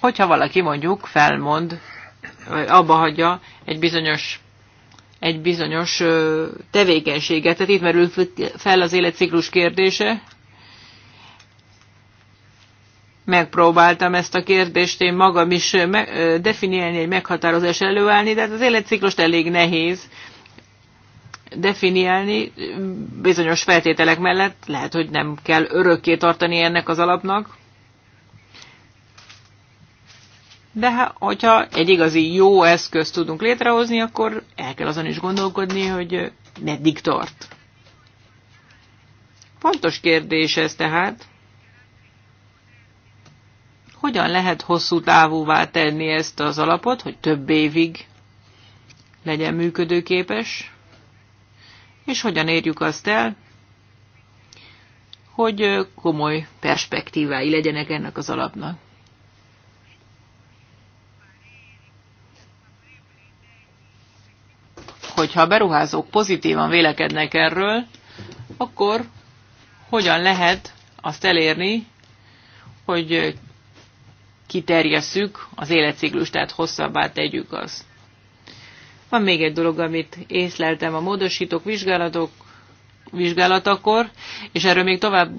Hogyha valaki mondjuk felmond, abba hagyja egy bizonyos egy bizonyos tevékenységet. Tehát itt merül fel az életciklus kérdése. Megpróbáltam ezt a kérdést én magam is definiálni, egy meghatározás előállni, de hát az életciklust elég nehéz definiálni bizonyos feltételek mellett. Lehet, hogy nem kell örökké tartani ennek az alapnak. de ha, hát, hogyha egy igazi jó eszközt tudunk létrehozni, akkor el kell azon is gondolkodni, hogy meddig tart. Fontos kérdés ez tehát, hogyan lehet hosszú távúvá tenni ezt az alapot, hogy több évig legyen működőképes, és hogyan érjük azt el, hogy komoly perspektívái legyenek ennek az alapnak. hogyha a beruházók pozitívan vélekednek erről, akkor hogyan lehet azt elérni, hogy kiterjesszük az életciklust, tehát hosszabbá tegyük azt. Van még egy dolog, amit észleltem a módosítók vizsgálatok, vizsgálatakor, és erről még tovább,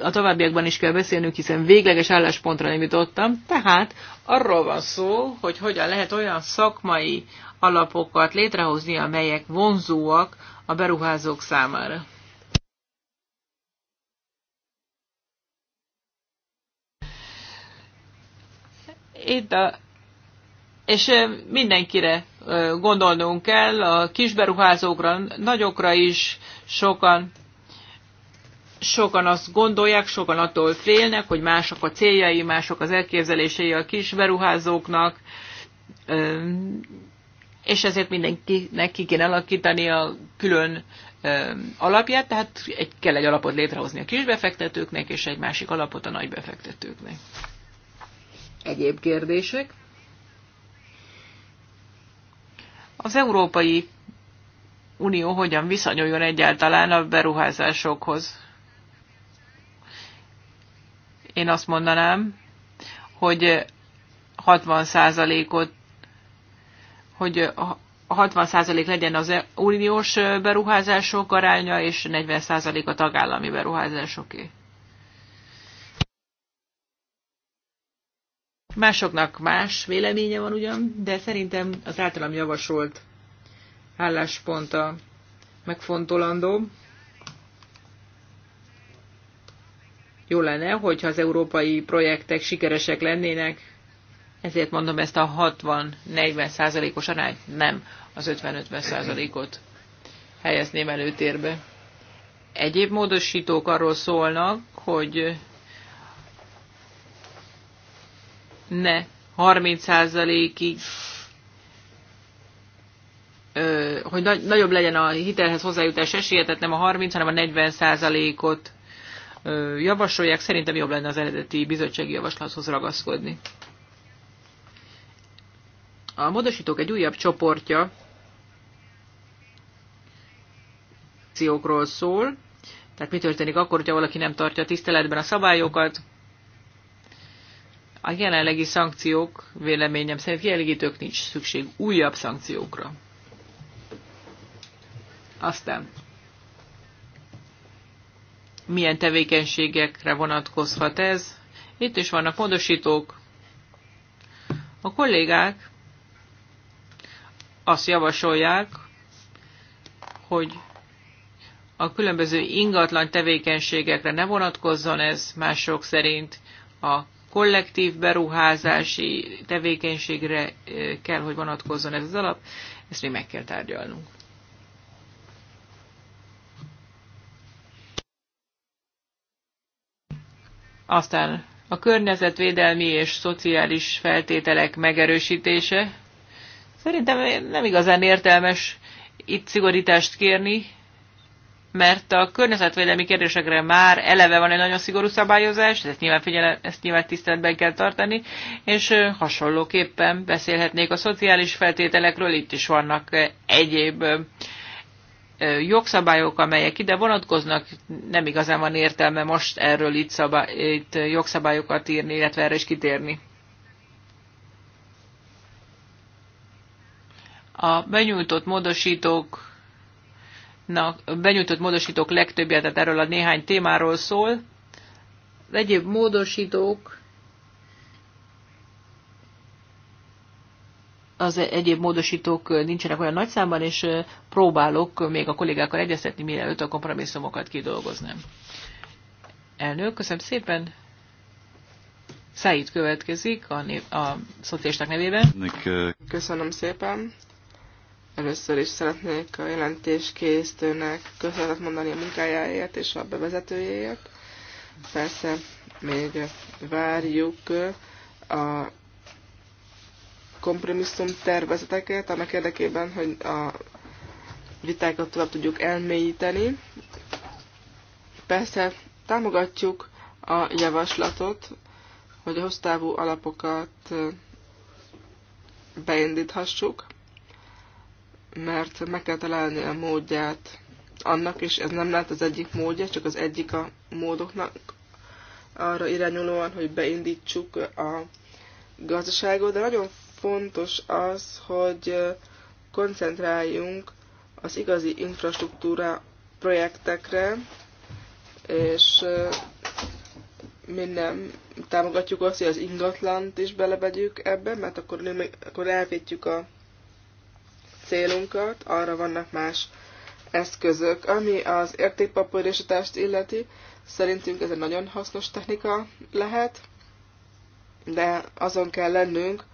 a továbbiakban is kell beszélnünk, hiszen végleges álláspontra nem jutottam. Tehát arról van szó, hogy hogyan lehet olyan szakmai alapokat létrehozni, amelyek vonzóak a beruházók számára. Itt a, és mindenkire gondolnunk kell, a kisberuházókra, nagyokra is sokan sokan azt gondolják, sokan attól félnek, hogy mások a céljai, mások az elképzelései a kis beruházóknak, és ezért mindenkinek ki kéne alakítani a külön alapját, tehát egy, kell egy alapot létrehozni a kisbefektetőknek, és egy másik alapot a nagybefektetőknek. Egyéb kérdések? Az Európai Unió hogyan viszonyuljon egyáltalán a beruházásokhoz? Én azt mondanám, hogy 60%-ot hogy a 60% legyen az uniós beruházások aránya, és 40% a tagállami beruházásoké. Másoknak más véleménye van ugyan, de szerintem az általam javasolt álláspont a megfontolandó. Jó lenne, hogyha az európai projektek sikeresek lennének, ezért mondom ezt a 60-40 százalékos arányt, nem az 50-50 százalékot helyezném előtérbe. Egyéb módosítók arról szólnak, hogy ne 30 százalékig, hogy nagyobb legyen a hitelhez hozzájutás esélye, tehát nem a 30, hanem a 40 százalékot javasolják. Szerintem jobb lenne az eredeti bizottsági javaslathoz ragaszkodni. A módosítók egy újabb csoportja szankciókról szól, tehát mi történik akkor, hogyha valaki nem tartja a tiszteletben a szabályokat. A jelenlegi szankciók véleményem szerint kielégítők nincs szükség újabb szankciókra. Aztán milyen tevékenységekre vonatkozhat ez? Itt is vannak módosítók. A kollégák azt javasolják, hogy a különböző ingatlan tevékenységekre ne vonatkozzon ez, mások szerint a kollektív beruházási tevékenységre eh, kell, hogy vonatkozzon ez az alap, ezt még meg kell tárgyalnunk. Aztán a környezetvédelmi és szociális feltételek megerősítése, Szerintem nem igazán értelmes itt szigorítást kérni, mert a környezetvédelmi kérdésekre már eleve van egy nagyon szigorú szabályozás, ezt nyilván, figyelem, ezt nyilván tiszteletben kell tartani, és hasonlóképpen beszélhetnék a szociális feltételekről, itt is vannak egyéb jogszabályok, amelyek ide vonatkoznak, nem igazán van értelme most erről itt, szabály, itt jogszabályokat írni, illetve erre is kitérni. A benyújtott módosítók benyújtott módosítók legtöbbje, tehát erről a néhány témáról szól. Az egyéb módosítók az egyéb módosítók nincsenek olyan nagy számban, és próbálok még a kollégákkal egyeztetni, mielőtt a kompromisszumokat kidolgoznám. Elnök, köszönöm szépen. Száid következik a, név, a szociálisták nevében. Köszönöm szépen. Először is szeretnék a jelentéskészítőnek köszönetet mondani a munkájáért és a bevezetőjéért. Persze még várjuk a kompromisszum tervezeteket, annak érdekében, hogy a vitákat tovább tudjuk elmélyíteni. Persze támogatjuk a javaslatot, hogy a hosszú alapokat beindíthassuk, mert meg kell találni a módját annak, és ez nem lehet az egyik módja, csak az egyik a módoknak arra irányulóan, hogy beindítsuk a gazdaságot, de nagyon fontos az, hogy koncentráljunk az igazi infrastruktúra projektekre, és mi nem támogatjuk azt, hogy az ingatlant is belevegyük ebbe, mert akkor, akkor elvétjük a célunkat, arra vannak más eszközök. Ami az értékpapírosítást illeti, szerintünk ez egy nagyon hasznos technika lehet, de azon kell lennünk,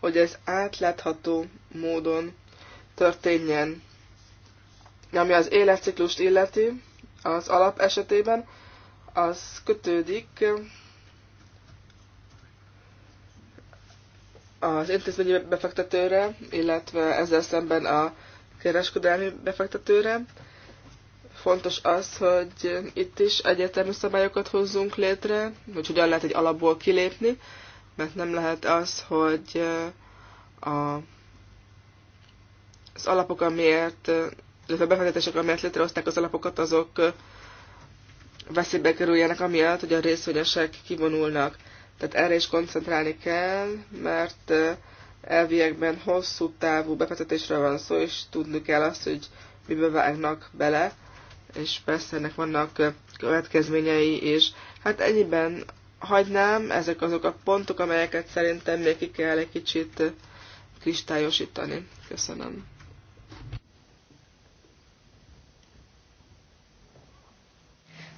hogy ez átlátható módon történjen. Ami az életciklust illeti, az alap esetében, az kötődik az intézményi befektetőre, illetve ezzel szemben a kereskedelmi befektetőre. Fontos az, hogy itt is egyetemű szabályokat hozzunk létre, hogy hogyan lehet egy alapból kilépni, mert nem lehet az, hogy eh, a, az alapok, amiért, illetve a befektetések, amiért létrehozták az alapokat, azok eh, veszélybe kerüljenek, amiatt, hogy a részvényesek kivonulnak. Tehát erre is koncentrálni kell, mert elviekben hosszú távú befektetésről van szó, és tudni kell azt, hogy mibe vágnak bele, és persze ennek vannak következményei is. Hát ennyiben hagynám, ezek azok a pontok, amelyeket szerintem még ki kell egy kicsit kristályosítani. Köszönöm.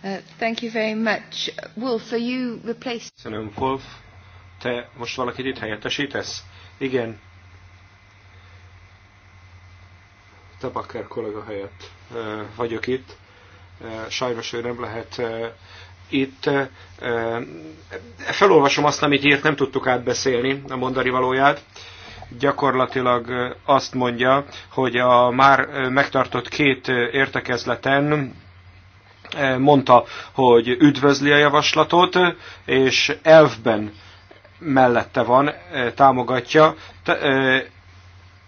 Uh, thank you very much. Wolf, are you replaced? Köszönöm, Wolf. Te most valakit itt helyettesítesz? Igen. Tabakker kollega helyett uh, vagyok itt. Uh, sajnos ő nem lehet uh, itt uh, uh, felolvasom azt, amit írt, nem tudtuk átbeszélni a mondani valóját. Gyakorlatilag azt mondja, hogy a már megtartott két értekezleten mondta, hogy üdvözli a javaslatot, és elfben mellette van, eh, támogatja. Eh,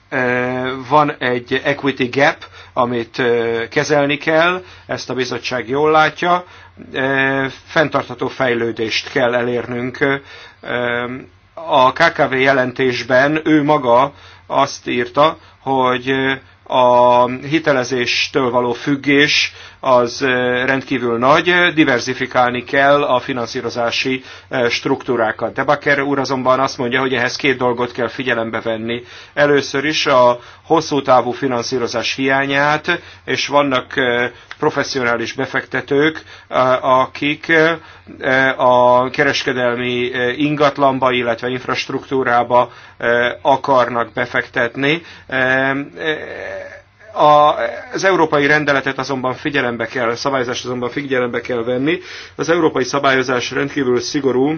eh, van egy equity gap, amit kezelni kell, ezt a bizottság jól látja. Fentartható fejlődést kell elérnünk. A KKV jelentésben ő maga azt írta, hogy a hitelezéstől való függés az rendkívül nagy, diversifikálni kell a finanszírozási struktúrákat. Debaker úr azonban azt mondja, hogy ehhez két dolgot kell figyelembe venni. Először is a hosszú távú finanszírozás hiányát, és vannak professzionális befektetők, akik e, a kereskedelmi e, ingatlanba, illetve infrastruktúrába e, akarnak befektetni. A, az európai rendeletet azonban figyelembe kell, szabályozást azonban figyelembe kell venni. Az európai szabályozás rendkívül szigorú,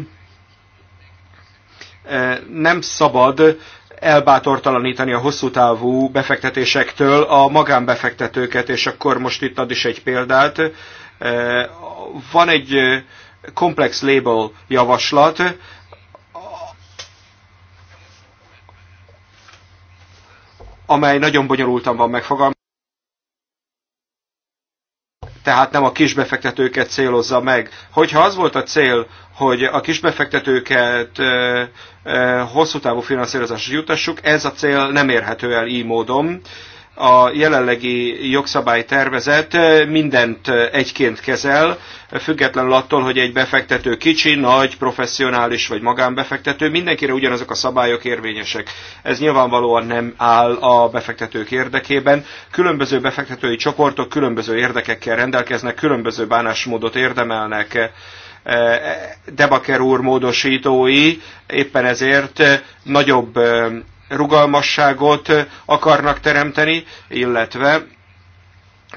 Eh, nem szabad elbátortalanítani a hosszú távú befektetésektől a magánbefektetőket, és akkor most itt ad is egy példát. Eh, van egy eh, komplex label javaslat, amely nagyon bonyolultan van megfogalmazva tehát nem a kisbefektetőket célozza meg. Hogyha az volt a cél, hogy a kisbefektetőket ö, ö, hosszú távú finanszírozásra jutassuk, ez a cél nem érhető el így módon a jelenlegi jogszabálytervezet mindent egyként kezel, függetlenül attól, hogy egy befektető kicsi, nagy, professzionális vagy magánbefektető, mindenkire ugyanazok a szabályok érvényesek. Ez nyilvánvalóan nem áll a befektetők érdekében. Különböző befektetői csoportok különböző érdekekkel rendelkeznek, különböző bánásmódot érdemelnek. Debaker úr módosítói éppen ezért nagyobb rugalmasságot akarnak teremteni, illetve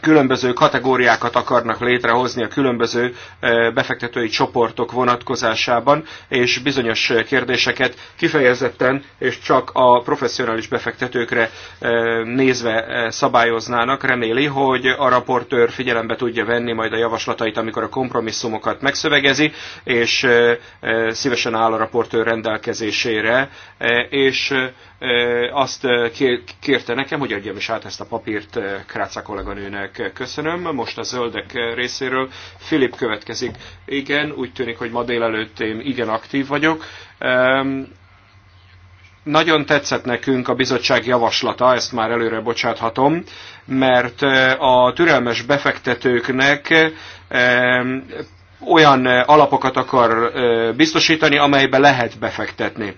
különböző kategóriákat akarnak létrehozni a különböző eh, befektetői csoportok vonatkozásában, és bizonyos kérdéseket kifejezetten és csak a professzionális befektetőkre eh, nézve eh, szabályoznának. Reméli, hogy a raportőr figyelembe tudja venni majd a javaslatait, amikor a kompromisszumokat megszövegezi, és szívesen áll a raportőr rendelkezésére, és azt kérte nekem, hogy adjam is át ezt a papírt Kráca kolléganőnek. Köszönöm. Most a zöldek részéről Filip következik. Igen, úgy tűnik, hogy ma délelőtt én igen aktív vagyok. Nagyon tetszett nekünk a bizottság javaslata, ezt már előre bocsáthatom, mert a türelmes befektetőknek olyan alapokat akar biztosítani, amelybe lehet befektetni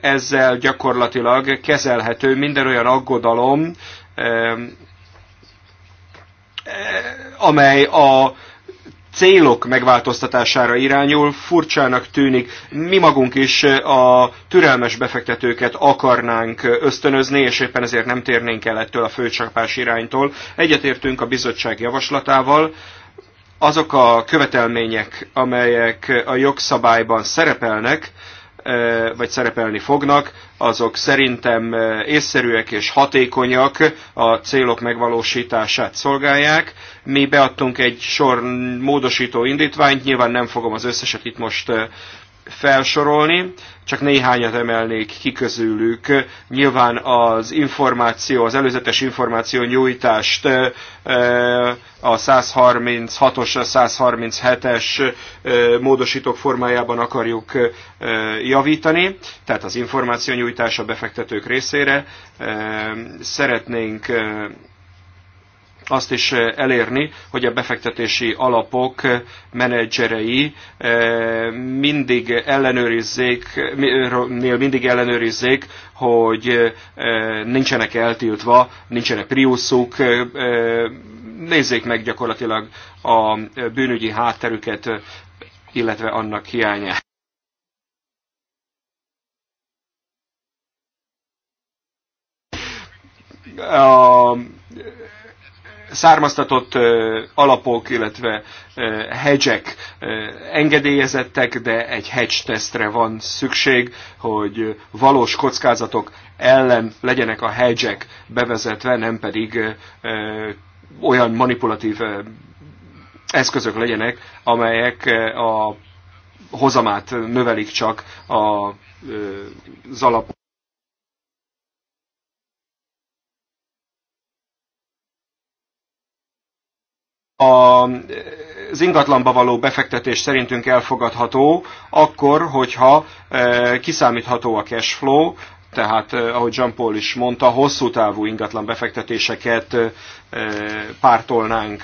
ezzel gyakorlatilag kezelhető minden olyan aggodalom, amely a célok megváltoztatására irányul, furcsának tűnik. Mi magunk is a türelmes befektetőket akarnánk ösztönözni, és éppen ezért nem térnénk el ettől a főcsapás iránytól. Egyetértünk a bizottság javaslatával, azok a követelmények, amelyek a jogszabályban szerepelnek, vagy szerepelni fognak, azok szerintem észszerűek és hatékonyak, a célok megvalósítását szolgálják. Mi beadtunk egy sor módosító indítványt, nyilván nem fogom az összeset itt most felsorolni, csak néhányat emelnék ki közülük. Nyilván az információ, az előzetes információ nyújtást a 136-os, 137-es módosítók formájában akarjuk javítani, tehát az információ nyújtás a befektetők részére. Szeretnénk azt is eh, elérni, hogy a befektetési alapok menedzserei eh, mindig ellenőrizzék, mindig ellenőrizzék, hogy eh, nincsenek eltiltva, nincsenek priuszuk, nézzék meg gyakorlatilag a bűnügyi hátterüket, illetve annak hiányát. A származtatott alapok, illetve hedgek engedélyezettek, de egy hedge tesztre van szükség, hogy valós kockázatok ellen legyenek a hedgek bevezetve, nem pedig olyan manipulatív eszközök legyenek, amelyek a hozamát növelik csak az alapok. a, az ingatlanba való befektetés szerintünk elfogadható, akkor, hogyha e, kiszámítható a cash flow, tehát e, ahogy Jean Paul is mondta, hosszú távú ingatlan befektetéseket e, pártolnánk.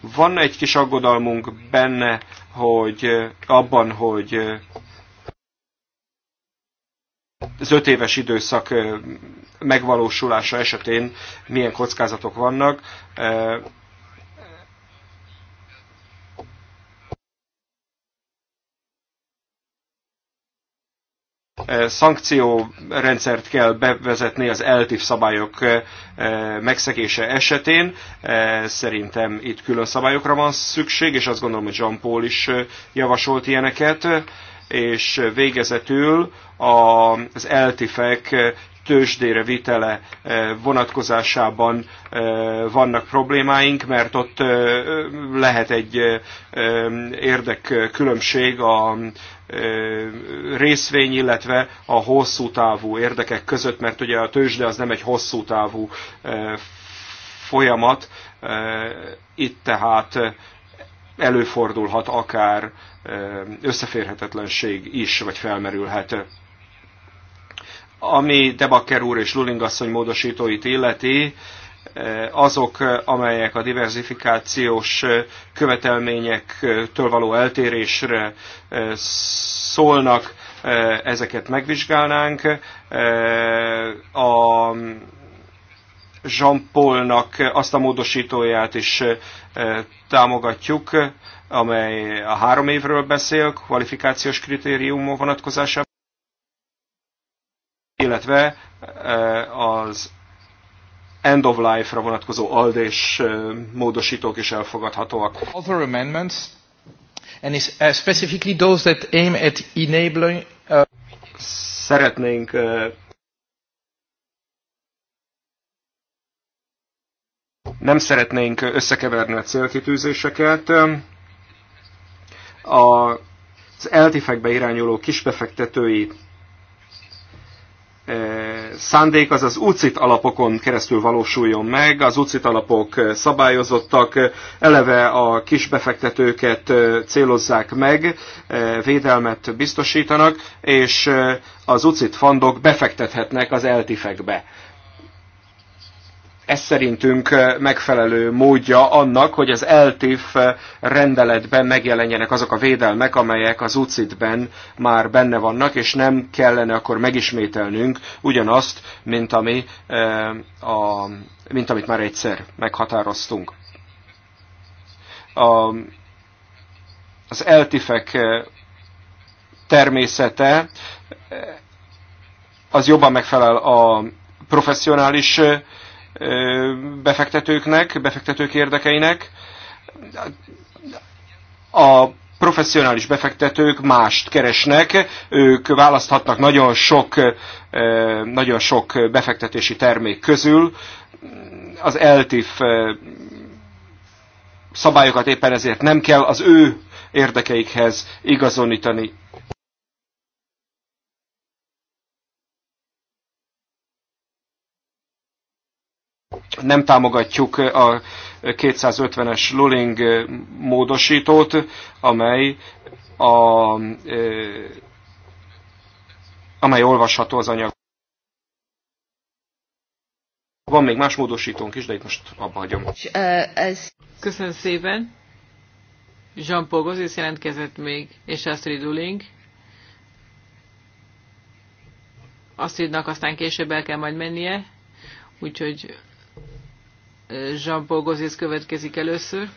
Van egy kis aggodalmunk benne, hogy e, abban, hogy e, az öt éves időszak megvalósulása esetén milyen kockázatok vannak. E, szankciórendszert kell bevezetni az eltív szabályok megszekése esetén. Szerintem itt külön szabályokra van szükség, és azt gondolom, hogy Jean Paul is javasolt ilyeneket és végezetül az eltifek tőzsdére vitele eh, vonatkozásában eh, vannak problémáink, mert ott eh, lehet egy érdekkülönbség a részvény, illetve a hosszú távú érdekek között, mert ugye a tőzsde az nem egy hosszú távú folyamat, itt tehát előfordulhat akár összeférhetetlenség is, vagy felmerülhet. Ami Debakker úr és Lulingasszony módosítóit illeti, eh, azok, eh, amelyek a diversifikációs eh, követelményektől való eltérésre szólnak, ezeket megvizsgálnánk. A Jean-Paulnak azt a módosítóját is támogatjuk, amely a három évről beszél, kvalifikációs kritériumok vonatkozásában illetve e, az end of life-ra vonatkozó aldés e, módosítók is elfogadhatóak. Other amendments, and uh, specifically those that aim at enabling... Uh... Szeretnénk e, nem szeretnénk összekeverni a célkitűzéseket. Az eltifekbe irányuló kisbefektetői szándék az az UCIT alapokon keresztül valósuljon meg. Az UCIT alapok szabályozottak, eleve a kisbefektetőket célozzák meg, védelmet biztosítanak, és az UCIT fandok befektethetnek az eltifekbe ez szerintünk eh, megfelelő módja annak, hogy az LTIF eh, rendeletben megjelenjenek azok a védelmek, amelyek az UCIT-ben már benne vannak, és nem kellene akkor megismételnünk ugyanazt, mint, ami, eh, a, mint amit már egyszer meghatároztunk. A, az LTIF-ek természete az jobban megfelel a professzionális befektetőknek, befektetők érdekeinek. A professzionális befektetők mást keresnek, ők választhatnak nagyon sok, nagyon sok befektetési termék közül. Az LTIF szabályokat éppen ezért nem kell az ő érdekeikhez igazonítani nem támogatjuk a 250-es Luling módosítót, amely a, amely olvasható az anyag. Van még más módosítónk is, de itt most abba hagyom. Köszönöm szépen. Jean Pogozis jelentkezett még, és Astrid Luling. Astridnak aztán később el kell majd mennie, úgyhogy Jean-Paul következik először.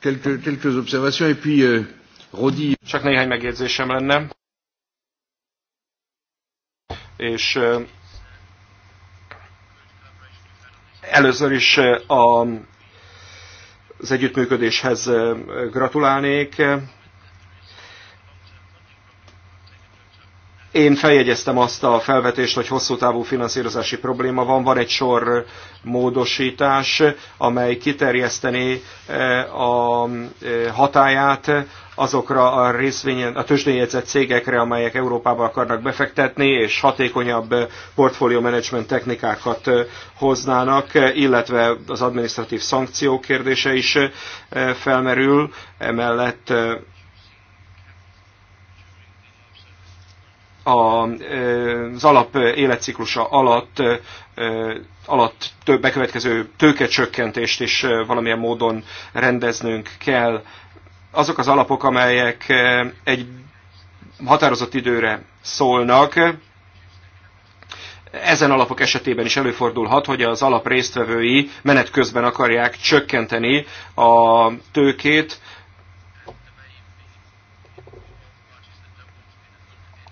Quelques, quelques observations, et puis euh, Rodi. Csak néhány megjegyzésem lenne. És euh, először is euh, a, az együttműködéshez euh, gratulálnék. Én feljegyeztem azt a felvetést, hogy hosszú távú finanszírozási probléma van. Van egy sor módosítás, amely kiterjesztené eh, a eh, hatáját azokra a részvényen, a tőzsdényjegyzett cégekre, amelyek Európába akarnak befektetni, és hatékonyabb portfólió menedzsment technikákat eh, hoznának, illetve az administratív szankció kérdése is felmerül. Emellett az alap életciklusa alatt, alatt több bekövetkező tőkecsökkentést is valamilyen módon rendeznünk kell. Azok az alapok, amelyek egy határozott időre szólnak, ezen alapok esetében is előfordulhat, hogy az alap résztvevői menet közben akarják csökkenteni a tőkét,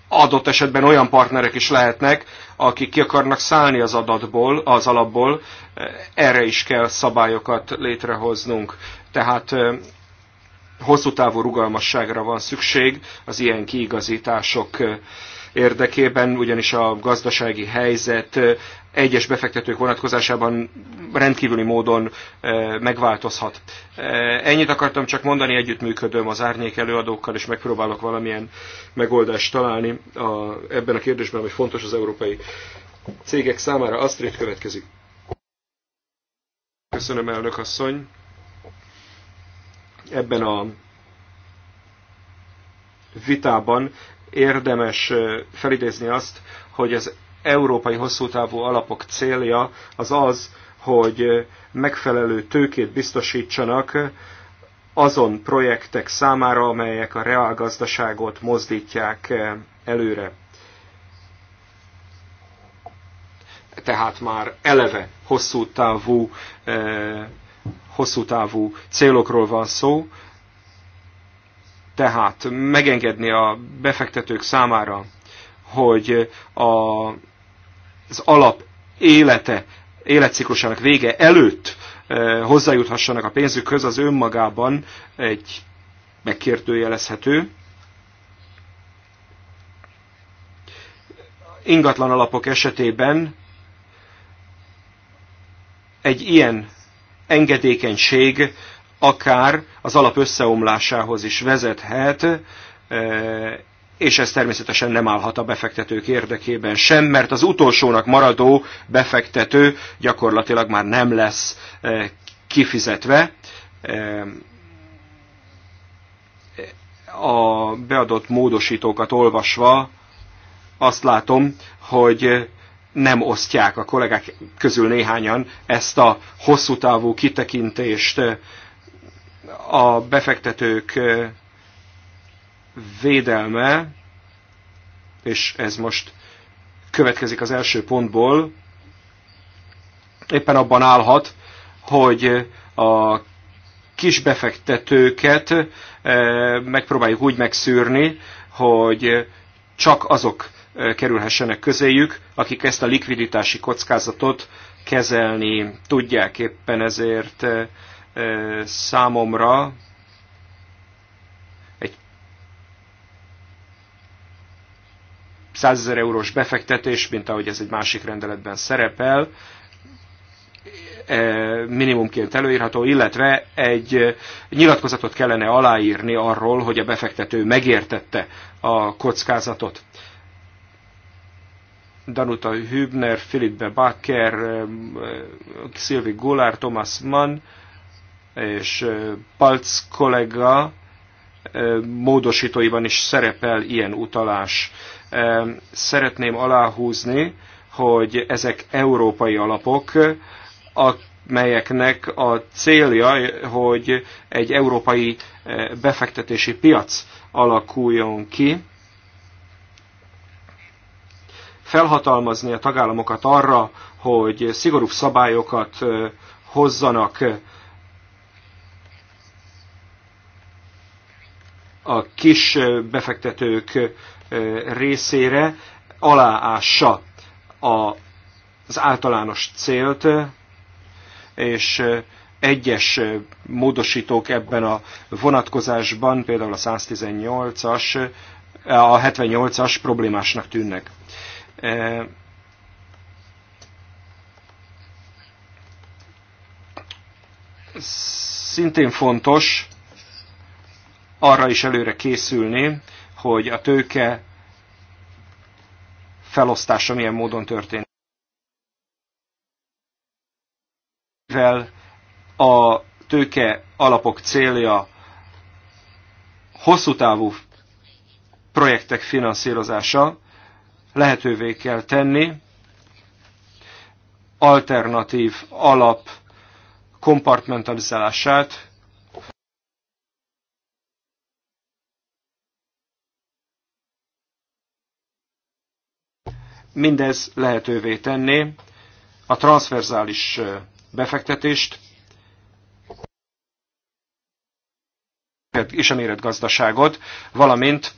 adott esetben olyan partnerek is lehetnek, akik ki akarnak szállni az adatból, az alapból, eh, erre is kell szabályokat létrehoznunk. Tehát eh, hosszú távú rugalmasságra van szükség az ilyen kiigazítások eh, érdekében, ugyanis a gazdasági helyzet egyes befektetők vonatkozásában rendkívüli módon megváltozhat. Ennyit akartam csak mondani, együttműködöm az árnyék előadókkal, és megpróbálok valamilyen megoldást találni a, ebben a kérdésben, hogy fontos az európai cégek számára. Astrid következik. Köszönöm, elnök asszony. Ebben a vitában érdemes felidézni azt, hogy az európai hosszútávú alapok célja az az, hogy megfelelő tőkét biztosítsanak azon projektek számára, amelyek a reálgazdaságot mozdítják előre. Tehát már eleve hosszú távú, hosszú távú célokról van szó, tehát megengedni a befektetők számára, hogy a, az alap élete, életciklusának vége előtt eh, hozzájuthassanak a pénzükhöz, az önmagában egy megkértőjelezhető. Ingatlan alapok esetében egy ilyen engedékenység akár az alap összeomlásához is vezethet, e, és ez természetesen nem állhat a befektetők érdekében sem, mert az utolsónak maradó befektető gyakorlatilag már nem lesz e, kifizetve. E, a beadott módosítókat olvasva azt látom, hogy nem osztják a kollégák közül néhányan ezt a hosszú távú kitekintést a befektetők védelme, és ez most következik az első pontból, éppen abban állhat, hogy a kis befektetőket megpróbáljuk úgy megszűrni, hogy csak azok kerülhessenek közéjük, akik ezt a likviditási kockázatot kezelni tudják. Éppen ezért számomra egy 100 ezer eurós befektetés, mint ahogy ez egy másik rendeletben szerepel, minimumként előírható, illetve egy nyilatkozatot kellene aláírni arról, hogy a befektető megértette a kockázatot. Danuta Hübner, Philippe Bakker, Sylvie Goulart, Thomas Mann, és Palc kollega módosítóiban is szerepel ilyen utalás. Szeretném aláhúzni, hogy ezek európai alapok, melyeknek a célja, hogy egy európai befektetési piac alakuljon ki, felhatalmazni a tagállamokat arra, hogy szigorúbb szabályokat hozzanak a kis befektetők részére aláássa az általános célt, és egyes módosítók ebben a vonatkozásban, például a 118-as, a 78-as problémásnak tűnnek. Szintén fontos arra is előre készülni, hogy a tőke felosztása milyen módon történik. Mivel a tőke alapok célja hosszú távú projektek finanszírozása, lehetővé kell tenni alternatív alap kompartmentalizálását Mindez lehetővé tenné a transzverzális befektetést és a méretgazdaságot, valamint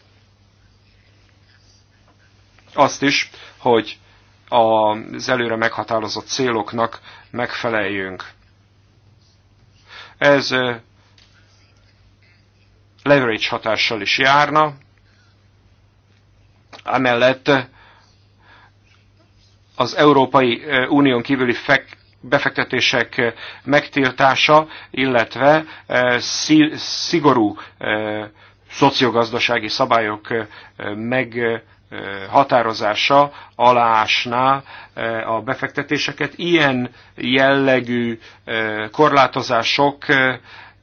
azt is, hogy az előre meghatározott céloknak megfeleljünk. Ez leverage hatással is járna, amellett az Európai Unión kívüli fek befektetések megtiltása, illetve szigorú szociogazdasági szabályok meghatározása alásná a befektetéseket. Ilyen jellegű korlátozások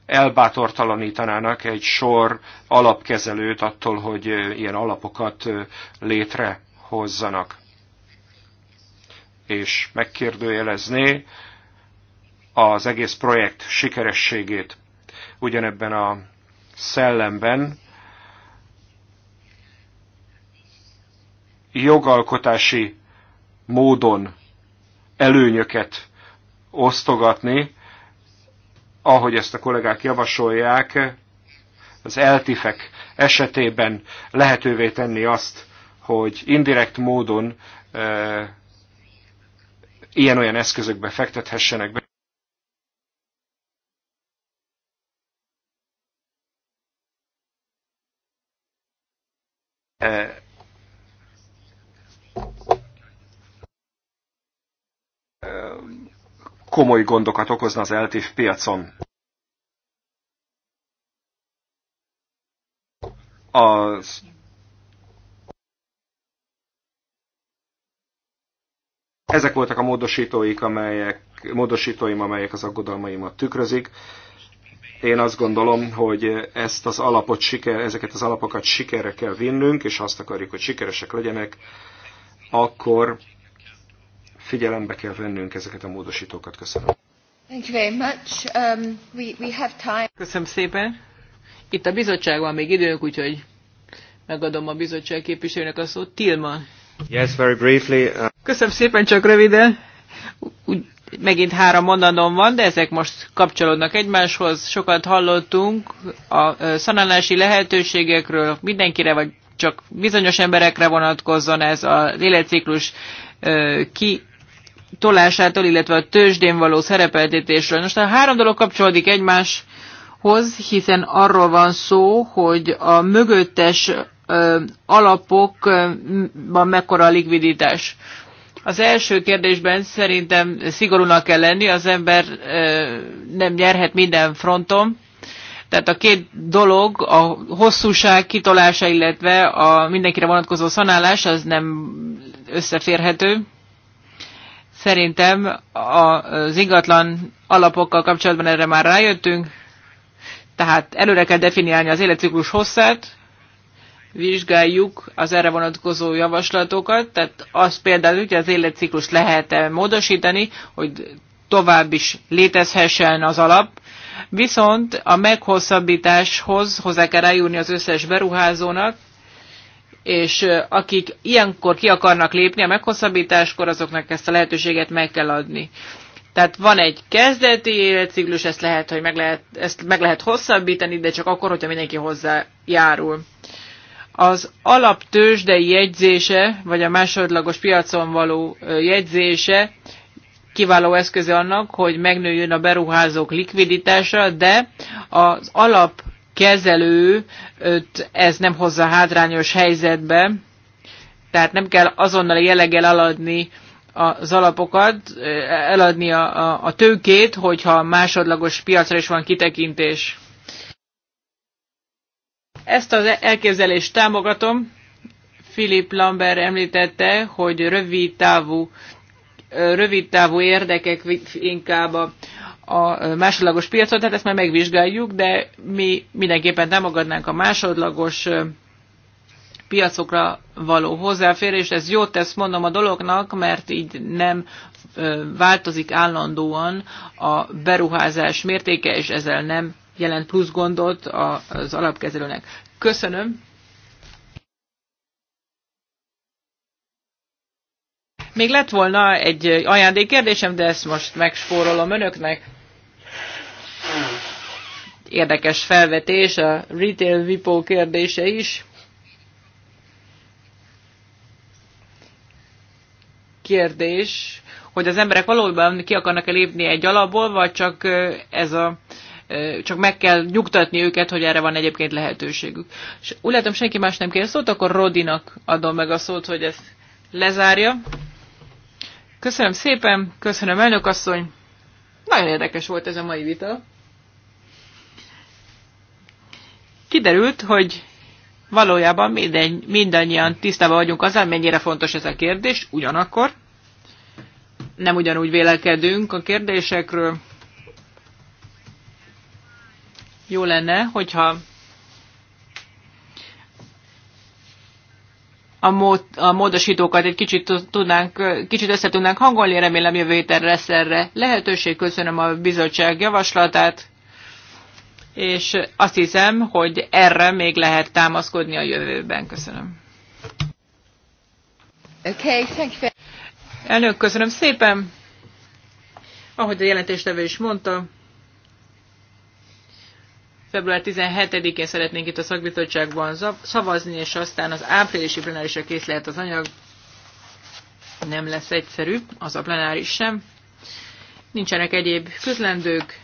elbátortalanítanának egy sor alapkezelőt attól, hogy ilyen alapokat létrehozzanak és megkérdőjelezné az egész projekt sikerességét. Ugyanebben a szellemben jogalkotási módon előnyöket osztogatni, ahogy ezt a kollégák javasolják, az eltifek esetében lehetővé tenni azt, hogy indirekt módon eh, ilyen-olyan eszközökbe fektethessenek be. komoly gondokat okozna az LTF piacon. Az Ezek voltak a módosítóik, amelyek, módosítóim, amelyek az aggodalmaimat tükrözik. Én azt gondolom, hogy ezt az alapot siker, ezeket az alapokat sikerre kell vinnünk, és azt akarjuk, hogy sikeresek legyenek, akkor figyelembe kell vennünk ezeket a módosítókat. Köszönöm. Thank you very much. Um, we, we have time. Köszönöm szépen. Itt a bizottság van még időnk, úgyhogy megadom a bizottság képviselőnek a szót. Tilman. Yes, very briefly. Uh... Köszönöm szépen, csak röviden. Úgy, megint három mondanom van, de ezek most kapcsolódnak egymáshoz. Sokat hallottunk a szanálási lehetőségekről, mindenkire vagy csak bizonyos emberekre vonatkozzon ez a életciklus ki tolásától, illetve a tőzsdén való szerepeltetésről. Most a három dolog kapcsolódik egymáshoz, hiszen arról van szó, hogy a mögöttes alapokban mekkora a likviditás. Az első kérdésben szerintem szigorúnak kell lenni, az ember nem nyerhet minden fronton. Tehát a két dolog, a hosszúság kitolása, illetve a mindenkire vonatkozó szanálás, az nem összeférhető. Szerintem az ingatlan alapokkal kapcsolatban erre már rájöttünk, tehát előre kell definiálni az életciklus hosszát, vizsgáljuk az erre vonatkozó javaslatokat, tehát az például, hogy az életciklus lehet-e módosítani, hogy tovább is létezhessen az alap, viszont a meghosszabbításhoz hozzá kell rájúrni az összes beruházónak, és akik ilyenkor ki akarnak lépni a meghosszabbításkor, azoknak ezt a lehetőséget meg kell adni. Tehát van egy kezdeti életciklus, ezt lehet, hogy meg lehet, ezt meg lehet hosszabbítani, de csak akkor, hogyha mindenki hozzá járul az alaptősdei jegyzése, vagy a másodlagos piacon való jegyzése kiváló eszköze annak, hogy megnőjön a beruházók likviditása, de az alapkezelő ez nem hozza hátrányos helyzetbe, tehát nem kell azonnal jelleggel eladni az alapokat, eladni a, a, a tőkét, hogyha másodlagos piacra is van kitekintés. Ezt az elképzelést támogatom. Philip Lambert említette, hogy rövid távú, rövid távú érdekek inkább a, a másodlagos piacot, tehát ezt már megvizsgáljuk, de mi mindenképpen támogatnánk a másodlagos piacokra való hozzáférést. Ez jót tesz, mondom, a dolognak, mert így nem változik állandóan a beruházás mértéke, és ezzel nem jelent plusz gondot az alapkezelőnek. Köszönöm. Még lett volna egy kérdésem, de ezt most megspórolom önöknek. Érdekes felvetés, a retail vipó kérdése is. Kérdés, hogy az emberek valóban ki akarnak-e lépni egy alapból, vagy csak ez a csak meg kell nyugtatni őket, hogy erre van egyébként lehetőségük. És úgy látom, senki más nem kér szót, akkor Rodinak adom meg a szót, hogy ezt lezárja. Köszönöm szépen, köszönöm elnök asszony. Nagyon érdekes volt ez a mai vita. Kiderült, hogy valójában minden, mindannyian tisztában vagyunk azzal, mennyire fontos ez a kérdés, ugyanakkor nem ugyanúgy vélekedünk a kérdésekről. Jó lenne, hogyha a, mód, a módosítókat egy kicsit, tudnánk, kicsit össze tudnánk hangolni, remélem jövő héten lesz erre lehetőség. Köszönöm a bizottság javaslatát, és azt hiszem, hogy erre még lehet támaszkodni a jövőben. Köszönöm. Okay, thank you. Elnök, köszönöm szépen. Ahogy a jelentéstevő is mondta, február 17-én szeretnénk itt a szakbizottságban szavazni, és aztán az áprilisi plenárisra kész lehet az anyag. Nem lesz egyszerű, az a plenáris sem. Nincsenek egyéb közlendők.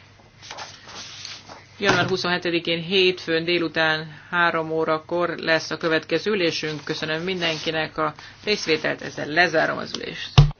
Január 27-én hétfőn délután 3 órakor lesz a következő ülésünk. Köszönöm mindenkinek a részvételt, ezzel lezárom az ülést.